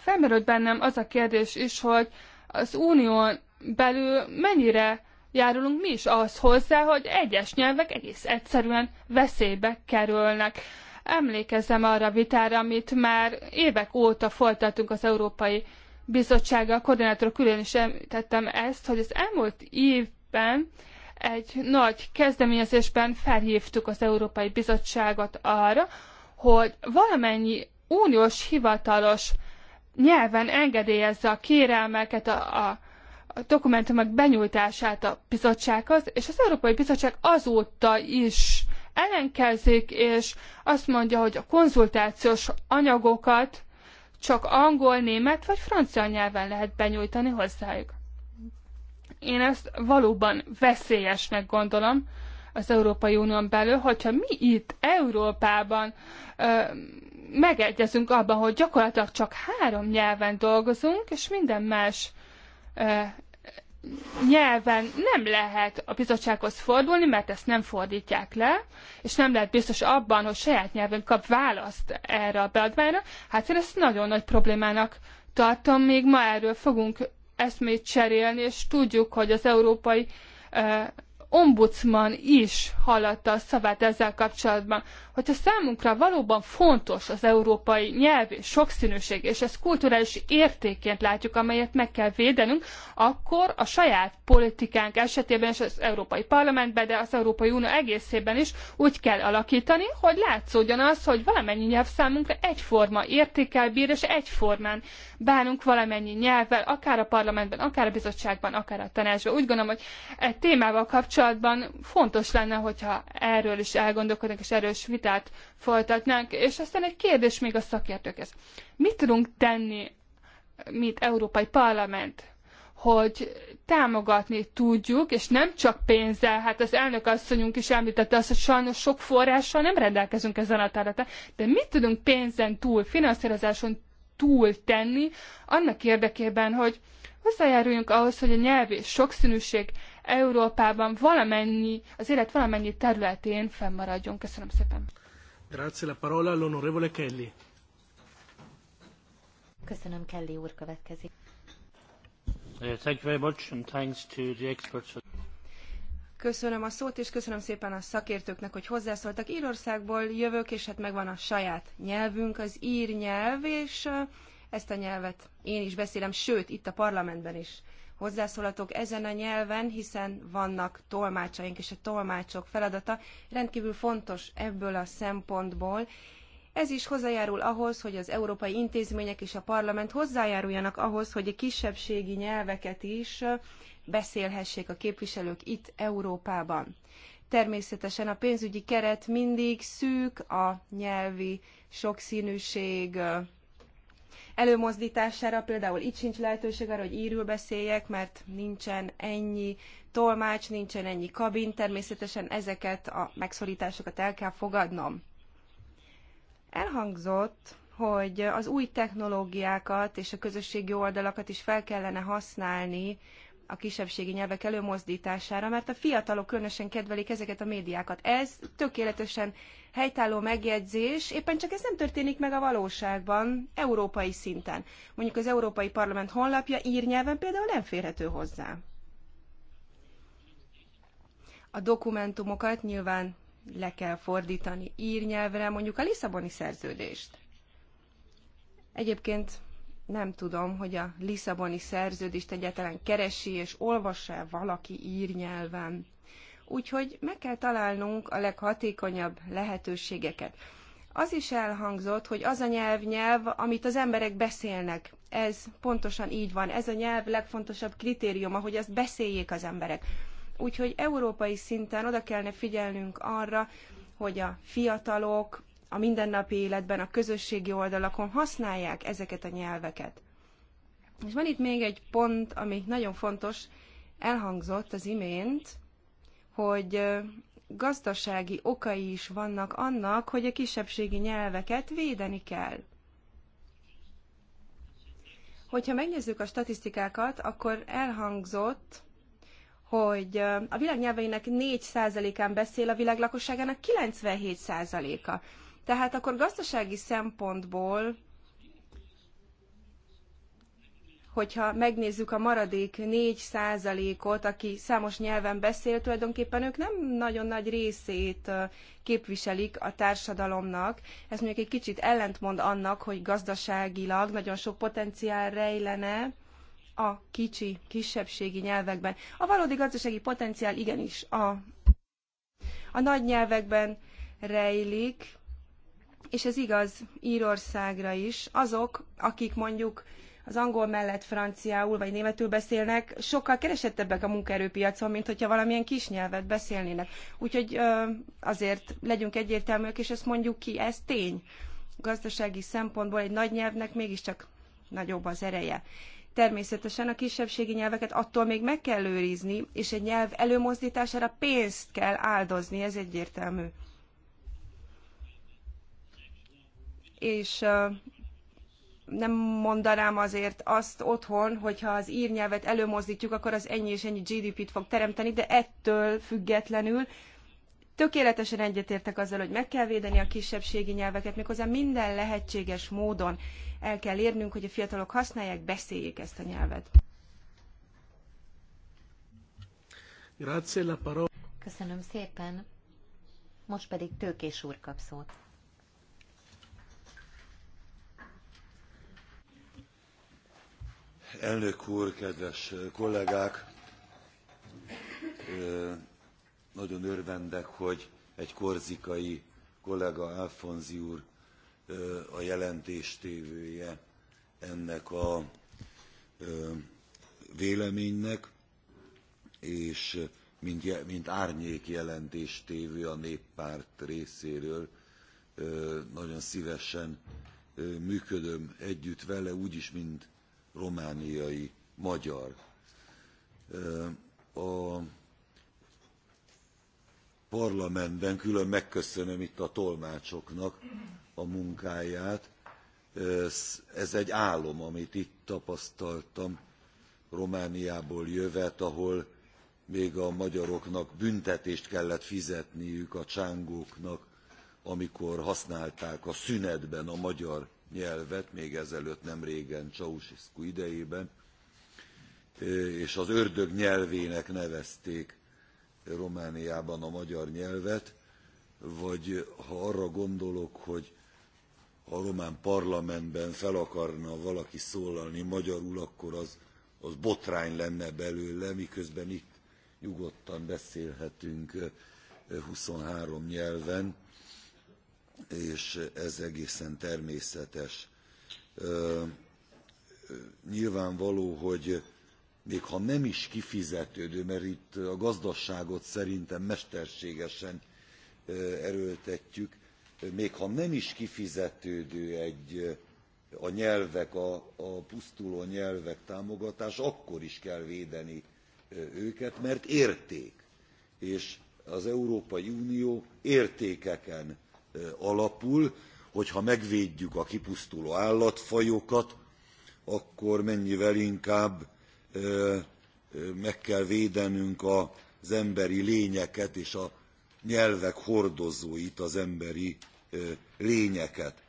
Felmerült bennem az a kérdés is, hogy az unión belül mennyire járulunk mi is ahhoz hozzá, hogy egyes nyelvek egész egyszerűen veszélybe kerülnek. Emlékezem arra a vitára, amit már évek óta folytatunk az Európai Bizottsággal, koordinátor külön is említettem ezt, hogy az elmúlt évben egy nagy kezdeményezésben felhívtuk az Európai Bizottságot arra, hogy valamennyi uniós hivatalos nyelven engedélyezze a kérelmeket, a, a a dokumentumok benyújtását a bizottsághoz, és az Európai Bizottság azóta is ellenkezik, és azt mondja, hogy a konzultációs anyagokat csak angol, német vagy francia nyelven lehet benyújtani hozzájuk. Én ezt valóban veszélyesnek gondolom az Európai Unión belül, hogyha mi itt Európában ö, megegyezünk abban, hogy gyakorlatilag csak három nyelven dolgozunk, és minden más nyelven nem lehet a bizottsághoz fordulni, mert ezt nem fordítják le, és nem lehet biztos abban, hogy saját nyelven kap választ erre a beadványra. Hát én ezt nagyon nagy problémának tartom, még ma erről fogunk eszmét cserélni, és tudjuk, hogy az európai ombudsman is hallatta a szavát ezzel kapcsolatban, hogyha számunkra valóban fontos az európai nyelv és sokszínűség, és ezt kulturális értékként látjuk, amelyet meg kell védenünk, akkor a saját politikánk esetében és az Európai Parlamentben, de az Európai Unió egészében is úgy kell alakítani, hogy látszódjon az, hogy valamennyi nyelv számunkra egyforma értékkel bír, és egyformán bánunk valamennyi nyelvvel, akár a parlamentben, akár a bizottságban, akár a tanácsban. Úgy gondolom, hogy e témával kapcsolatban kapcsolatban fontos lenne, hogyha erről is elgondolkodnánk és erről is vitát folytatnánk. És aztán egy kérdés még a szakértőkhez. Mit tudunk tenni, mint Európai Parlament, hogy támogatni tudjuk, és nem csak pénzzel, hát az elnök asszonyunk is említette azt, hogy sajnos sok forrással nem rendelkezünk ezen a területen, de mit tudunk pénzen túl, finanszírozáson túl tenni, annak érdekében, hogy hozzájáruljunk ahhoz, hogy a nyelvi sokszínűség Európában valamennyi, az élet valamennyi területén fennmaradjon. Köszönöm szépen. Grazie la parola all'onorevole Kelly. Köszönöm, Kelly úr következik. Uh, thank you very much and thanks to the experts. Köszönöm a szót, és köszönöm szépen a szakértőknek, hogy hozzászóltak. Írországból jövök, és hát megvan a saját nyelvünk, az ír nyelv, és uh, ezt a nyelvet én is beszélem, sőt, itt a parlamentben is hozzászólatok ezen a nyelven, hiszen vannak tolmácsaink, és a tolmácsok feladata rendkívül fontos ebből a szempontból. Ez is hozzájárul ahhoz, hogy az európai intézmények és a parlament hozzájáruljanak ahhoz, hogy a kisebbségi nyelveket is beszélhessék a képviselők itt Európában. Természetesen a pénzügyi keret mindig szűk, a nyelvi sokszínűség előmozdítására. Például itt sincs lehetőség arra, hogy írül beszéljek, mert nincsen ennyi tolmács, nincsen ennyi kabin. Természetesen ezeket a megszorításokat el kell fogadnom. Elhangzott, hogy az új technológiákat és a közösségi oldalakat is fel kellene használni a kisebbségi nyelvek előmozdítására, mert a fiatalok különösen kedvelik ezeket a médiákat. Ez tökéletesen helytálló megjegyzés, éppen csak ez nem történik meg a valóságban, európai szinten. Mondjuk az Európai Parlament honlapja írnyelven például nem férhető hozzá. A dokumentumokat nyilván le kell fordítani írnyelvre, mondjuk a Lisszaboni szerződést. Egyébként nem tudom, hogy a Lisszaboni szerződést egyáltalán keresi és olvassa -e valaki írnyelven. Úgyhogy meg kell találnunk a leghatékonyabb lehetőségeket. Az is elhangzott, hogy az a nyelv nyelv, amit az emberek beszélnek. Ez pontosan így van. Ez a nyelv legfontosabb kritériuma, hogy azt beszéljék az emberek. Úgyhogy európai szinten oda kellene figyelnünk arra, hogy a fiatalok, a mindennapi életben, a közösségi oldalakon használják ezeket a nyelveket. És van itt még egy pont, ami nagyon fontos, elhangzott az imént, hogy gazdasági okai is vannak annak, hogy a kisebbségi nyelveket védeni kell. Hogyha megnézzük a statisztikákat, akkor elhangzott, hogy a világ nyelveinek 4%-án beszél a világ lakosságának 97%-a. Tehát akkor gazdasági szempontból hogyha megnézzük a maradék 4%-ot, aki számos nyelven beszél, tulajdonképpen ők nem nagyon nagy részét képviselik a társadalomnak. Ez mondjuk egy kicsit ellentmond annak, hogy gazdaságilag nagyon sok potenciál rejlene a kicsi, kisebbségi nyelvekben. A valódi gazdasági potenciál igenis a, a nagy nyelvekben rejlik, és ez igaz Írországra is, azok, akik mondjuk az angol mellett franciául vagy németül beszélnek, sokkal keresettebbek a munkaerőpiacon, mint hogyha valamilyen kis nyelvet beszélnének. Úgyhogy azért legyünk egyértelműek, és ezt mondjuk ki, ez tény. Gazdasági szempontból egy nagy nyelvnek mégiscsak nagyobb az ereje. Természetesen a kisebbségi nyelveket attól még meg kell őrizni, és egy nyelv előmozdítására pénzt kell áldozni, ez egyértelmű. és nem mondanám azért azt otthon, hogyha az nyelvet előmozdítjuk, akkor az ennyi és ennyi GDP-t fog teremteni, de ettől függetlenül tökéletesen egyetértek azzal, hogy meg kell védeni a kisebbségi nyelveket, méghozzá minden lehetséges módon el kell érnünk, hogy a fiatalok használják, beszéljék ezt a nyelvet. Köszönöm szépen. Most pedig Tőkés úr kap szót. Elnök úr, kedves kollégák! Nagyon örvendek, hogy egy korzikai kollega Alfonzi úr a jelentéstévője ennek a véleménynek, és mint, mint árnyék jelentéstévő a néppárt részéről nagyon szívesen működöm együtt vele, úgyis, mint romániai magyar. A parlamentben külön megköszönöm itt a tolmácsoknak a munkáját. Ez egy álom, amit itt tapasztaltam Romániából jövet, ahol még a magyaroknak büntetést kellett fizetniük a csángóknak, amikor használták a szünetben a magyar nyelvet, még ezelőtt nem régen Ceausescu idejében, és az ördög nyelvének nevezték Romániában a magyar nyelvet, vagy ha arra gondolok, hogy a román parlamentben fel akarna valaki szólalni magyarul, akkor az, az botrány lenne belőle, miközben itt nyugodtan beszélhetünk 23 nyelven és ez egészen természetes. Nyilvánvaló, hogy még ha nem is kifizetődő, mert itt a gazdaságot szerintem mesterségesen erőltetjük, még ha nem is kifizetődő egy a nyelvek, a, a pusztuló nyelvek támogatás, akkor is kell védeni őket, mert érték. És az Európai Unió értékeken alapul, hogy ha megvédjük a kipusztuló állatfajokat, akkor mennyivel inkább meg kell védenünk az emberi lényeket és a nyelvek hordozóit, az emberi lényeket.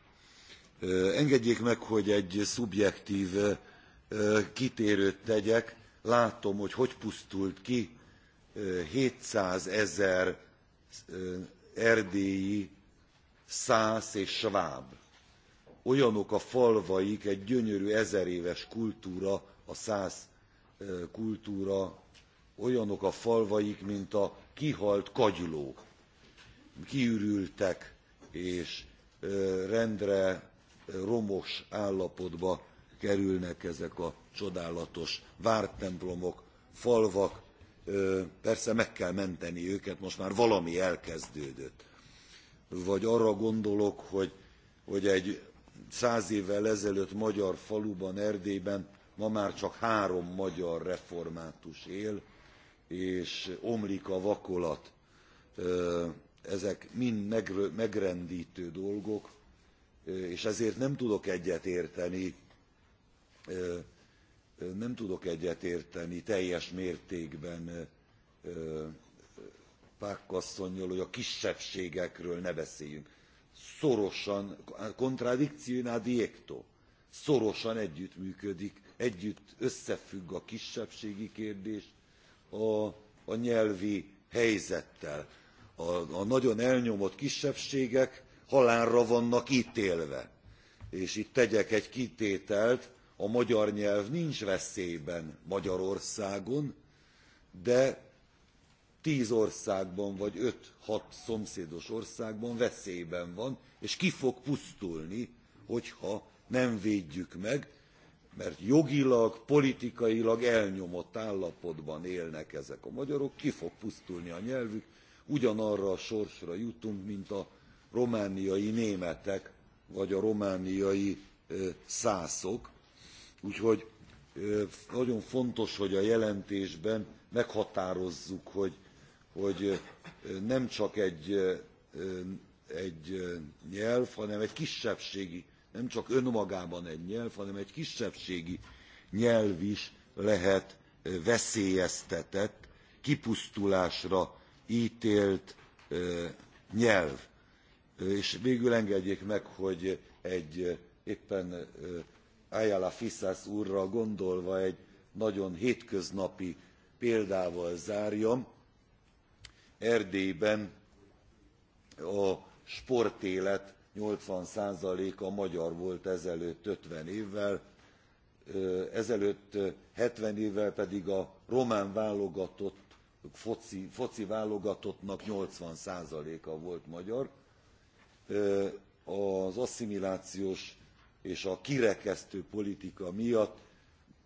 Engedjék meg, hogy egy szubjektív kitérőt tegyek. Látom, hogy hogy pusztult ki 700 ezer erdélyi szász és sváb. Olyanok a falvaik, egy gyönyörű ezeréves kultúra, a szász kultúra, olyanok a falvaik, mint a kihalt kagyló. Kiürültek, és rendre romos állapotba kerülnek ezek a csodálatos vártemplomok, falvak. Persze meg kell menteni őket, most már valami elkezdődött vagy arra gondolok, hogy, hogy egy száz évvel ezelőtt magyar faluban, Erdélyben ma már csak három magyar református él, és omlik a vakolat. Ezek mind megrendítő dolgok, és ezért nem tudok egyetérteni nem tudok egyetérteni teljes mértékben Pák asszonynal, hogy a kisebbségekről ne beszéljünk. Szorosan, contradicțiunea diecto, szorosan együttműködik, együtt összefügg a kisebbségi kérdés a, a nyelvi helyzettel. A, a nagyon elnyomott kisebbségek halálra vannak ítélve. És itt tegyek egy kitételt, a magyar nyelv nincs veszélyben Magyarországon, de tz országban vagy öt hat szomszédos országban veszélyben van és ki fog pusztulni hogyha nem védjük meg mert jogilag politikailag elnyomott állapotban élnek ezek a magyarok ki fog pusztulni a nyelvük ugyanarra a sorsra jutunk mint a romániai németek vagy a romániai ö, szászok úgyhogy ö, nagyon fontos hogy a jelentésben meghatározzuk hogy hogy nem csak egy, egy nyelv, hanem egy kisebbségi, nem csak önmagában egy nyelv, hanem egy kisebbségi nyelv is lehet veszélyeztetett, kipusztulásra ítélt nyelv. És végül engedjék meg, hogy egy éppen Ayala Fiszász úrra gondolva egy nagyon hétköznapi példával zárjam erdélyben a sportélet 80%-a magyar volt ezelőtt 50 évvel, ezelőtt 70 évvel pedig a román válogatott, foci, válogatottnak 80%-a volt magyar. Az asszimilációs és a kirekesztő politika miatt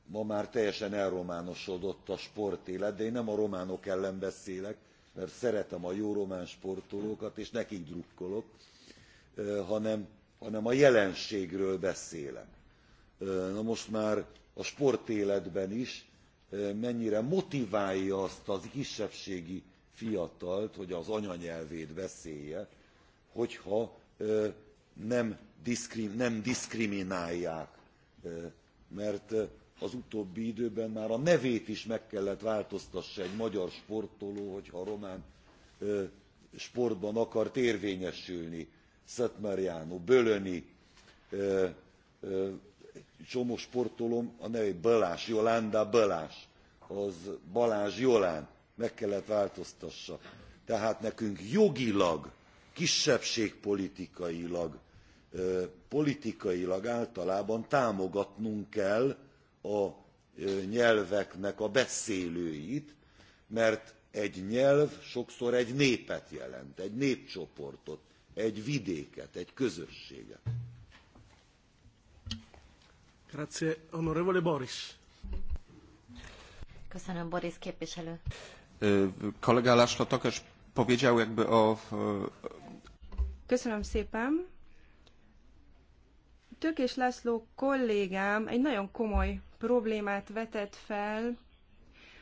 ma már teljesen elrománosodott a sportélet, de én nem a románok ellen beszélek, mert szeretem a jó román sportolókat, és nekik drukkolok, hanem, hanem a jelenségről beszélek. Na most már a sportéletben is mennyire motiválja azt az kisebbségi fiatalt, hogy az anyanyelvét beszélje, hogyha nem, diszkrim, nem diszkriminálják. Mert az utóbbi időben már a nevét is meg kellett változtassa egy magyar sportoló, hogyha a román ö, sportban akart érvényesülni. Szatmariano, Bölöni, ö, ö, csomó sportolom, a neve Balázs, Jolanda Balázs, az Balázs Jolán, meg kellett változtassa. Tehát nekünk jogilag, kisebbségpolitikailag, politikailag általában támogatnunk kell a nyelveknek a beszélőit, mert egy nyelv sokszor egy népet jelent, egy népcsoportot, egy vidéket, egy közösséget. Grazie, onorevole Boris. Köszönöm, Boris képviselő. Kolega László Takas powiedział jakby o... Köszönöm szépen. Tökés László kollégám egy nagyon komoly problémát vetett fel,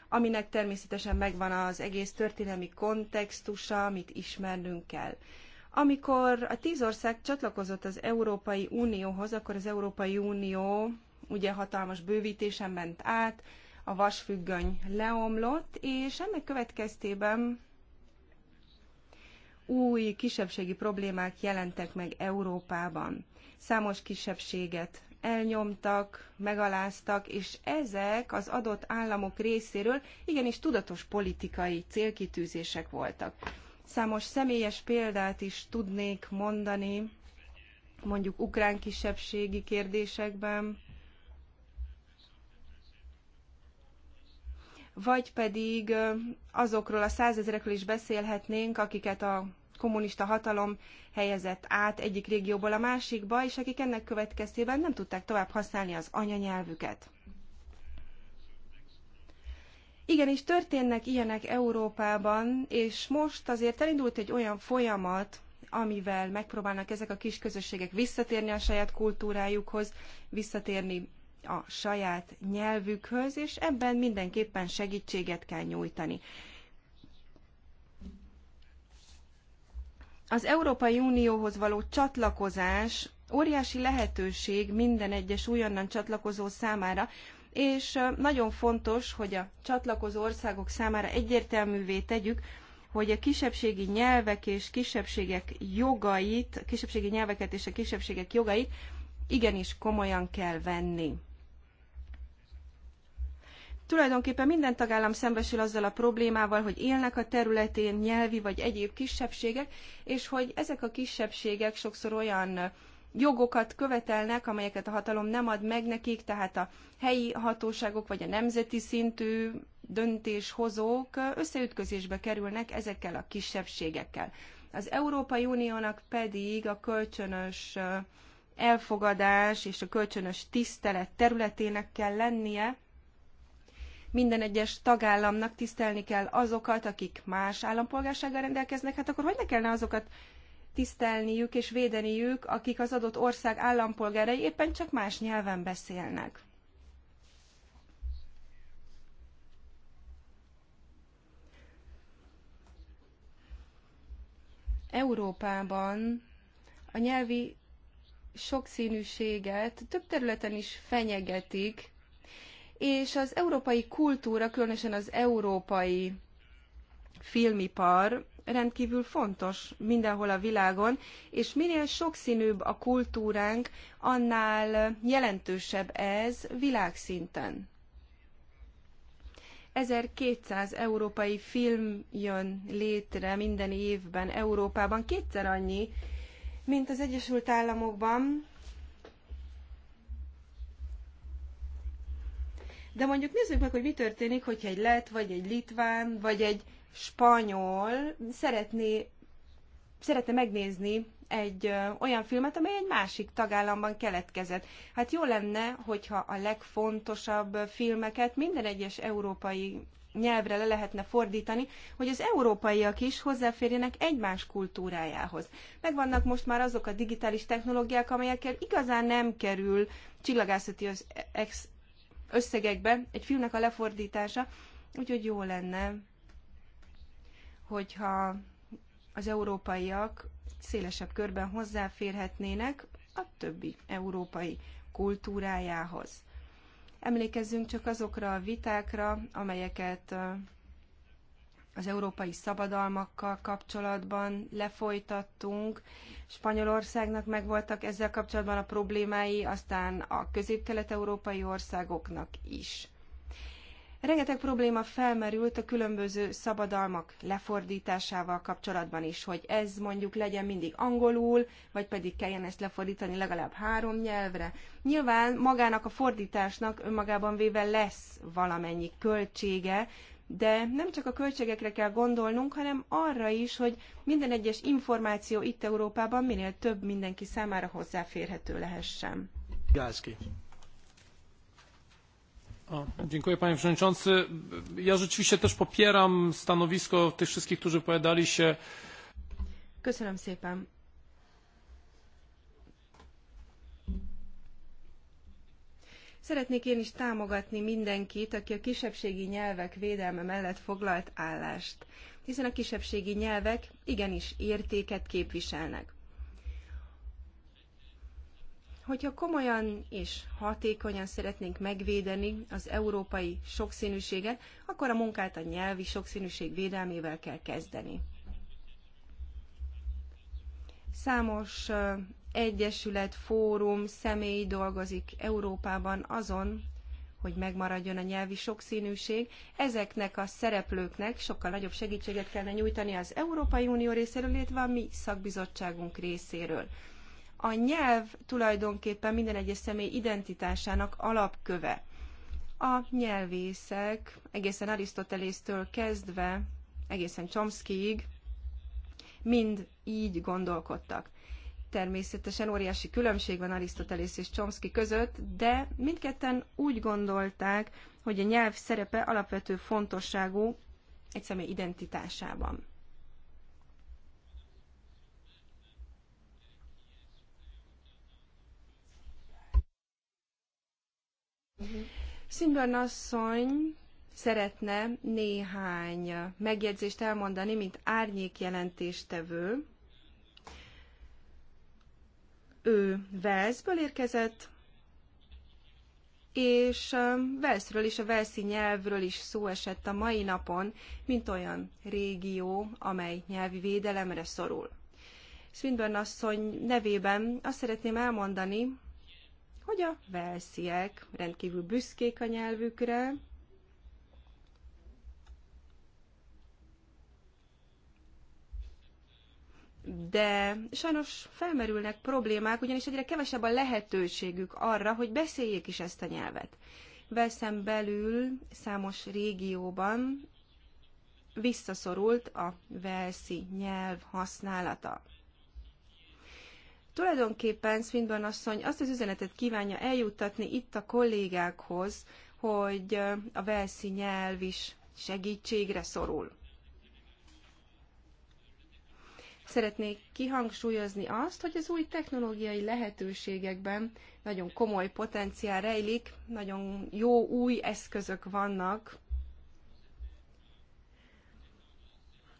aminek természetesen megvan az egész történelmi kontextusa, amit ismernünk kell. Amikor a tíz ország csatlakozott az Európai Unióhoz, akkor az Európai Unió ugye hatalmas bővítésen ment át, a vasfüggöny leomlott, és ennek következtében új kisebbségi problémák jelentek meg Európában. Számos kisebbséget elnyomtak, megaláztak, és ezek az adott államok részéről igenis tudatos politikai célkitűzések voltak. Számos személyes példát is tudnék mondani, mondjuk ukrán kisebbségi kérdésekben, vagy pedig azokról a százezerekről is beszélhetnénk, akiket a kommunista hatalom helyezett át egyik régióból a másikba, és akik ennek következtében nem tudták tovább használni az anyanyelvüket. Igenis, történnek ilyenek Európában, és most azért elindult egy olyan folyamat, amivel megpróbálnak ezek a kis közösségek visszatérni a saját kultúrájukhoz, visszatérni a saját nyelvükhöz, és ebben mindenképpen segítséget kell nyújtani. Az Európai Unióhoz való csatlakozás óriási lehetőség minden egyes újonnan csatlakozó számára, és nagyon fontos, hogy a csatlakozó országok számára egyértelművé tegyük, hogy a kisebbségi nyelvek és kisebbségek jogait, kisebbségi nyelveket és a kisebbségek jogait igenis komolyan kell venni. Tulajdonképpen minden tagállam szembesül azzal a problémával, hogy élnek a területén nyelvi vagy egyéb kisebbségek, és hogy ezek a kisebbségek sokszor olyan jogokat követelnek, amelyeket a hatalom nem ad meg nekik, tehát a helyi hatóságok vagy a nemzeti szintű döntéshozók összeütközésbe kerülnek ezekkel a kisebbségekkel. Az Európai Uniónak pedig a kölcsönös elfogadás és a kölcsönös tisztelet területének kell lennie, minden egyes tagállamnak tisztelni kell azokat, akik más állampolgársággal rendelkeznek, hát akkor hogy ne kellene azokat tisztelniük és védeniük, akik az adott ország állampolgárai éppen csak más nyelven beszélnek. Európában a nyelvi sokszínűséget több területen is fenyegetik, és az európai kultúra, különösen az európai filmipar rendkívül fontos mindenhol a világon, és minél sokszínűbb a kultúránk, annál jelentősebb ez világszinten. 1200 európai film jön létre minden évben Európában, kétszer annyi, mint az Egyesült Államokban, De mondjuk nézzük meg, hogy mi történik, hogyha egy lett, vagy egy litván, vagy egy spanyol szeretné, szeretne megnézni egy olyan filmet, amely egy másik tagállamban keletkezett. Hát jó lenne, hogyha a legfontosabb filmeket minden egyes európai nyelvre le lehetne fordítani, hogy az európaiak is hozzáférjenek egymás kultúrájához. Megvannak most már azok a digitális technológiák, amelyekkel igazán nem kerül csillagászati az ex összegekben egy filmnek a lefordítása, úgyhogy jó lenne, hogyha az európaiak szélesebb körben hozzáférhetnének a többi európai kultúrájához. Emlékezzünk csak azokra a vitákra, amelyeket az európai szabadalmakkal kapcsolatban lefolytattunk. Spanyolországnak megvoltak ezzel kapcsolatban a problémái, aztán a közép-kelet-európai országoknak is. Rengeteg probléma felmerült a különböző szabadalmak lefordításával kapcsolatban is, hogy ez mondjuk legyen mindig angolul, vagy pedig kelljen ezt lefordítani legalább három nyelvre. Nyilván magának a fordításnak önmagában véve lesz valamennyi költsége, de nem csak a költségekre kell gondolnunk, hanem arra is, hogy minden egyes információ itt Európában minél több mindenki számára hozzáférhető lehessen. Gászki. O, dziękuję panie przewodniczący. Ja rzeczywiście też popieram stanowisko tych wszystkich, którzy powiadali się. Köszönöm szépen. Szeretnék én is támogatni mindenkit, aki a kisebbségi nyelvek védelme mellett foglalt állást, hiszen a kisebbségi nyelvek igenis értéket képviselnek. Hogyha komolyan és hatékonyan szeretnénk megvédeni az európai sokszínűséget, akkor a munkát a nyelvi sokszínűség védelmével kell kezdeni számos egyesület, fórum, személy dolgozik Európában azon, hogy megmaradjon a nyelvi sokszínűség. Ezeknek a szereplőknek sokkal nagyobb segítséget kellene nyújtani az Európai Unió részéről, illetve a mi szakbizottságunk részéről. A nyelv tulajdonképpen minden egyes személy identitásának alapköve. A nyelvészek egészen Arisztotelésztől kezdve, egészen Chomskyig mind így gondolkodtak. Természetesen óriási különbség van Arisztotelész és Chomsky között, de mindketten úgy gondolták, hogy a nyelv szerepe alapvető fontosságú egy személy identitásában. Szimbörn asszony szeretne néhány megjegyzést elmondani, mint árnyék jelentéstevő, ő Velszből érkezett, és um, Velszről is, a Velszi nyelvről is szó esett a mai napon, mint olyan régió, amely nyelvi védelemre szorul. Swinburne asszony nevében azt szeretném elmondani, hogy a velsziek rendkívül büszkék a nyelvükre, de sajnos felmerülnek problémák, ugyanis egyre kevesebb a lehetőségük arra, hogy beszéljék is ezt a nyelvet. Veszem belül számos régióban visszaszorult a velszi nyelv használata. Tulajdonképpen Swinburne asszony azt az üzenetet kívánja eljuttatni itt a kollégákhoz, hogy a velszi nyelv is segítségre szorul. Szeretnék kihangsúlyozni azt, hogy az új technológiai lehetőségekben nagyon komoly potenciál rejlik, nagyon jó új eszközök vannak.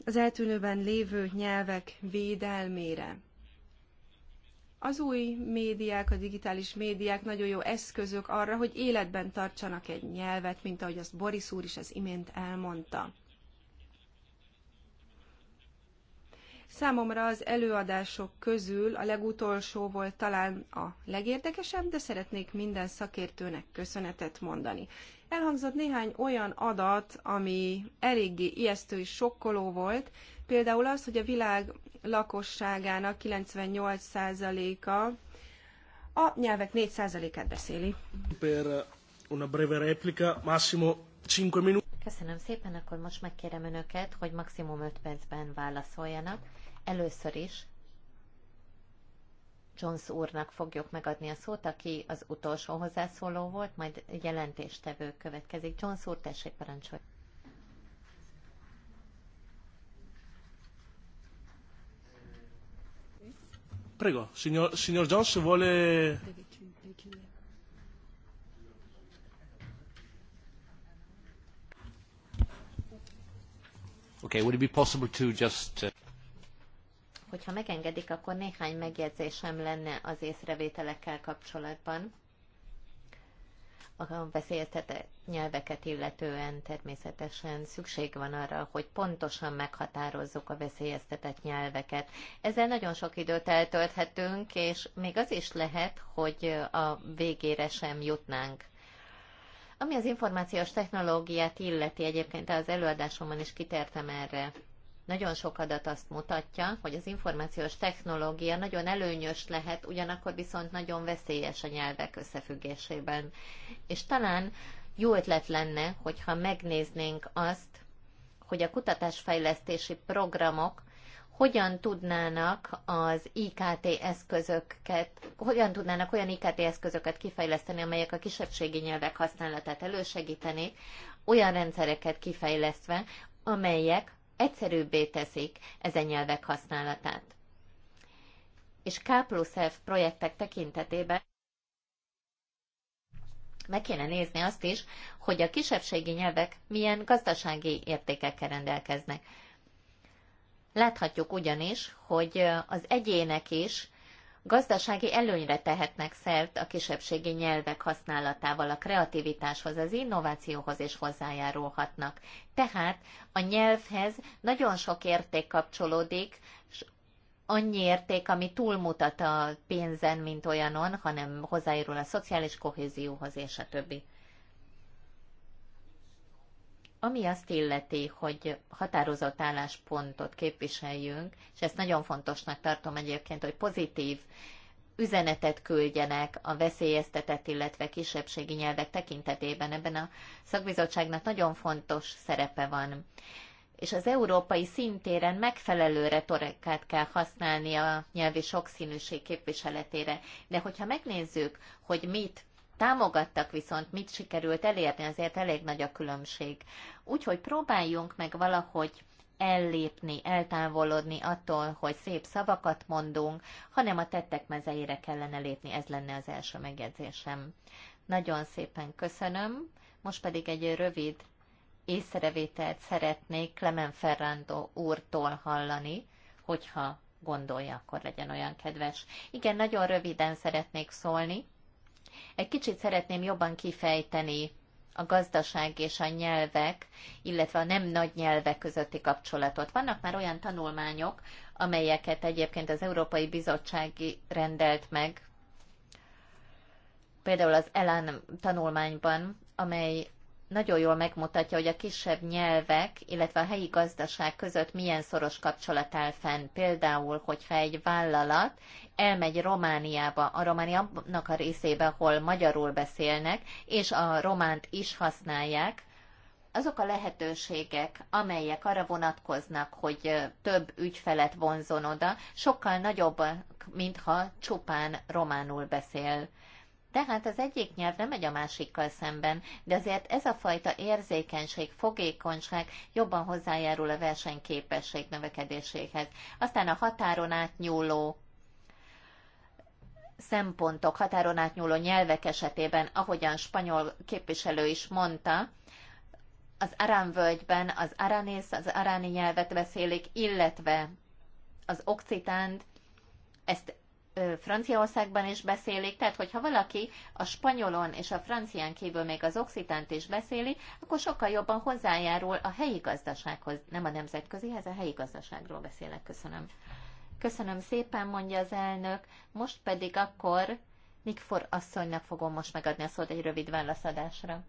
Az eltűnőben lévő nyelvek védelmére. Az új médiák, a digitális médiák nagyon jó eszközök arra, hogy életben tartsanak egy nyelvet, mint ahogy azt Boris úr is az imént elmondta. Számomra az előadások közül a legutolsó volt talán a legérdekesebb, de szeretnék minden szakértőnek köszönetet mondani. Elhangzott néhány olyan adat, ami eléggé ijesztő és sokkoló volt, például az, hogy a világ lakosságának 98%-a a nyelvek 4%-át beszéli. Per una breve replica, massimo 5 Köszönöm szépen, akkor most megkérem Önöket, hogy maximum 5 percben válaszoljanak. Először is Jones úrnak fogjuk megadni a szót, aki az utolsó hozzászóló volt, majd jelentéstevő következik. Jones úr, tessék parancsolni. Prego, signor, signor Jones, vuole... Okay, would it be possible to just... Uh... Hogyha megengedik, akkor néhány megjegyzésem lenne az észrevételekkel kapcsolatban. A beszéltetett nyelveket illetően természetesen szükség van arra, hogy pontosan meghatározzuk a veszélyeztetett nyelveket. Ezzel nagyon sok időt eltölthetünk, és még az is lehet, hogy a végére sem jutnánk. Ami az információs technológiát illeti, egyébként az előadásomban is kitértem erre. Nagyon sok adat azt mutatja, hogy az információs technológia nagyon előnyös lehet, ugyanakkor viszont nagyon veszélyes a nyelvek összefüggésében. És talán jó ötlet lenne, hogyha megnéznénk azt, hogy a kutatásfejlesztési programok hogyan tudnának az IKT eszközöket, hogyan tudnának olyan IKT eszközöket kifejleszteni, amelyek a kisebbségi nyelvek használatát elősegítenék, olyan rendszereket kifejlesztve, amelyek egyszerűbbé teszik ezen nyelvek használatát. És K plusz F projektek tekintetében meg kéne nézni azt is, hogy a kisebbségi nyelvek milyen gazdasági értékekkel rendelkeznek. Láthatjuk ugyanis, hogy az egyének is gazdasági előnyre tehetnek szert a kisebbségi nyelvek használatával, a kreativitáshoz, az innovációhoz is hozzájárulhatnak. Tehát a nyelvhez nagyon sok érték kapcsolódik, és annyi érték, ami túlmutat a pénzen, mint olyanon, hanem hozzájárul a szociális kohézióhoz és a többi. Ami azt illeti, hogy határozott álláspontot képviseljünk, és ezt nagyon fontosnak tartom egyébként, hogy pozitív üzenetet küldjenek a veszélyeztetett, illetve kisebbségi nyelvek tekintetében. Ebben a szakbizottságnak nagyon fontos szerepe van. És az európai szintéren megfelelő retorikát kell használni a nyelvi sokszínűség képviseletére. De hogyha megnézzük, hogy mit támogattak, viszont mit sikerült elérni, azért elég nagy a különbség. Úgyhogy próbáljunk meg valahogy ellépni, eltávolodni attól, hogy szép szavakat mondunk, hanem a tettek mezeire kellene lépni, ez lenne az első megjegyzésem. Nagyon szépen köszönöm, most pedig egy rövid észrevételt szeretnék Clement Ferrando úrtól hallani, hogyha gondolja, akkor legyen olyan kedves. Igen, nagyon röviden szeretnék szólni. Egy kicsit szeretném jobban kifejteni a gazdaság és a nyelvek, illetve a nem nagy nyelvek közötti kapcsolatot. Vannak már olyan tanulmányok, amelyeket egyébként az Európai Bizottság rendelt meg, például az ELAN tanulmányban, amely nagyon jól megmutatja, hogy a kisebb nyelvek, illetve a helyi gazdaság között milyen szoros kapcsolat áll fenn. Például, hogyha egy vállalat elmegy Romániába, a Romániának a részébe, ahol magyarul beszélnek, és a románt is használják, azok a lehetőségek, amelyek arra vonatkoznak, hogy több ügyfelet vonzon oda, sokkal nagyobbak, mintha csupán románul beszél tehát az egyik nyelv nem megy a másikkal szemben, de azért ez a fajta érzékenység, fogékonyság jobban hozzájárul a versenyképesség növekedéséhez. Aztán a határon átnyúló szempontok, határon átnyúló nyelvek esetében, ahogyan spanyol képviselő is mondta, az Arán-völgyben az aranész, az aráni nyelvet beszélik, illetve az Occitánt, ezt Franciaországban is beszélik, tehát hogyha valaki a spanyolon és a francián kívül még az oxitánt is beszéli, akkor sokkal jobban hozzájárul a helyi gazdasághoz, nem a nemzetközihez, a helyi gazdaságról beszélek. Köszönöm. Köszönöm szépen, mondja az elnök. Most pedig akkor Nikfor asszonynak fogom most megadni a szót egy rövid válaszadásra.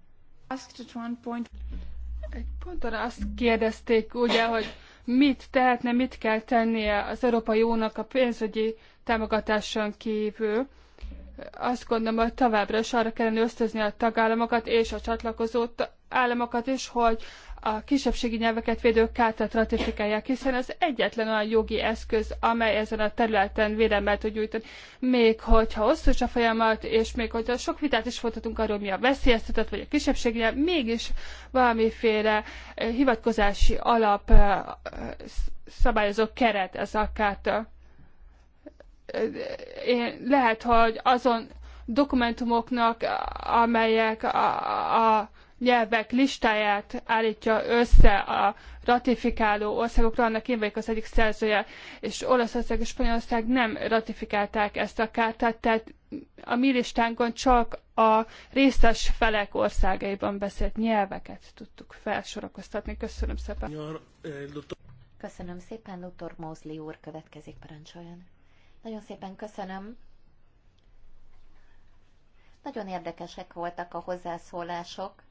Egy ponton azt kérdezték, ugye, hogy mit tehetne, mit kell tennie az Európai Uniónak a pénzügyi támogatáson kívül azt gondolom, hogy továbbra is arra kellene ösztözni a tagállamokat és a csatlakozó államokat is, hogy a kisebbségi nyelveket védő kártát ratifikálják, hiszen ez egyetlen olyan jogi eszköz, amely ezen a területen védelmet tud nyújtani. Még hogyha hosszú is a folyamat, és még hogyha sok vitát is folytatunk arról, mi a veszélyeztetett, vagy a kisebbségi nyelv, mégis valamiféle eh, hivatkozási alap eh, szabályozó keret ez a kárta lehet, hogy azon dokumentumoknak, amelyek a, a nyelvek listáját állítja össze a ratifikáló országokra, annak én vagyok az egyik szerzője, és Olaszország és Spanyolország nem ratifikálták ezt a kártát, tehát a mi listánkon csak a részes felek országaiban beszélt nyelveket tudtuk felsorakoztatni. Köszönöm szépen. Eh, Köszönöm szépen, Dr. Mózli úr, következik parancsoljon. Nagyon szépen köszönöm. Nagyon érdekesek voltak a hozzászólások,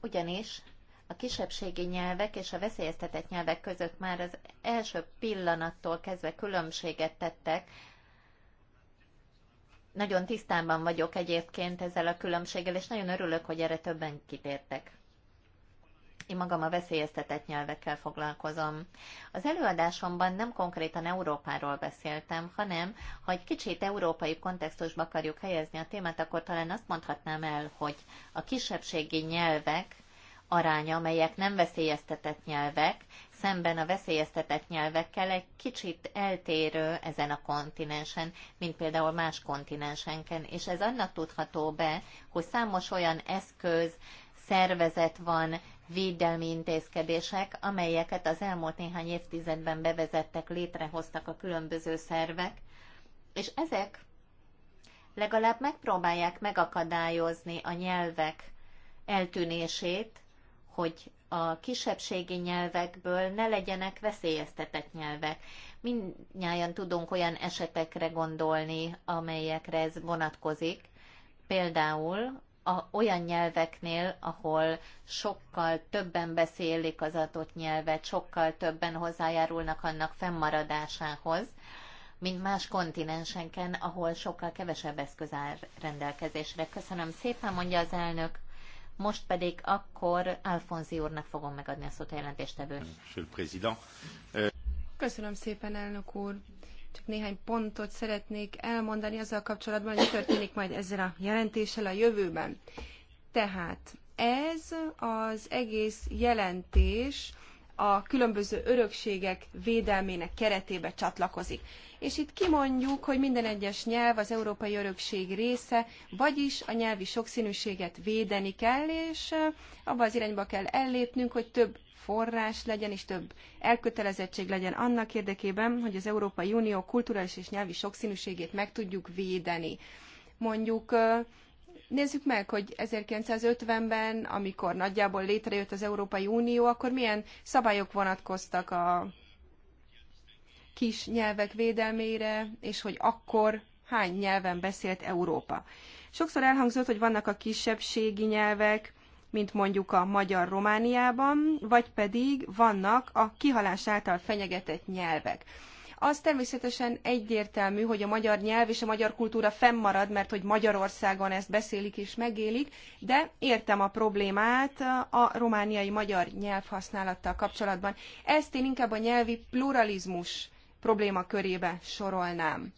ugyanis a kisebbségi nyelvek és a veszélyeztetett nyelvek között már az első pillanattól kezdve különbséget tettek. Nagyon tisztában vagyok egyébként ezzel a különbséggel, és nagyon örülök, hogy erre többen kitértek. Én magam a veszélyeztetett nyelvekkel foglalkozom. Az előadásomban nem konkrétan Európáról beszéltem, hanem ha egy kicsit európai kontextusba akarjuk helyezni a témát, akkor talán azt mondhatnám el, hogy a kisebbségi nyelvek aránya, amelyek nem veszélyeztetett nyelvek, szemben a veszélyeztetett nyelvekkel egy kicsit eltérő ezen a kontinensen, mint például más kontinensenken. És ez annak tudható be, hogy számos olyan eszköz, szervezet van, védelmi intézkedések, amelyeket az elmúlt néhány évtizedben bevezettek, létrehoztak a különböző szervek, és ezek legalább megpróbálják megakadályozni a nyelvek eltűnését, hogy a kisebbségi nyelvekből ne legyenek veszélyeztetett nyelvek. Mindnyájan tudunk olyan esetekre gondolni, amelyekre ez vonatkozik. Például a, olyan nyelveknél, ahol sokkal többen beszélik az adott nyelvet, sokkal többen hozzájárulnak annak fennmaradásához, mint más kontinenseken, ahol sokkal kevesebb eszköz áll rendelkezésre. Köszönöm szépen, mondja az elnök. Most pedig akkor Alfonzi úrnak fogom megadni a szót a jelentéstevő. Köszönöm szépen, elnök úr. Csak néhány pontot szeretnék elmondani azzal kapcsolatban, hogy mi történik majd ezzel a jelentéssel a jövőben. Tehát ez az egész jelentés a különböző örökségek védelmének keretébe csatlakozik. És itt kimondjuk, hogy minden egyes nyelv az európai örökség része, vagyis a nyelvi sokszínűséget védeni kell, és abba az irányba kell ellépnünk, hogy több forrás legyen, és több elkötelezettség legyen annak érdekében, hogy az Európai Unió kulturális és nyelvi sokszínűségét meg tudjuk védeni. Mondjuk Nézzük meg, hogy 1950-ben, amikor nagyjából létrejött az Európai Unió, akkor milyen szabályok vonatkoztak a kis nyelvek védelmére, és hogy akkor hány nyelven beszélt Európa. Sokszor elhangzott, hogy vannak a kisebbségi nyelvek, mint mondjuk a magyar Romániában, vagy pedig vannak a kihalás által fenyegetett nyelvek. Az természetesen egyértelmű, hogy a magyar nyelv és a magyar kultúra fennmarad, mert hogy Magyarországon ezt beszélik és megélik, de értem a problémát a romániai magyar nyelvhasználattal kapcsolatban. Ezt én inkább a nyelvi pluralizmus probléma körébe sorolnám.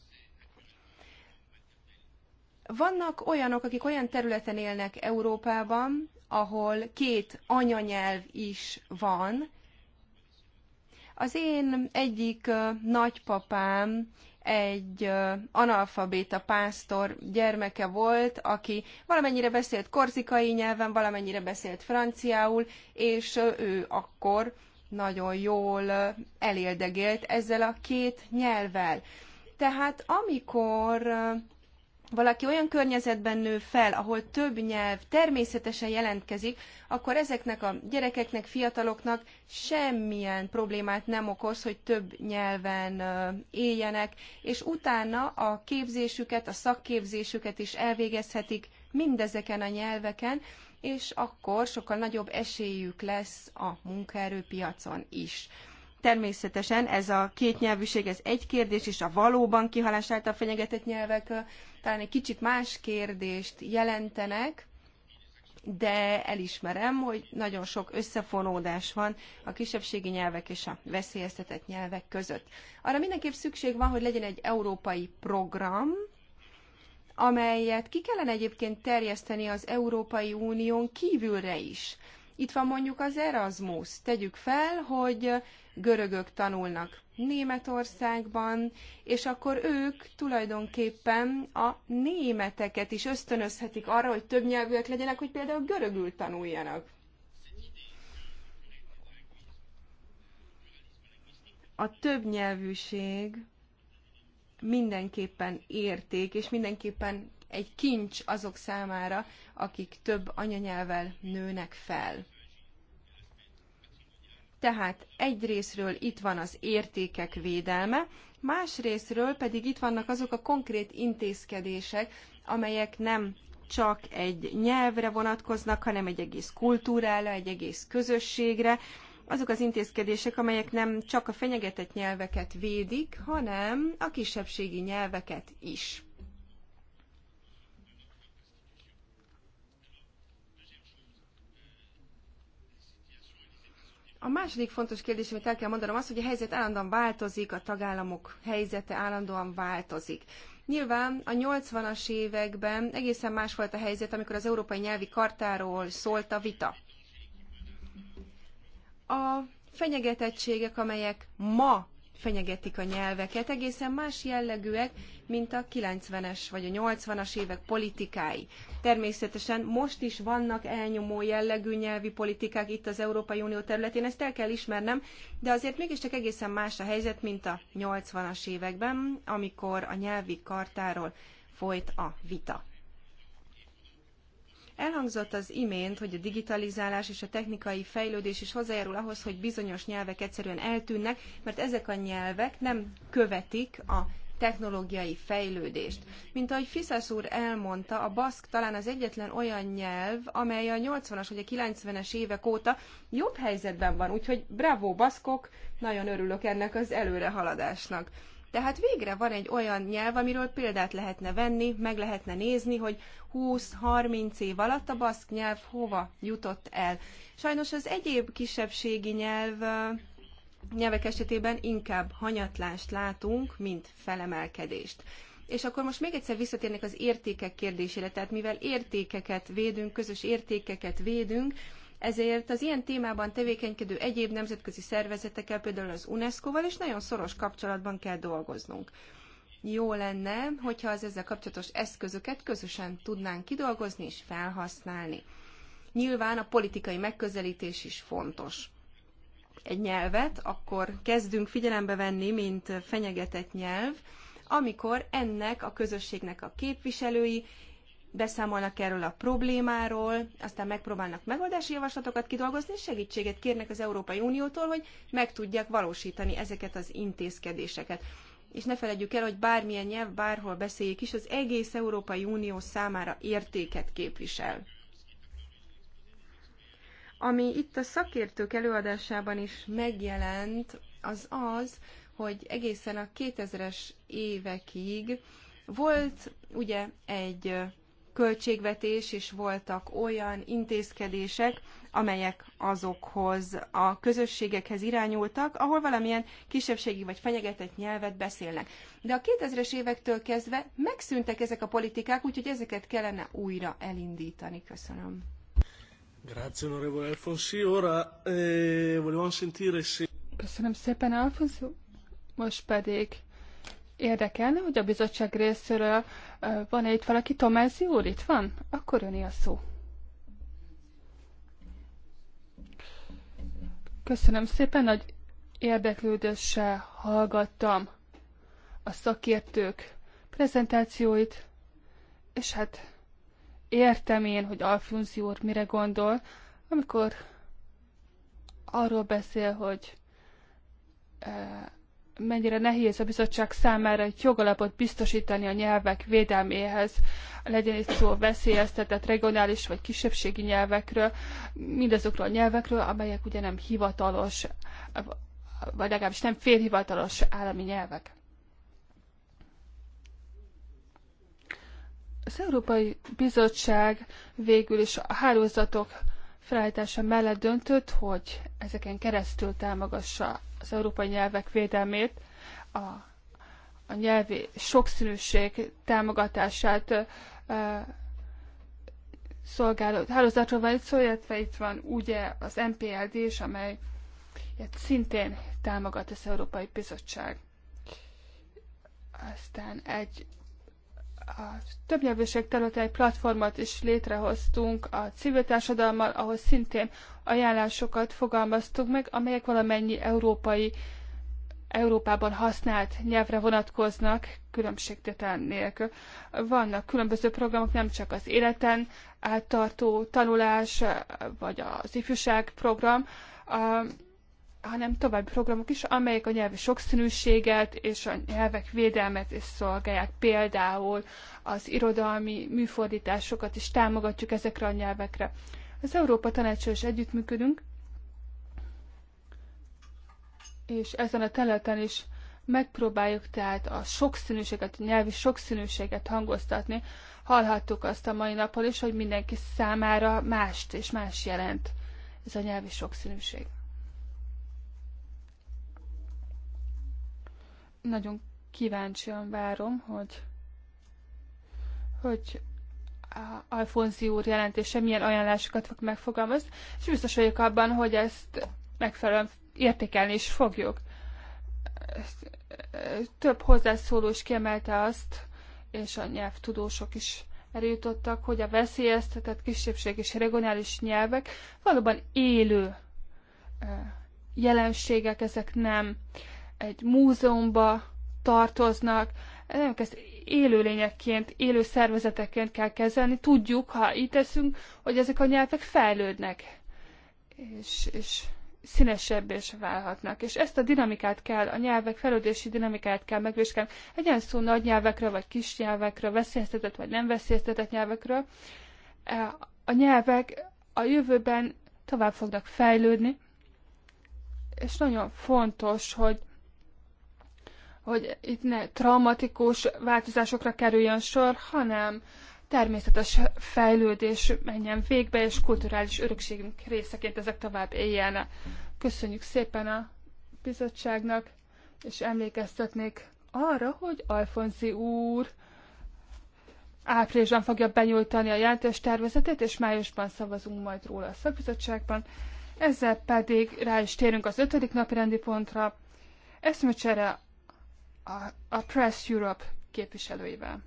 Vannak olyanok, akik olyan területen élnek Európában, ahol két anyanyelv is van, az én egyik nagypapám egy analfabéta pásztor gyermeke volt, aki valamennyire beszélt korzikai nyelven, valamennyire beszélt franciául, és ő akkor nagyon jól eléldegélt ezzel a két nyelvvel. Tehát amikor valaki olyan környezetben nő fel, ahol több nyelv természetesen jelentkezik, akkor ezeknek a gyerekeknek, fiataloknak semmilyen problémát nem okoz, hogy több nyelven éljenek, és utána a képzésüket, a szakképzésüket is elvégezhetik mindezeken a nyelveken, és akkor sokkal nagyobb esélyük lesz a munkaerőpiacon is. Természetesen ez a kétnyelvűség, ez egy kérdés, és a valóban kihalás által fenyegetett nyelvek talán egy kicsit más kérdést jelentenek, de elismerem, hogy nagyon sok összefonódás van a kisebbségi nyelvek és a veszélyeztetett nyelvek között. Arra mindenképp szükség van, hogy legyen egy európai program, amelyet ki kellene egyébként terjeszteni az Európai Unión kívülre is. Itt van mondjuk az Erasmus. Tegyük fel, hogy görögök tanulnak Németországban, és akkor ők tulajdonképpen a németeket is ösztönözhetik arra, hogy több nyelvűek legyenek, hogy például görögül tanuljanak. A többnyelvűség mindenképpen érték, és mindenképpen egy kincs azok számára, akik több anyanyelvel nőnek fel. Tehát egy részről itt van az értékek védelme, más részről pedig itt vannak azok a konkrét intézkedések, amelyek nem csak egy nyelvre vonatkoznak, hanem egy egész kultúrára, egy egész közösségre. Azok az intézkedések, amelyek nem csak a fenyegetett nyelveket védik, hanem a kisebbségi nyelveket is. A második fontos kérdés, amit el kell mondanom, az, hogy a helyzet állandóan változik, a tagállamok helyzete állandóan változik. Nyilván a 80-as években egészen más volt a helyzet, amikor az Európai Nyelvi Kartáról szólt a vita. A fenyegetettségek, amelyek ma fenyegetik a nyelveket, egészen más jellegűek, mint a 90-es vagy a 80-as évek politikái. Természetesen most is vannak elnyomó jellegű nyelvi politikák itt az Európai Unió területén, ezt el kell ismernem, de azért mégiscsak egészen más a helyzet, mint a 80-as években, amikor a nyelvi kartáról folyt a vita. Elhangzott az imént, hogy a digitalizálás és a technikai fejlődés is hozzájárul ahhoz, hogy bizonyos nyelvek egyszerűen eltűnnek, mert ezek a nyelvek nem követik a technológiai fejlődést. Mint ahogy Fiszasz úr elmondta, a baszk talán az egyetlen olyan nyelv, amely a 80-as vagy a 90-es évek óta jobb helyzetben van, úgyhogy bravo baszkok, nagyon örülök ennek az előrehaladásnak. Tehát végre van egy olyan nyelv, amiről példát lehetne venni, meg lehetne nézni, hogy 20-30 év alatt a baszk nyelv hova jutott el. Sajnos az egyéb kisebbségi nyelv nyelvek esetében inkább hanyatlást látunk, mint felemelkedést. És akkor most még egyszer visszatérnek az értékek kérdésére, tehát mivel értékeket védünk, közös értékeket védünk, ezért az ilyen témában tevékenykedő egyéb nemzetközi szervezetekkel, például az UNESCO-val is nagyon szoros kapcsolatban kell dolgoznunk. Jó lenne, hogyha az ezzel kapcsolatos eszközöket közösen tudnánk kidolgozni és felhasználni. Nyilván a politikai megközelítés is fontos egy nyelvet, akkor kezdünk figyelembe venni, mint fenyegetett nyelv, amikor ennek a közösségnek a képviselői beszámolnak erről a problémáról, aztán megpróbálnak megoldási javaslatokat kidolgozni, és segítséget kérnek az Európai Uniótól, hogy meg tudják valósítani ezeket az intézkedéseket. És ne felejtjük el, hogy bármilyen nyelv, bárhol beszéljék is, az egész Európai Unió számára értéket képvisel. Ami itt a szakértők előadásában is megjelent, az az, hogy egészen a 2000-es évekig volt ugye egy költségvetés, és voltak olyan intézkedések, amelyek azokhoz a közösségekhez irányultak, ahol valamilyen kisebbségi vagy fenyegetett nyelvet beszélnek. De a 2000-es évektől kezdve megszűntek ezek a politikák, úgyhogy ezeket kellene újra elindítani. Köszönöm. Grazie onorevole Alfonsi. Ora eh, volevamo sentire se... Köszönöm szépen, Alfonso. Most pedig érdekelne, hogy a bizottság részéről van-e itt valaki? Tomázi úr itt van? Akkor öné a szó. Köszönöm szépen, hogy érdeklődéssel hallgattam a szakértők prezentációit, és hát értem én, hogy Alfunzi úr mire gondol, amikor arról beszél, hogy mennyire nehéz a bizottság számára egy jogalapot biztosítani a nyelvek védelméhez, legyen itt szó veszélyeztetett regionális vagy kisebbségi nyelvekről, mindazokról a nyelvekről, amelyek ugye nem hivatalos, vagy legalábbis nem félhivatalos állami nyelvek. Az Európai Bizottság végül is a hálózatok felállítása mellett döntött, hogy ezeken keresztül támogassa az európai nyelvek védelmét, a, a nyelvi sokszínűség támogatását e, szolgáló hálózatról van itt szó, illetve itt van ugye az MPLD is, amely szintén támogat az Európai Bizottság. Aztán egy a többnyelvűség területén egy platformot is létrehoztunk a civil társadalommal, ahol szintén ajánlásokat fogalmaztunk meg, amelyek valamennyi európai, Európában használt nyelvre vonatkoznak, különbségtétel nélkül. Vannak különböző programok, nem csak az életen áttartó tanulás, vagy az ifjúság program, hanem további programok is, amelyek a nyelvi sokszínűséget és a nyelvek védelmet is szolgálják. Például az irodalmi műfordításokat is támogatjuk ezekre a nyelvekre. Az Európa Tanácssal is együttműködünk, és ezen a területen is megpróbáljuk tehát a sokszínűséget, a nyelvi sokszínűséget hangoztatni. Hallhattuk azt a mai napon is, hogy mindenki számára mást és más jelent ez a nyelvi sokszínűség. Nagyon kíváncsian várom, hogy, hogy Alfonzi úr jelentése milyen ajánlásokat fog megfogalmazni, és biztos vagyok abban, hogy ezt megfelelően értékelni is fogjuk. Több hozzászóló is kiemelte azt, és a nyelvtudósok is eljutottak, hogy a veszélyeztetett kisebbség és regionális nyelvek valóban élő jelenségek, ezek nem egy múzeumba tartoznak, nem ezt élőlényekként, élő szervezeteként kell kezelni. Tudjuk, ha így teszünk, hogy ezek a nyelvek fejlődnek, és, és színesebb és válhatnak. És ezt a dinamikát kell, a nyelvek fejlődési dinamikát kell megvizsgálni. Egyen szó nagy nyelvekről, vagy kis nyelvekről, veszélyeztetett vagy nem veszélyeztetett nyelvekről. E, a nyelvek a jövőben tovább fognak fejlődni, és nagyon fontos, hogy hogy itt ne traumatikus változásokra kerüljön sor, hanem természetes fejlődés menjen végbe, és kulturális örökségünk részeként ezek tovább éljenek. Köszönjük szépen a bizottságnak, és emlékeztetnék arra, hogy Alfonzi úr áprilisban fogja benyújtani a jelentős tervezetét, és májusban szavazunk majd róla a szakbizottságban. Ezzel pedig rá is térünk az ötödik napi rendi pontra. Eszmecsere a, a Press Europe képviselőivel.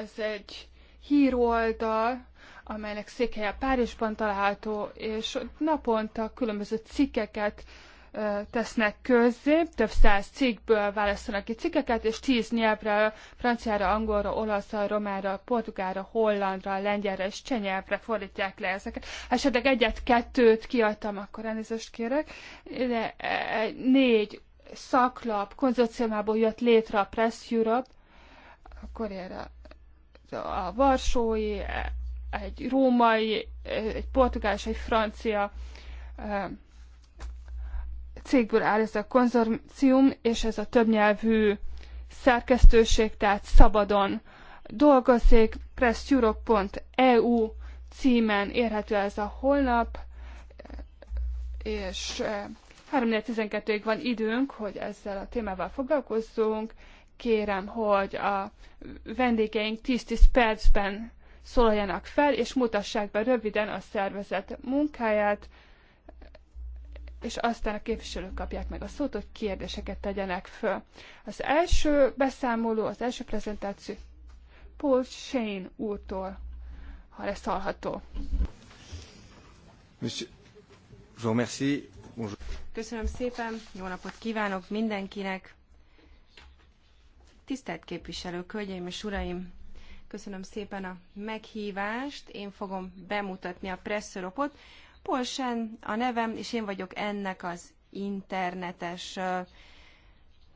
Ez egy híroldal, amelynek székhelye Párizsban található, és naponta különböző cikkeket tesznek közzé, több száz cikkből választanak ki cikkeket, és tíz nyelvre, franciára, angolra, olaszra, romára, portugálra, hollandra, lengyelre és csenyelvre fordítják le ezeket. Esetleg egyet-kettőt kiadtam, akkor elnézést kérek, de e, e, négy szaklap konzorciumából jött létre a Press Europe, akkor erre a varsói, e, egy római, egy portugál és egy francia cégből áll ez a konzorcium, és ez a többnyelvű szerkesztőség, tehát szabadon dolgozik, presseurope.eu címen érhető ez a holnap, és 3.12-ig eh, van időnk, hogy ezzel a témával foglalkozzunk. Kérem, hogy a vendégeink 10-10 percben szóljanak fel, és mutassák be röviden a szervezet munkáját, és aztán a képviselők kapják meg a szót, hogy kérdéseket tegyenek föl. Az első beszámoló, az első prezentáció Paul Shane úrtól, ha lesz hallható. Köszönöm szépen, jó napot kívánok mindenkinek! Tisztelt képviselők, hölgyeim és uraim! Köszönöm szépen a meghívást, én fogom bemutatni a presszeropot, Polsen a nevem, és én vagyok ennek az internetes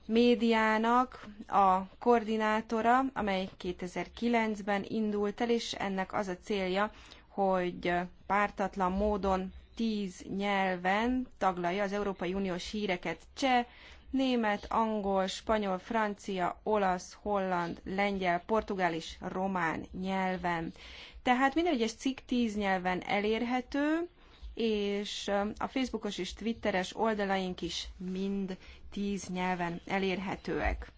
médiának a koordinátora, amely 2009-ben indult el, és ennek az a célja, hogy pártatlan módon tíz nyelven taglalja az Európai Uniós híreket cseh, német, angol, spanyol, francia, olasz, holland, lengyel, portugál és román nyelven. Tehát minden egyes cikk tíz nyelven elérhető, és a Facebookos és Twitteres oldalaink is mind tíz nyelven elérhetőek.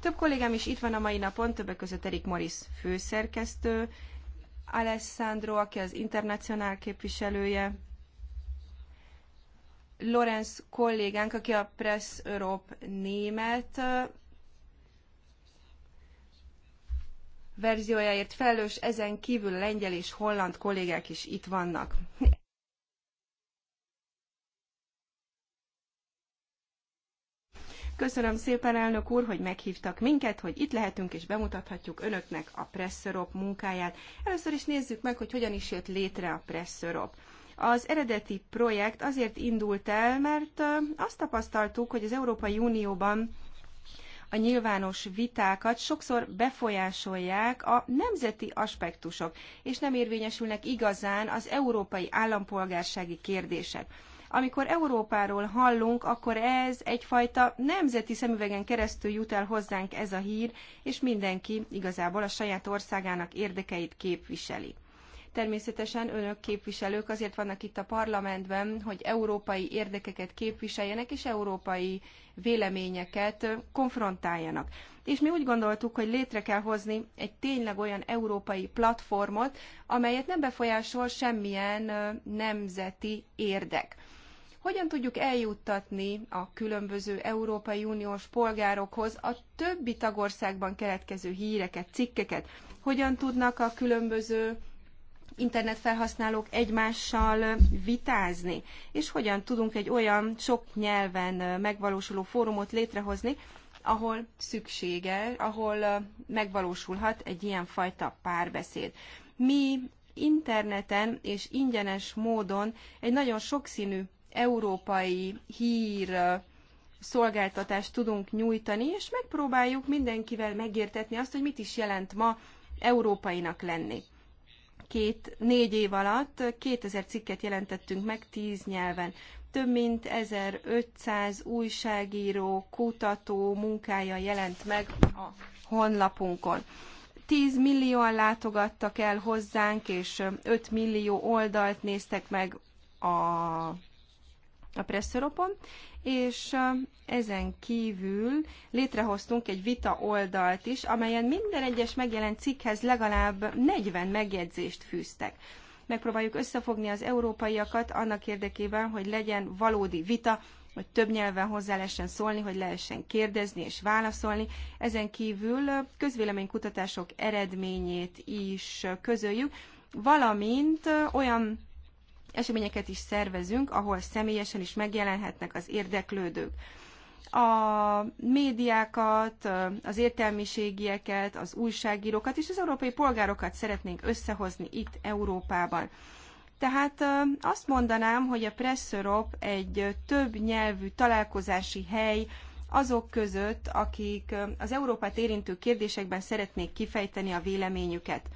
Több kollégám is itt van a mai napon, többek között Erik Morris főszerkesztő, Alessandro, aki az internacionál képviselője, Lorenz kollégánk, aki a Press Europe német verziójáért felelős, ezen kívül lengyel és holland kollégák is itt vannak. Köszönöm szépen, elnök úr, hogy meghívtak minket, hogy itt lehetünk és bemutathatjuk önöknek a Presszerop munkáját. Először is nézzük meg, hogy hogyan is jött létre a Presszerop. Az eredeti projekt azért indult el, mert azt tapasztaltuk, hogy az Európai Unióban a nyilvános vitákat sokszor befolyásolják a nemzeti aspektusok, és nem érvényesülnek igazán az európai állampolgársági kérdések. Amikor Európáról hallunk, akkor ez egyfajta nemzeti szemüvegen keresztül jut el hozzánk ez a hír, és mindenki igazából a saját országának érdekeit képviseli. Természetesen önök képviselők azért vannak itt a parlamentben, hogy európai érdekeket képviseljenek, és európai véleményeket konfrontáljanak. És mi úgy gondoltuk, hogy létre kell hozni egy tényleg olyan európai platformot, amelyet nem befolyásol semmilyen nemzeti érdek hogyan tudjuk eljuttatni a különböző Európai Uniós polgárokhoz a többi tagországban keletkező híreket, cikkeket, hogyan tudnak a különböző internetfelhasználók egymással vitázni, és hogyan tudunk egy olyan sok nyelven megvalósuló fórumot létrehozni, ahol szüksége, ahol megvalósulhat egy ilyen fajta párbeszéd. Mi interneten és ingyenes módon egy nagyon sokszínű európai hír szolgáltatást tudunk nyújtani, és megpróbáljuk mindenkivel megértetni azt, hogy mit is jelent ma európainak lenni két, négy év alatt 2000 cikket jelentettünk meg 10 nyelven. Több mint 1500 újságíró, kutató munkája jelent meg a honlapunkon. 10 millióan látogattak el hozzánk, és 5 millió oldalt néztek meg a a presszoropon, és ezen kívül létrehoztunk egy vita oldalt is, amelyen minden egyes megjelent cikkhez legalább 40 megjegyzést fűztek. Megpróbáljuk összefogni az európaiakat annak érdekében, hogy legyen valódi vita, hogy több nyelven hozzá lehessen szólni, hogy lehessen kérdezni és válaszolni. Ezen kívül közvéleménykutatások eredményét is közöljük, valamint olyan eseményeket is szervezünk, ahol személyesen is megjelenhetnek az érdeklődők. A médiákat, az értelmiségieket, az újságírókat és az európai polgárokat szeretnénk összehozni itt Európában. Tehát azt mondanám, hogy a Press Europe egy több nyelvű találkozási hely azok között, akik az Európát érintő kérdésekben szeretnék kifejteni a véleményüket.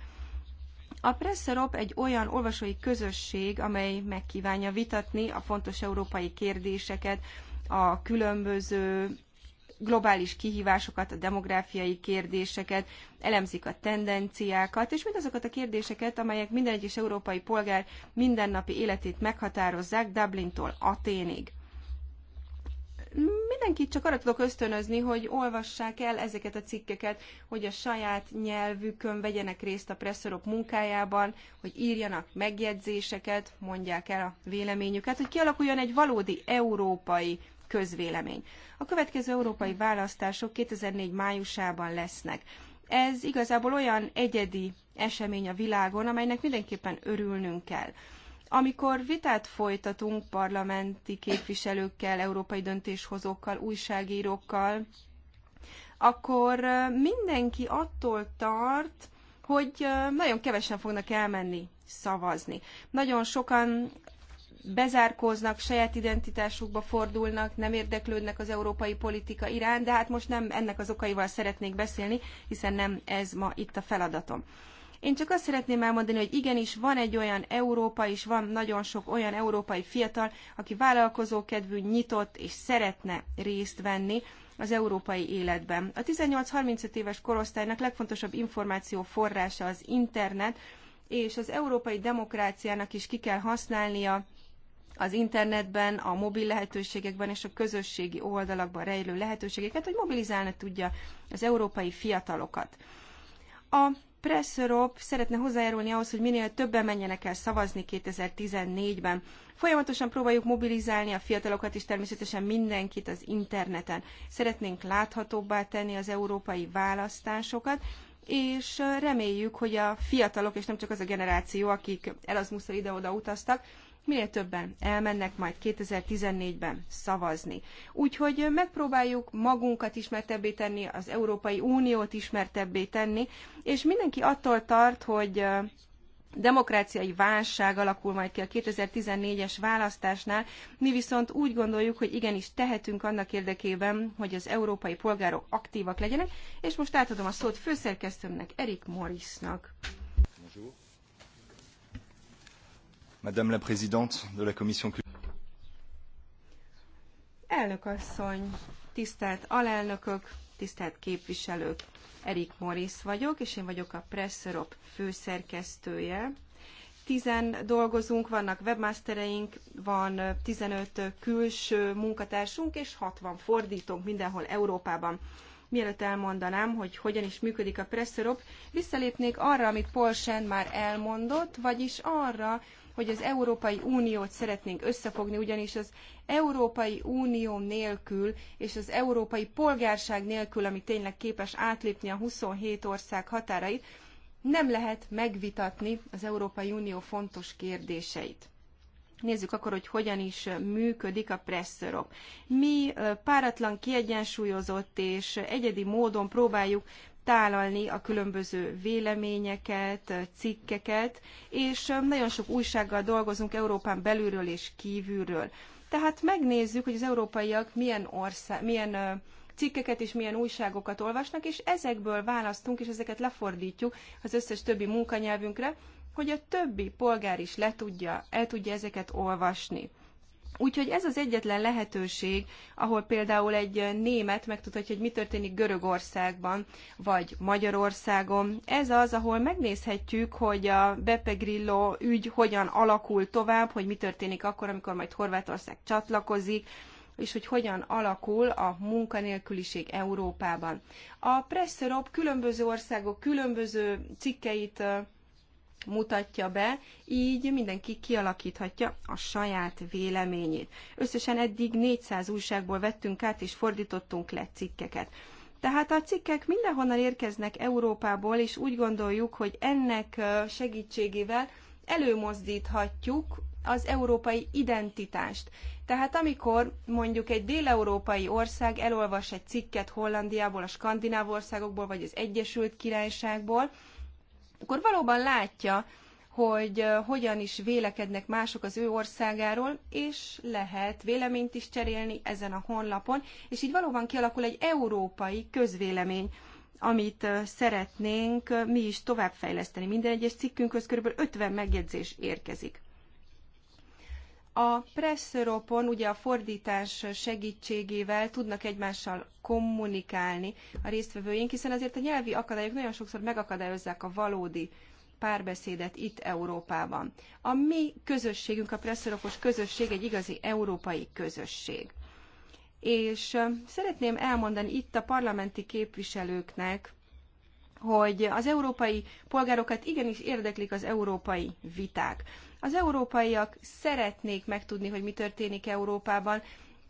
A Presszerop egy olyan olvasói közösség, amely megkívánja vitatni a fontos európai kérdéseket, a különböző globális kihívásokat, a demográfiai kérdéseket, elemzik a tendenciákat, és mindazokat a kérdéseket, amelyek minden egyes európai polgár mindennapi életét meghatározzák Dublintól Aténig mindenkit csak arra tudok ösztönözni, hogy olvassák el ezeket a cikkeket, hogy a saját nyelvükön vegyenek részt a presszorok munkájában, hogy írjanak megjegyzéseket, mondják el a véleményüket, hogy kialakuljon egy valódi európai közvélemény. A következő európai választások 2004 májusában lesznek. Ez igazából olyan egyedi esemény a világon, amelynek mindenképpen örülnünk kell. Amikor vitát folytatunk parlamenti képviselőkkel, európai döntéshozókkal, újságírókkal, akkor mindenki attól tart, hogy nagyon kevesen fognak elmenni szavazni. Nagyon sokan bezárkóznak, saját identitásukba fordulnak, nem érdeklődnek az európai politika iránt, de hát most nem ennek az okaival szeretnék beszélni, hiszen nem ez ma itt a feladatom. Én csak azt szeretném elmondani, hogy igenis van egy olyan Európa, és van nagyon sok olyan európai fiatal, aki vállalkozókedvű, nyitott és szeretne részt venni az európai életben. A 18-35 éves korosztálynak legfontosabb információ forrása az internet, és az európai demokráciának is ki kell használnia az internetben, a mobil lehetőségekben és a közösségi oldalakban rejlő lehetőségeket, hogy mobilizálni tudja az európai fiatalokat. A Europe szeretne hozzájárulni ahhoz, hogy minél többen menjenek el szavazni 2014-ben. Folyamatosan próbáljuk mobilizálni a fiatalokat és természetesen mindenkit az interneten. Szeretnénk láthatóbbá tenni az európai választásokat, és reméljük, hogy a fiatalok, és nem csak az a generáció, akik Erasmusra ide-oda utaztak, minél többen elmennek majd 2014-ben szavazni. Úgyhogy megpróbáljuk magunkat ismertebbé tenni, az Európai Uniót ismertebbé tenni, és mindenki attól tart, hogy demokráciai válság alakul majd ki a 2014-es választásnál, mi viszont úgy gondoljuk, hogy igenis tehetünk annak érdekében, hogy az európai polgárok aktívak legyenek, és most átadom a szót főszerkesztőmnek, Erik Morrisnak. Madame la Présidente de la Commission Elnök asszony, tisztelt alelnökök, tisztelt képviselők, Erik Morris vagyok, és én vagyok a Press Europe főszerkesztője. Tizen dolgozunk, vannak webmastereink, van 15 külső munkatársunk, és 60 fordítónk mindenhol Európában. Mielőtt elmondanám, hogy hogyan is működik a Press Europe, visszalépnék arra, amit Paul Shen már elmondott, vagyis arra, hogy az Európai Uniót szeretnénk összefogni, ugyanis az Európai Unió nélkül és az európai polgárság nélkül, ami tényleg képes átlépni a 27 ország határait, nem lehet megvitatni az Európai Unió fontos kérdéseit. Nézzük akkor, hogy hogyan is működik a presszorok. Mi páratlan, kiegyensúlyozott és egyedi módon próbáljuk tálalni a különböző véleményeket, cikkeket, és nagyon sok újsággal dolgozunk Európán belülről és kívülről. Tehát megnézzük, hogy az európaiak milyen, ország, milyen cikkeket és milyen újságokat olvasnak, és ezekből választunk, és ezeket lefordítjuk az összes többi munkanyelvünkre, hogy a többi polgár is le tudja, el tudja ezeket olvasni. Úgyhogy ez az egyetlen lehetőség, ahol például egy német megtudhatja, hogy mi történik Görögországban, vagy Magyarországon. Ez az, ahol megnézhetjük, hogy a Beppe Grillo ügy hogyan alakul tovább, hogy mi történik akkor, amikor majd Horvátország csatlakozik, és hogy hogyan alakul a munkanélküliség Európában. A Presserop különböző országok különböző cikkeit mutatja be, így mindenki kialakíthatja a saját véleményét. Összesen eddig 400 újságból vettünk át és fordítottunk le cikkeket. Tehát a cikkek mindenhonnan érkeznek Európából, és úgy gondoljuk, hogy ennek segítségével előmozdíthatjuk az európai identitást. Tehát amikor mondjuk egy déleurópai ország elolvas egy cikket Hollandiából, a skandináv országokból, vagy az Egyesült Királyságból, akkor valóban látja, hogy hogyan is vélekednek mások az ő országáról, és lehet véleményt is cserélni ezen a honlapon, és így valóban kialakul egy európai közvélemény, amit szeretnénk mi is továbbfejleszteni. Minden egyes cikkünkhöz kb. 50 megjegyzés érkezik. A Pressuropon ugye a fordítás segítségével tudnak egymással kommunikálni a résztvevőink, hiszen azért a nyelvi akadályok nagyon sokszor megakadályozzák a valódi párbeszédet itt Európában. A mi közösségünk, a presszoropos közösség egy igazi európai közösség. És szeretném elmondani itt a parlamenti képviselőknek, hogy az európai polgárokat igenis érdeklik az európai viták. Az európaiak szeretnék megtudni, hogy mi történik Európában,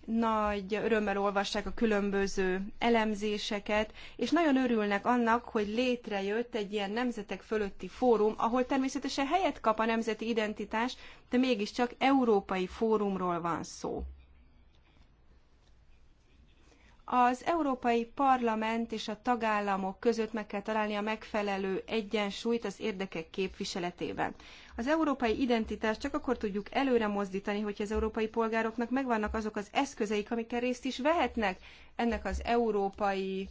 nagy örömmel olvassák a különböző elemzéseket, és nagyon örülnek annak, hogy létrejött egy ilyen nemzetek fölötti fórum, ahol természetesen helyet kap a nemzeti identitás, de mégiscsak európai fórumról van szó. Az Európai Parlament és a tagállamok között meg kell találni a megfelelő egyensúlyt az érdekek képviseletében. Az európai identitást csak akkor tudjuk előre mozdítani, hogyha az európai polgároknak megvannak azok az eszközeik, amikkel részt is vehetnek ennek az európai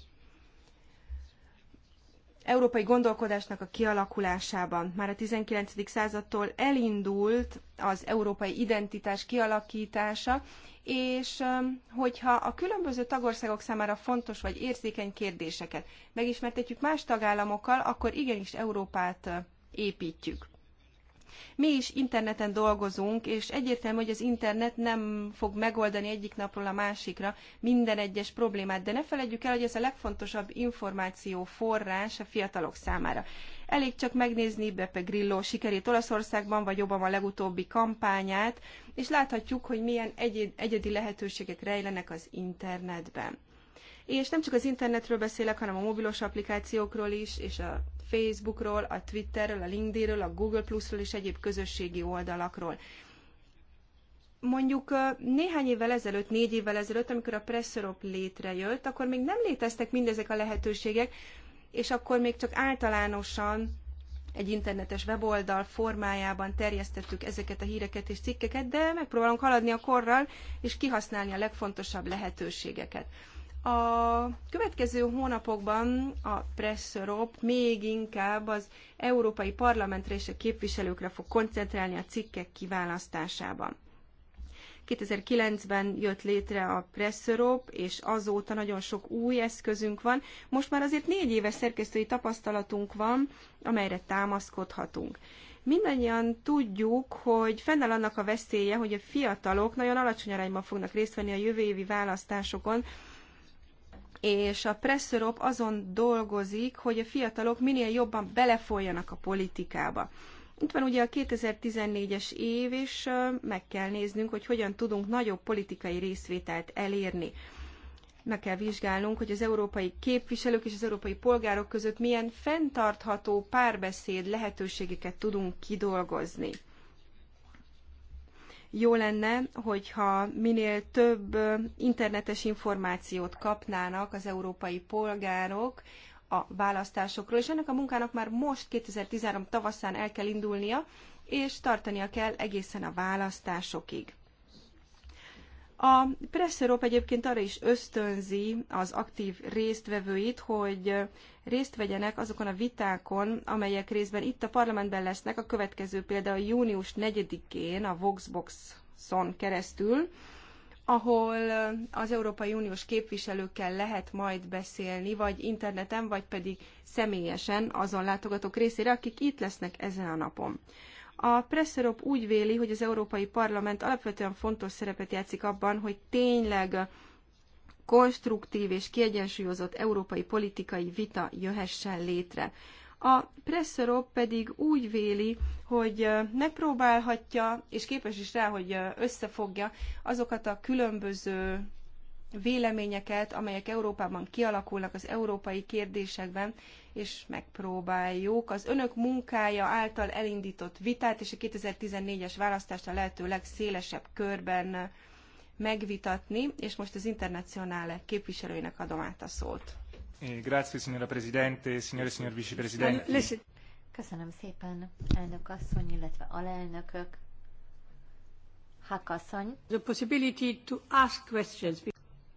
európai gondolkodásnak a kialakulásában. Már a 19. századtól elindult az európai identitás kialakítása, és hogyha a különböző tagországok számára fontos vagy érzékeny kérdéseket megismertetjük más tagállamokkal, akkor igenis Európát építjük. Mi is interneten dolgozunk, és egyértelmű, hogy az internet nem fog megoldani egyik napról a másikra minden egyes problémát, de ne felejtjük el, hogy ez a legfontosabb információ forrás a fiatalok számára. Elég csak megnézni Beppe Grillo sikerét Olaszországban, vagy Obama legutóbbi kampányát, és láthatjuk, hogy milyen egyedi lehetőségek rejlenek az internetben és nem csak az internetről beszélek, hanem a mobilos applikációkról is, és a Facebookról, a Twitterről, a LinkedInről, a Google Plusról és egyéb közösségi oldalakról. Mondjuk néhány évvel ezelőtt, négy évvel ezelőtt, amikor a Pressorop létrejött, akkor még nem léteztek mindezek a lehetőségek, és akkor még csak általánosan egy internetes weboldal formájában terjesztettük ezeket a híreket és cikkeket, de megpróbálunk haladni a korral, és kihasználni a legfontosabb lehetőségeket. A következő hónapokban a Press Europe még inkább az Európai Parlamentre és a képviselőkre fog koncentrálni a cikkek kiválasztásában. 2009-ben jött létre a Press Europe, és azóta nagyon sok új eszközünk van. Most már azért négy éves szerkesztői tapasztalatunk van, amelyre támaszkodhatunk. Mindannyian tudjuk, hogy fennáll annak a veszélye, hogy a fiatalok nagyon alacsony arányban fognak részt venni a jövő évi választásokon, és a Press Europe azon dolgozik, hogy a fiatalok minél jobban belefoljanak a politikába. Itt van ugye a 2014-es év, és meg kell néznünk, hogy hogyan tudunk nagyobb politikai részvételt elérni. Meg kell vizsgálnunk, hogy az európai képviselők és az európai polgárok között milyen fenntartható párbeszéd lehetőségeket tudunk kidolgozni. Jó lenne, hogyha minél több internetes információt kapnának az európai polgárok a választásokról, és ennek a munkának már most 2013 tavaszán el kell indulnia, és tartania kell egészen a választásokig. A Press Europe egyébként arra is ösztönzi az aktív résztvevőit, hogy részt vegyenek azokon a vitákon, amelyek részben itt a parlamentben lesznek, a következő például június 4-én a Voxbox-on keresztül, ahol az Európai Uniós képviselőkkel lehet majd beszélni, vagy interneten, vagy pedig személyesen azon látogatók részére, akik itt lesznek ezen a napon. A Presserop úgy véli, hogy az Európai Parlament alapvetően fontos szerepet játszik abban, hogy tényleg konstruktív és kiegyensúlyozott európai politikai vita jöhessen létre. A Presserop pedig úgy véli, hogy megpróbálhatja, és képes is rá, hogy összefogja azokat a különböző véleményeket, amelyek Európában kialakulnak az európai kérdésekben, és megpróbáljuk az önök munkája által elindított vitát és a 2014-es választást a lehető legszélesebb körben megvitatni, és most az internacionále képviselőinek adom át a szót. Eh, grazie, signora Presidente, signore, signor Vicepresidente. Köszönöm szépen, elnök asszony, illetve alelnökök. Hakasszony. The possibility to ask questions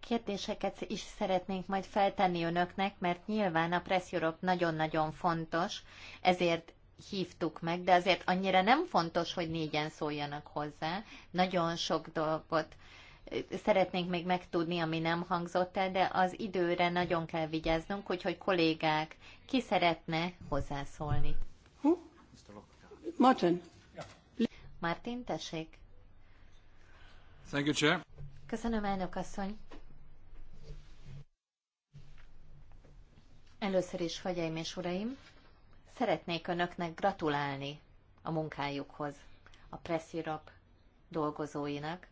kérdéseket is szeretnénk majd feltenni önöknek, mert nyilván a Press Europe nagyon-nagyon fontos, ezért hívtuk meg, de azért annyira nem fontos, hogy négyen szóljanak hozzá. Nagyon sok dolgot szeretnénk még megtudni, ami nem hangzott el, de az időre nagyon kell vigyáznunk, úgyhogy kollégák, ki szeretne hozzászólni? Martin. Martin, tessék. Thank you, Chair. Köszönöm, elnök asszony. Először is, hölgyeim és uraim, szeretnék önöknek gratulálni a munkájukhoz, a Pressirap dolgozóinak.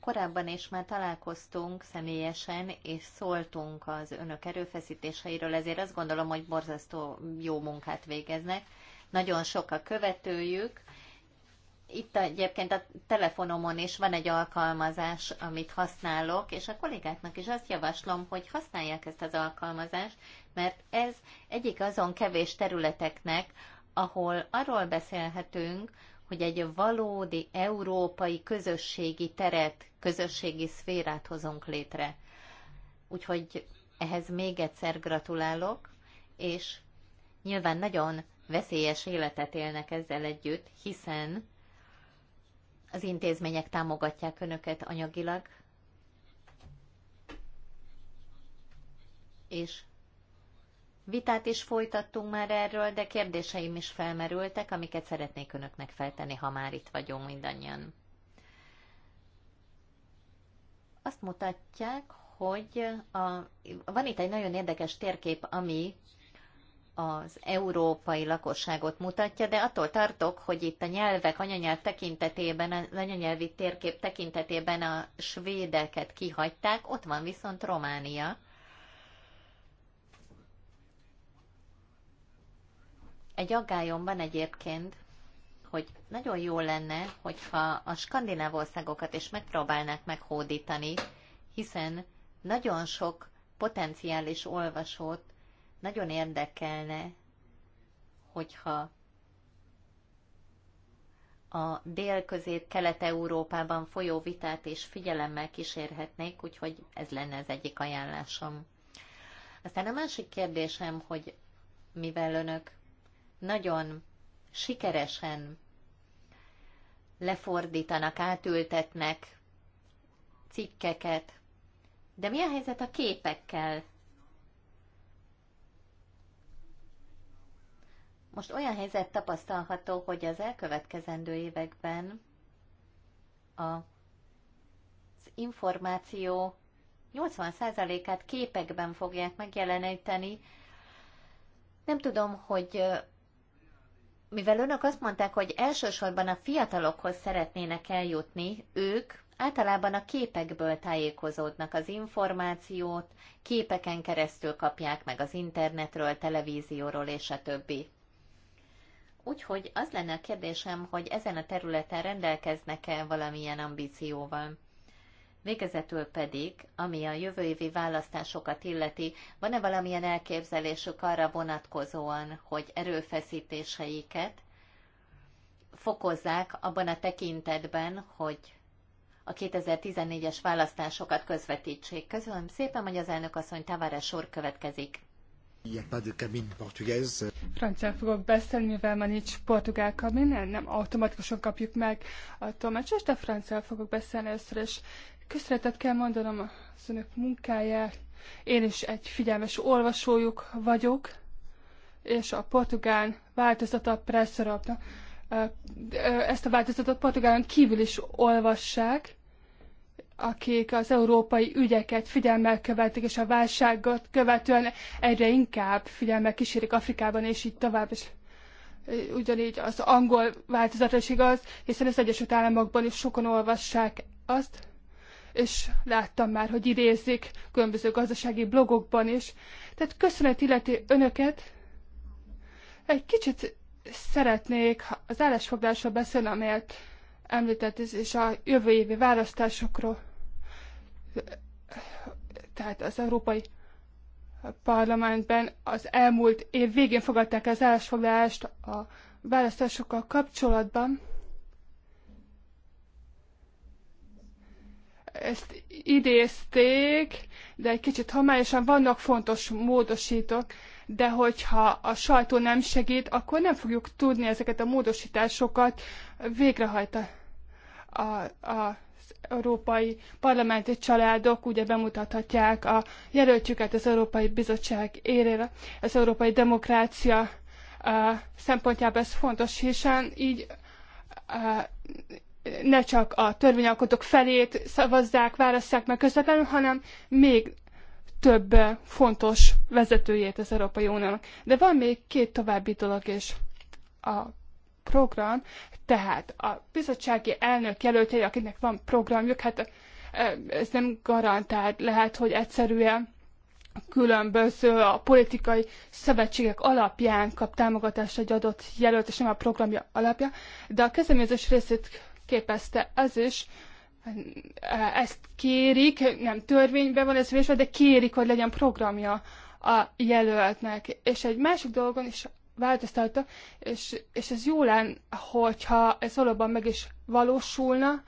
Korábban is már találkoztunk személyesen, és szóltunk az önök erőfeszítéseiről, ezért azt gondolom, hogy borzasztó jó munkát végeznek. Nagyon sok a követőjük, itt egyébként a telefonomon is van egy alkalmazás, amit használok, és a kollégáknak is azt javaslom, hogy használják ezt az alkalmazást, mert ez egyik azon kevés területeknek, ahol arról beszélhetünk, hogy egy valódi európai közösségi teret, közösségi szférát hozunk létre. Úgyhogy ehhez még egyszer gratulálok, és nyilván nagyon veszélyes életet élnek ezzel együtt, hiszen az intézmények támogatják önöket anyagilag, és vitát is folytattunk már erről, de kérdéseim is felmerültek, amiket szeretnék önöknek feltenni, ha már itt vagyunk mindannyian. Azt mutatják, hogy a, van itt egy nagyon érdekes térkép, ami az európai lakosságot mutatja, de attól tartok, hogy itt a nyelvek anyanyelv tekintetében, az anyanyelvi térkép tekintetében a svédeket kihagyták, ott van viszont Románia. Egy aggályom van egyébként, hogy nagyon jó lenne, hogyha a skandináv országokat is megpróbálnák meghódítani, hiszen nagyon sok potenciális olvasót nagyon érdekelne, hogyha a dél-közép-kelet-európában folyó vitát és figyelemmel kísérhetnék, úgyhogy ez lenne az egyik ajánlásom. Aztán a másik kérdésem, hogy mivel önök nagyon sikeresen lefordítanak, átültetnek cikkeket, de mi a helyzet a képekkel? Most olyan helyzet tapasztalható, hogy az elkövetkezendő években a, az információ 80%-át képekben fogják megjeleníteni. Nem tudom, hogy mivel önök azt mondták, hogy elsősorban a fiatalokhoz szeretnének eljutni, ők általában a képekből tájékozódnak az információt, képeken keresztül kapják meg az internetről, televízióról és a többi. Úgyhogy az lenne a kérdésem, hogy ezen a területen rendelkeznek-e valamilyen ambícióval. Végezetül pedig, ami a jövő évi választásokat illeti, van-e valamilyen elképzelésük arra vonatkozóan, hogy erőfeszítéseiket fokozzák abban a tekintetben, hogy a 2014-es választásokat közvetítsék. Köszönöm szépen, hogy az elnök asszony Tavares sor következik. Francia fogok beszélni, mivel már nincs portugál kabin, nem automatikusan kapjuk meg a tolmácsos, de francia fogok beszélni először, és köszönetet kell mondanom az önök munkáját. Én is egy figyelmes olvasójuk vagyok, és a portugál változata a Ezt a változatot portugálon kívül is olvassák, akik az európai ügyeket figyelmel követik, és a válságot követően egyre inkább figyelmel kísérik Afrikában, és így tovább. És ugyanígy az angol változata is igaz, hiszen az Egyesült Államokban is sokan olvassák azt, és láttam már, hogy idézik különböző gazdasági blogokban is. Tehát köszönet illeti önöket. Egy kicsit szeretnék az állásfoglásról beszélni, amelyet említett, és a jövő évi választásokról, tehát az Európai Parlamentben az elmúlt év végén fogadták az állásfoglalást a választásokkal kapcsolatban. Ezt idézték, de egy kicsit homályosan vannak fontos módosítók, de hogyha a sajtó nem segít, akkor nem fogjuk tudni ezeket a módosításokat végrehajtani. A, a, európai parlamenti családok ugye bemutathatják a jelöltjüket az Európai Bizottság érére, az európai demokrácia szempontjából ez fontos, hiszen így ne csak a törvényalkotók felét szavazzák, válasszák meg közvetlenül, hanem még több fontos vezetőjét az Európai Uniónak. De van még két további dolog is a program, tehát a bizottsági elnök jelöltjei, akinek van programjuk, hát ez nem garantált, lehet, hogy egyszerűen különböző a politikai szövetségek alapján kap támogatást egy adott jelölt, és nem a programja alapján, de a kezdeményezés részét képezte az is, ezt kérik, nem törvényben van ez vésve, de kérik, hogy legyen programja a jelöltnek. És egy másik dolgon is változtattak, és, és ez jó lenne, hogyha ez valóban meg is valósulna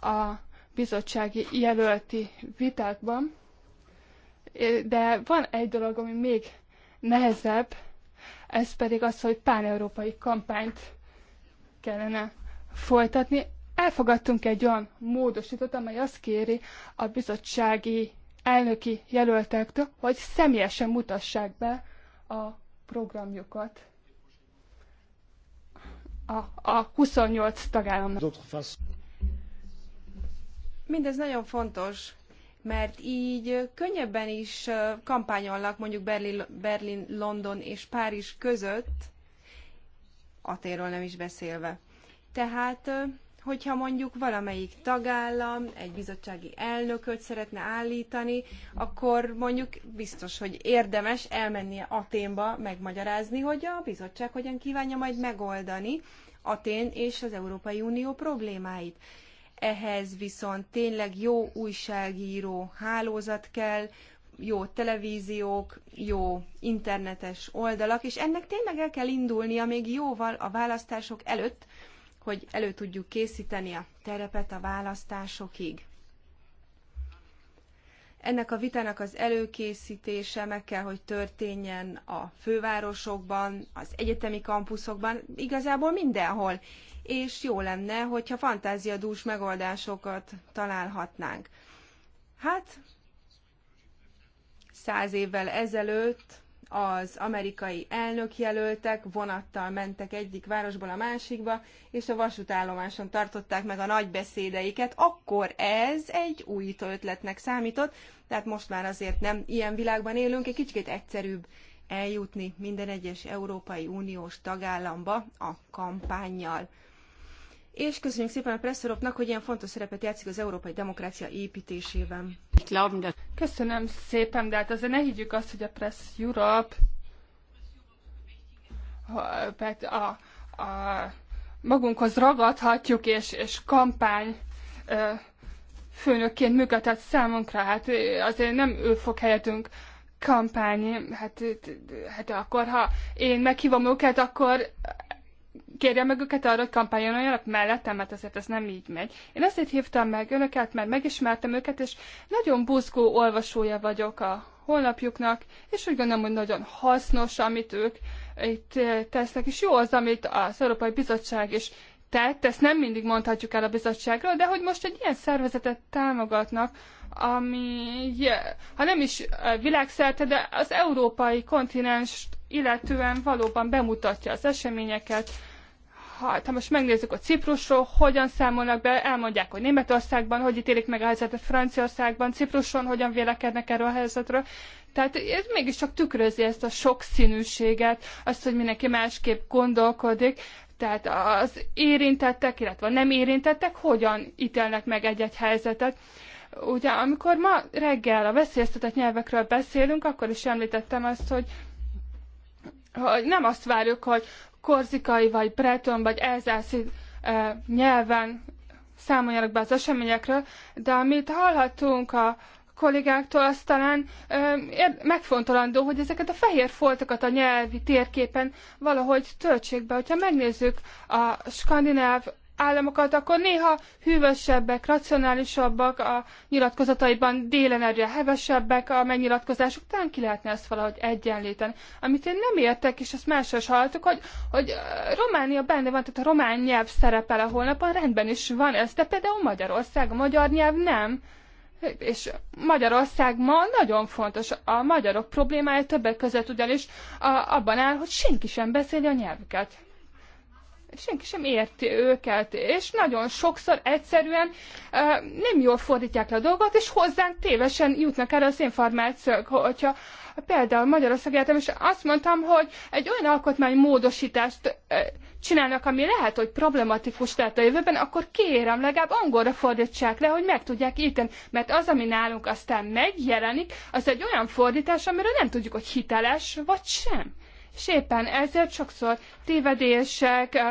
e, a bizottsági jelölti vitákban. E, de van egy dolog, ami még nehezebb, ez pedig az, hogy páneurópai kampányt kellene folytatni elfogadtunk egy olyan módosítót, amely azt kéri a bizottsági elnöki jelöltektől, hogy személyesen mutassák be a programjukat a, a 28 tagállamnak. Mindez nagyon fontos, mert így könnyebben is kampányolnak mondjuk Berlin, Berlin London és Párizs között, a téről nem is beszélve. Tehát hogyha mondjuk valamelyik tagállam egy bizottsági elnököt szeretne állítani, akkor mondjuk biztos, hogy érdemes elmennie Aténba megmagyarázni, hogy a bizottság hogyan kívánja majd megoldani Atén és az Európai Unió problémáit. Ehhez viszont tényleg jó újságíró hálózat kell, jó televíziók, jó internetes oldalak, és ennek tényleg el kell indulnia még jóval a választások előtt, hogy elő tudjuk készíteni a terepet a választásokig. Ennek a vitának az előkészítése meg kell, hogy történjen a fővárosokban, az egyetemi kampuszokban, igazából mindenhol. És jó lenne, hogyha fantáziadús megoldásokat találhatnánk. Hát, száz évvel ezelőtt az amerikai elnökjelöltek vonattal mentek egyik városból a másikba, és a vasútállomáson tartották meg a nagy beszédeiket, akkor ez egy újító ötletnek számított, tehát most már azért nem ilyen világban élünk, egy kicsit egyszerűbb eljutni minden egyes Európai Uniós tagállamba a kampányjal és köszönjük szépen a presszoropnak, hogy ilyen fontos szerepet játszik az európai demokrácia építésében. Köszönöm szépen, de hát azért ne higgyük azt, hogy a Press Europe hát a, a magunkhoz ragadhatjuk, és, és kampány főnökként működhet számunkra, hát azért nem ő fog helyettünk kampány, hát, hát akkor ha én meghívom őket, akkor kérje meg őket arra, hogy kampányoljanak mellettem, mert azért ez nem így megy. Én azért hívtam meg önöket, mert megismertem őket, és nagyon buzgó olvasója vagyok a honlapjuknak, és úgy gondolom, hogy nagyon hasznos, amit ők itt eh, tesznek, és jó az, amit az Európai Bizottság is tett, ezt nem mindig mondhatjuk el a bizottságról, de hogy most egy ilyen szervezetet támogatnak, ami, eh, ha nem is eh, világszerte, de az európai kontinens illetően valóban bemutatja az eseményeket, ha, Ha most megnézzük a Ciprusról, hogyan számolnak be, elmondják, hogy Németországban, hogy ítélik meg a helyzetet Franciaországban, Cipruson hogyan vélekednek erről a helyzetről. Tehát ez mégiscsak tükrözi ezt a sokszínűséget, azt, hogy mindenki másképp gondolkodik, tehát az érintettek, illetve a nem érintettek hogyan ítélnek meg egy-egy helyzetet. Ugye, amikor ma reggel a veszélyeztetett nyelvekről beszélünk, akkor is említettem azt, hogy hogy nem azt várjuk, hogy, korzikai, vagy breton, vagy elzászi e, nyelven számoljanak be az eseményekről, de amit hallhattunk a kollégáktól, az talán e, megfontolandó, hogy ezeket a fehér foltokat a nyelvi térképen valahogy töltsék be. Hogyha megnézzük a skandináv államokat, akkor néha hűvösebbek, racionálisabbak a nyilatkozataiban, egyre hevesebbek a megnyilatkozások, talán ki lehetne ezt valahogy egyenlíteni. Amit én nem értek, és ezt másra is hallottuk, hogy, hogy Románia benne van, tehát a román nyelv szerepel a holnapban, rendben is van ez, de például Magyarország, a magyar nyelv nem. És Magyarország ma nagyon fontos. A magyarok problémája többek között ugyanis a, abban áll, hogy senki sem beszéli a nyelvüket senki sem érti őket, és nagyon sokszor egyszerűen uh, nem jól fordítják le a dolgot, és hozzánk tévesen jutnak erre az információk, hogyha például Magyarország Egyetem, és azt mondtam, hogy egy olyan módosítást uh, csinálnak, ami lehet, hogy problematikus lehet a jövőben, akkor kérem, legalább angolra fordítsák le, hogy meg tudják íteni, mert az, ami nálunk aztán megjelenik, az egy olyan fordítás, amiről nem tudjuk, hogy hiteles vagy sem és éppen ezért sokszor tévedések,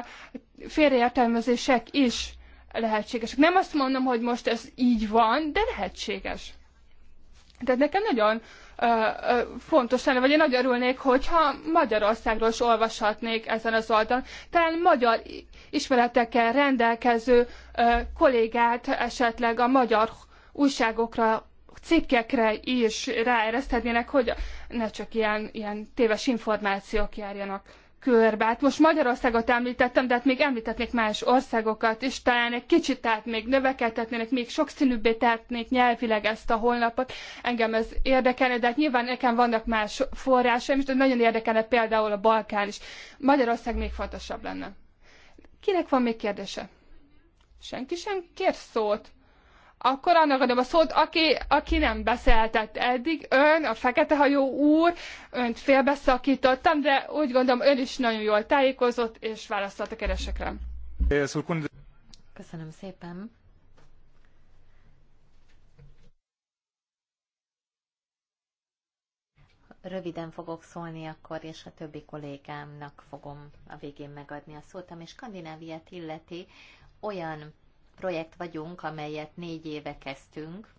félreértelmezések is lehetségesek. Nem azt mondom, hogy most ez így van, de lehetséges. Tehát nekem nagyon ö, ö, fontos lenne, vagy én nagyon örülnék, hogyha Magyarországról is olvashatnék ezen az oldalon. Talán magyar ismeretekkel rendelkező ö, kollégát esetleg a magyar újságokra cikkekre is ráereszthetnének, hogy ne csak ilyen, ilyen téves információk járjanak körbe. Hát most Magyarországot említettem, de hát még említetnék más országokat, is talán egy kicsit, tehát még növekedhetnének, még sokszínűbbé tehetnék nyelvileg ezt a holnapot. Engem ez érdekelne, de hát nyilván nekem vannak más forrásaim és de nagyon érdekelne például a Balkán is. Magyarország még fontosabb lenne. Kinek van még kérdése? Senki sem kér szót akkor annak adom a szót, aki, aki nem beszéltett eddig. Ön, a fekete hajó úr, önt félbeszakítottam, de úgy gondolom ön is nagyon jól tájékozott, és választott a keresekre. Köszönöm szépen. Röviden fogok szólni akkor, és a többi kollégámnak fogom a végén megadni a szót, ami Skandináviát illeti, olyan projekt vagyunk, amelyet négy éve kezdtünk.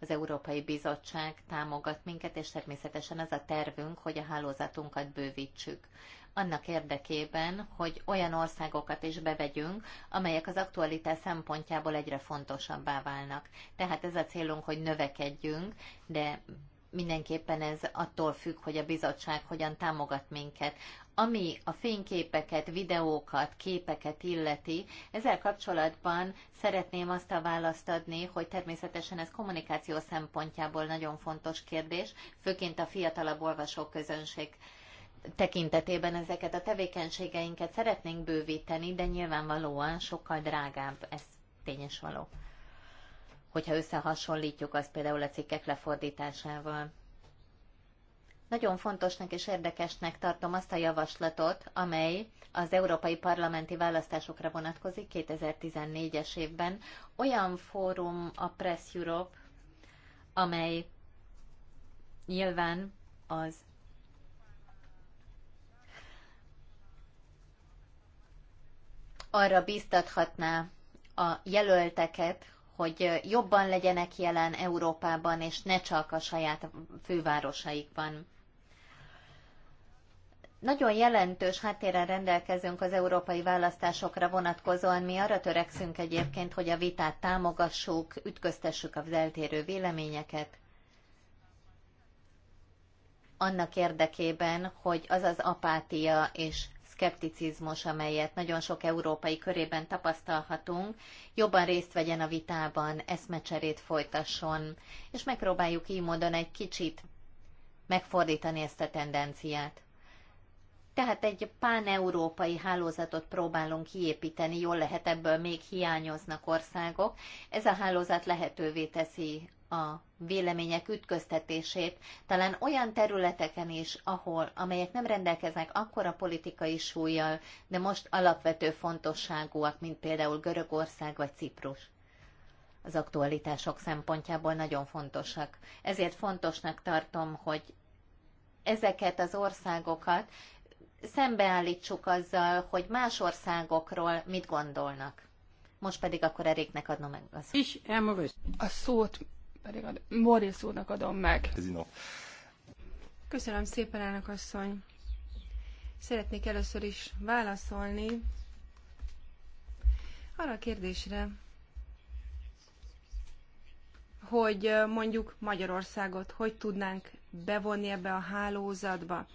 Az Európai Bizottság támogat minket, és természetesen az a tervünk, hogy a hálózatunkat bővítsük annak érdekében, hogy olyan országokat is bevegyünk, amelyek az aktualitás szempontjából egyre fontosabbá válnak. Tehát ez a célunk, hogy növekedjünk, de mindenképpen ez attól függ, hogy a bizottság hogyan támogat minket. Ami a fényképeket, videókat, képeket illeti, ezzel kapcsolatban szeretném azt a választ adni, hogy természetesen ez kommunikáció szempontjából nagyon fontos kérdés, főként a fiatalabb közönség tekintetében ezeket a tevékenységeinket szeretnénk bővíteni, de nyilvánvalóan sokkal drágább, ez tényes való, hogyha összehasonlítjuk azt például a cikkek lefordításával. Nagyon fontosnak és érdekesnek tartom azt a javaslatot, amely az európai parlamenti választásokra vonatkozik 2014-es évben. Olyan fórum a Press Europe, amely nyilván az arra biztathatná a jelölteket, hogy jobban legyenek jelen Európában, és ne csak a saját fővárosaikban nagyon jelentős háttérrel rendelkezünk az európai választásokra vonatkozóan. Mi arra törekszünk egyébként, hogy a vitát támogassuk, ütköztessük az eltérő véleményeket. Annak érdekében, hogy az az apátia és szkepticizmus, amelyet nagyon sok európai körében tapasztalhatunk, jobban részt vegyen a vitában, eszmecserét folytasson, és megpróbáljuk így módon egy kicsit megfordítani ezt a tendenciát. Tehát egy páneurópai hálózatot próbálunk kiépíteni, jól lehet ebből még hiányoznak országok. Ez a hálózat lehetővé teszi a vélemények ütköztetését, talán olyan területeken is, ahol, amelyek nem rendelkeznek akkora politikai súlyjal, de most alapvető fontosságúak, mint például Görögország vagy Ciprus az aktualitások szempontjából nagyon fontosak. Ezért fontosnak tartom, hogy ezeket az országokat szembeállítsuk azzal, hogy más országokról mit gondolnak. Most pedig akkor Eriknek adnom meg a szót. Is, a szót pedig a Morris úrnak adom meg. Köszönöm szépen, elnök asszony. Szeretnék először is válaszolni arra a kérdésre, hogy mondjuk Magyarországot hogy tudnánk bevonni ebbe a hálózatba.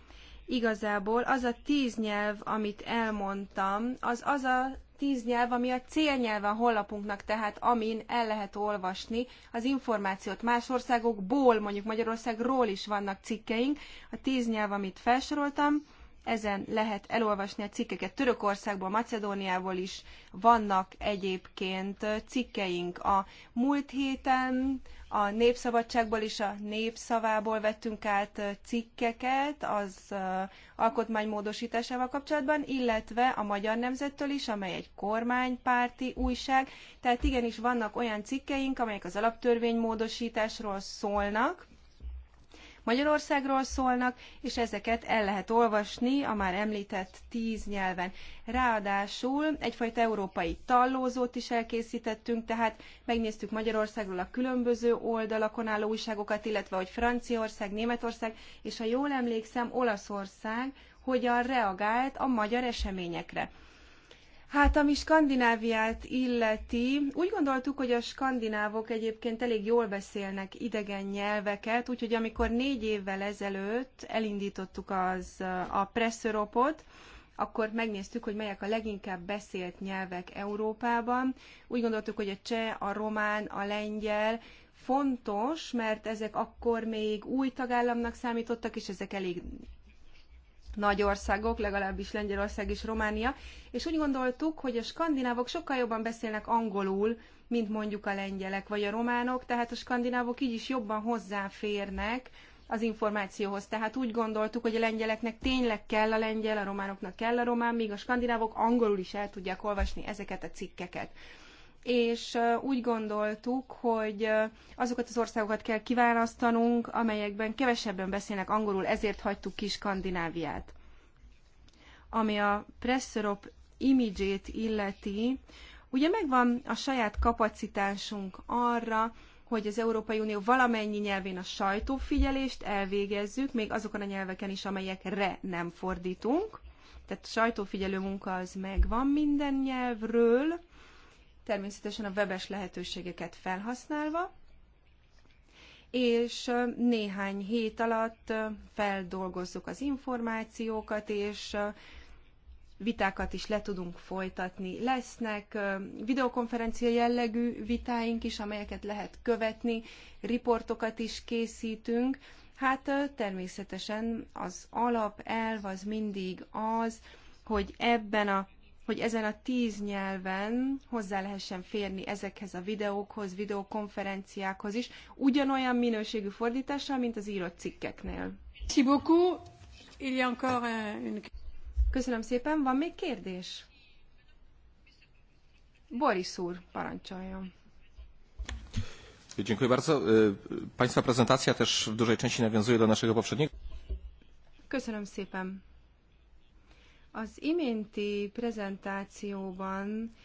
Igazából az a tíz nyelv, amit elmondtam, az az a tíz nyelv, ami a célnyelve a honlapunknak, tehát amin el lehet olvasni az információt. Más országokból, mondjuk Magyarországról is vannak cikkeink. A tíz nyelv, amit felsoroltam, ezen lehet elolvasni a cikkeket. Törökországból, Macedóniából is vannak egyébként cikkeink. A múlt héten a népszabadságból és a népszavából vettünk át cikkeket az alkotmány módosításával kapcsolatban, illetve a Magyar Nemzettől is, amely egy kormánypárti újság. Tehát igenis vannak olyan cikkeink, amelyek az alaptörvény módosításról szólnak, Magyarországról szólnak, és ezeket el lehet olvasni a már említett tíz nyelven. Ráadásul egyfajta európai tallózót is elkészítettünk, tehát megnéztük Magyarországról a különböző oldalakon álló újságokat, illetve hogy Franciaország, Németország, és ha jól emlékszem, Olaszország hogyan reagált a magyar eseményekre. Hát, ami Skandináviát illeti, úgy gondoltuk, hogy a skandinávok egyébként elég jól beszélnek idegen nyelveket, úgyhogy amikor négy évvel ezelőtt elindítottuk az, a presszeropot, akkor megnéztük, hogy melyek a leginkább beszélt nyelvek Európában. Úgy gondoltuk, hogy a cseh, a román, a lengyel fontos, mert ezek akkor még új tagállamnak számítottak, és ezek elég nagy országok, legalábbis Lengyelország és Románia, és úgy gondoltuk, hogy a skandinávok sokkal jobban beszélnek angolul, mint mondjuk a lengyelek vagy a románok, tehát a skandinávok így is jobban hozzáférnek az információhoz. Tehát úgy gondoltuk, hogy a lengyeleknek tényleg kell a lengyel, a románoknak kell a román, míg a skandinávok angolul is el tudják olvasni ezeket a cikkeket és úgy gondoltuk, hogy azokat az országokat kell kiválasztanunk, amelyekben kevesebben beszélnek angolul, ezért hagytuk ki Skandináviát. Ami a Presserop image imidzsét illeti, ugye megvan a saját kapacitásunk arra, hogy az Európai Unió valamennyi nyelvén a sajtófigyelést elvégezzük, még azokon a nyelveken is, amelyekre nem fordítunk. Tehát sajtófigyelő munka az megvan minden nyelvről, természetesen a webes lehetőségeket felhasználva, és néhány hét alatt feldolgozzuk az információkat, és vitákat is le tudunk folytatni. Lesznek videokonferencia jellegű vitáink is, amelyeket lehet követni, riportokat is készítünk. Hát természetesen az alapelv az mindig az, hogy ebben a hogy ezen a tíz nyelven hozzá lehessen férni ezekhez a videókhoz, videokonferenciákhoz is, ugyanolyan minőségű fordítással, mint az írott cikkeknél. Köszönöm szépen, van még kérdés? Boris úr, parancsoljon. Dziękuję bardzo. E, państwa prezentacja też w dużej części nawiązuje do naszego poprzedniego. Köszönöm szépen. Az iménti prezentációban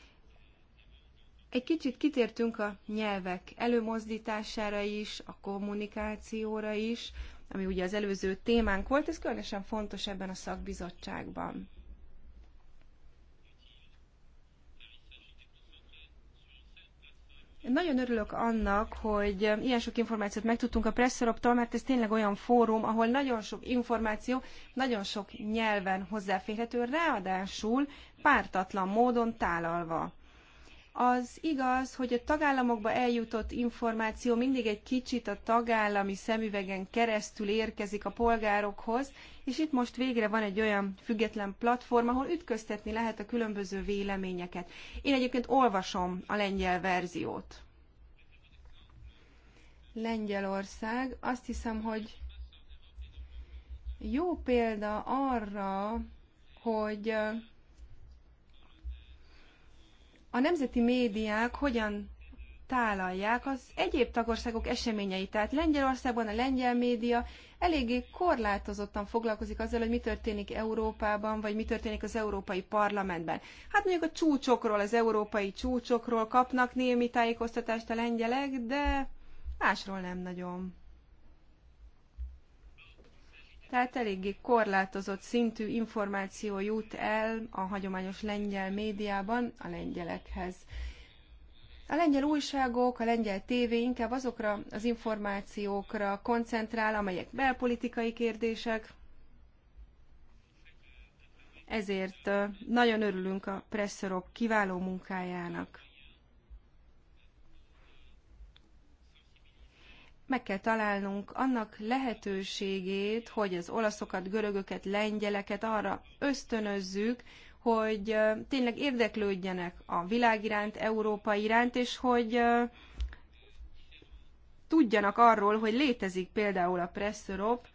egy kicsit kitértünk a nyelvek előmozdítására is, a kommunikációra is, ami ugye az előző témánk volt, ez különösen fontos ebben a szakbizottságban. Nagyon örülök annak, hogy um, ilyen sok információt megtudtunk a presszoroptól, mert ez tényleg olyan fórum, ahol nagyon sok információ, nagyon sok nyelven hozzáférhető, ráadásul pártatlan módon tálalva. Az igaz, hogy a tagállamokba eljutott információ mindig egy kicsit a tagállami szemüvegen keresztül érkezik a polgárokhoz, és itt most végre van egy olyan független platform, ahol ütköztetni lehet a különböző véleményeket. Én egyébként olvasom a lengyel verziót. Lengyelország, azt hiszem, hogy jó példa arra, hogy a nemzeti médiák hogyan tálalják az egyéb tagországok eseményeit. Tehát Lengyelországban a lengyel média eléggé korlátozottan foglalkozik azzal, hogy mi történik Európában, vagy mi történik az Európai Parlamentben. Hát mondjuk a csúcsokról, az európai csúcsokról kapnak némi tájékoztatást a lengyelek, de másról nem nagyon tehát eléggé korlátozott szintű információ jut el a hagyományos lengyel médiában a lengyelekhez. A lengyel újságok, a lengyel tévé inkább azokra az információkra koncentrál, amelyek belpolitikai kérdések, ezért nagyon örülünk a presszorok kiváló munkájának. meg kell találnunk annak lehetőségét, hogy az olaszokat, görögöket, lengyeleket arra ösztönözzük, hogy tényleg érdeklődjenek a világ iránt, Európa iránt, és hogy tudjanak arról, hogy létezik például a Pressorop,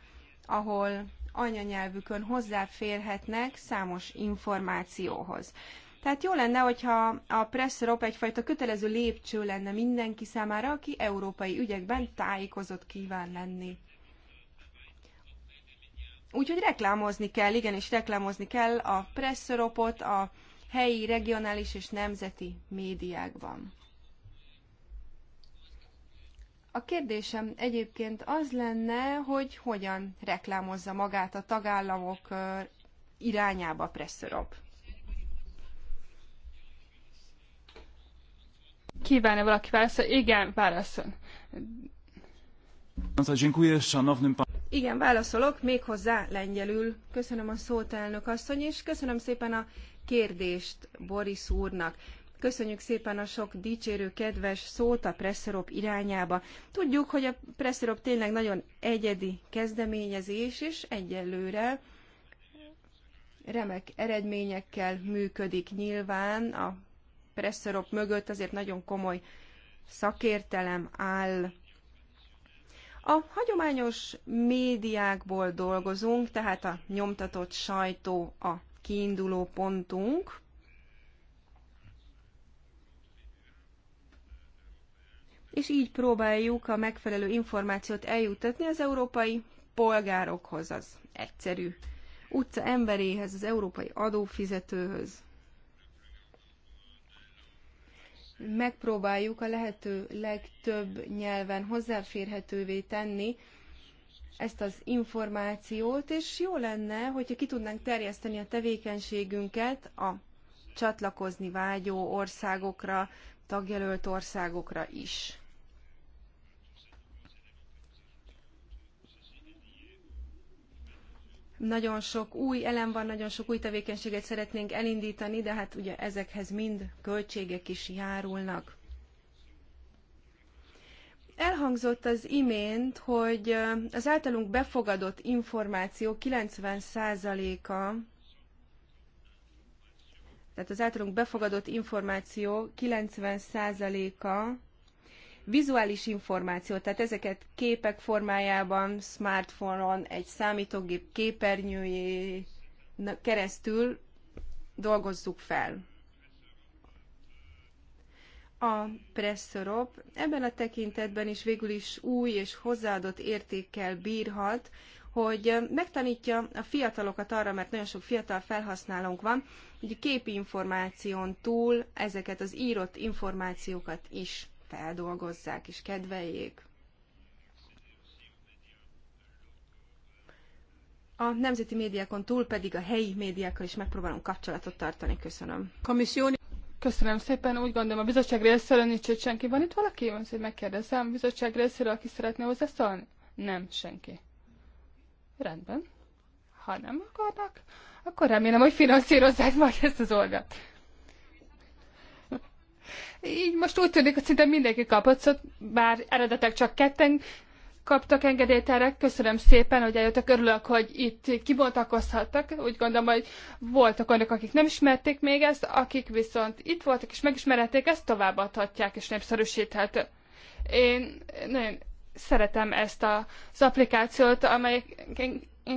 ahol anyanyelvükön hozzáférhetnek számos információhoz. Tehát jó lenne, hogyha a Europe egyfajta kötelező lépcső lenne mindenki számára, aki európai ügyekben tájékozott kíván lenni. Úgyhogy reklámozni kell, igenis reklámozni kell a Presseropot a helyi, regionális és nemzeti médiákban. A kérdésem egyébként az lenne, hogy hogyan reklámozza magát a tagállamok irányába Europe. Kívánja valaki válaszol. Igen, válaszol. Igen, válaszolok, méghozzá lengyelül. Köszönöm a szót, elnök asszony, és köszönöm szépen a kérdést Boris úrnak. Köszönjük szépen a sok dicsérő, kedves szót a Presserop irányába. Tudjuk, hogy a Presserop tényleg nagyon egyedi kezdeményezés, és egyelőre remek eredményekkel működik nyilván a presszorok mögött azért nagyon komoly szakértelem áll. A hagyományos médiákból dolgozunk, tehát a nyomtatott sajtó a kiinduló pontunk. És így próbáljuk a megfelelő információt eljutatni az európai polgárokhoz, az egyszerű utca emberéhez, az európai adófizetőhöz. megpróbáljuk a lehető legtöbb nyelven hozzáférhetővé tenni ezt az információt, és jó lenne, hogyha ki tudnánk terjeszteni a tevékenységünket a csatlakozni vágyó országokra, tagjelölt országokra is. Nagyon sok új elem van, nagyon sok új tevékenységet szeretnénk elindítani, de hát ugye ezekhez mind költségek is járulnak. Elhangzott az imént, hogy az általunk befogadott információ 90%-a tehát az általunk befogadott információ 90%-a vizuális információt, tehát ezeket képek formájában, smartphone-on, egy számítógép képernyőjén keresztül dolgozzuk fel. A Pressorop ebben a tekintetben is végül is új és hozzáadott értékkel bírhat, hogy megtanítja a fiatalokat arra, mert nagyon sok fiatal felhasználónk van, hogy a képi információn túl ezeket az írott információkat is feldolgozzák és kedveljék. A nemzeti médiákon túl pedig a helyi médiákkal is megpróbálunk kapcsolatot tartani. Köszönöm. Komisszioni... Köszönöm szépen. Úgy gondolom a bizottság részéről nincs itt senki. Van itt valaki? van, hogy megkérdezem. A bizottság részéről, aki szeretne hozzászólni? Nem, senki. Rendben. Ha nem akarnak, akkor remélem, hogy finanszírozzák majd ezt az oldalt. Így most úgy tűnik, hogy szinte mindenki kapott, szóval bár eredetek csak ketten kaptak engedélyt erre. Köszönöm szépen, hogy eljöttek. Örülök, hogy itt kibontakozhattak. Úgy gondolom, hogy voltak olyanok, akik nem ismerték még ezt, akik viszont itt voltak és megismerették, ezt továbbadhatják és népszerűsíthet. Én nagyon szeretem ezt a, az applikációt, amely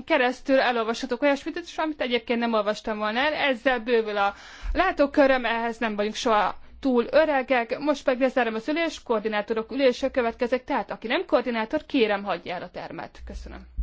keresztül elolvashatok olyasmit, és amit egyébként nem olvastam volna el. Ezzel bővül a látóköröm, ehhez nem vagyunk soha túl öregek, most pedig lezárom az ülés, koordinátorok ülése következik, tehát aki nem koordinátor, kérem hagyja el a termet. Köszönöm.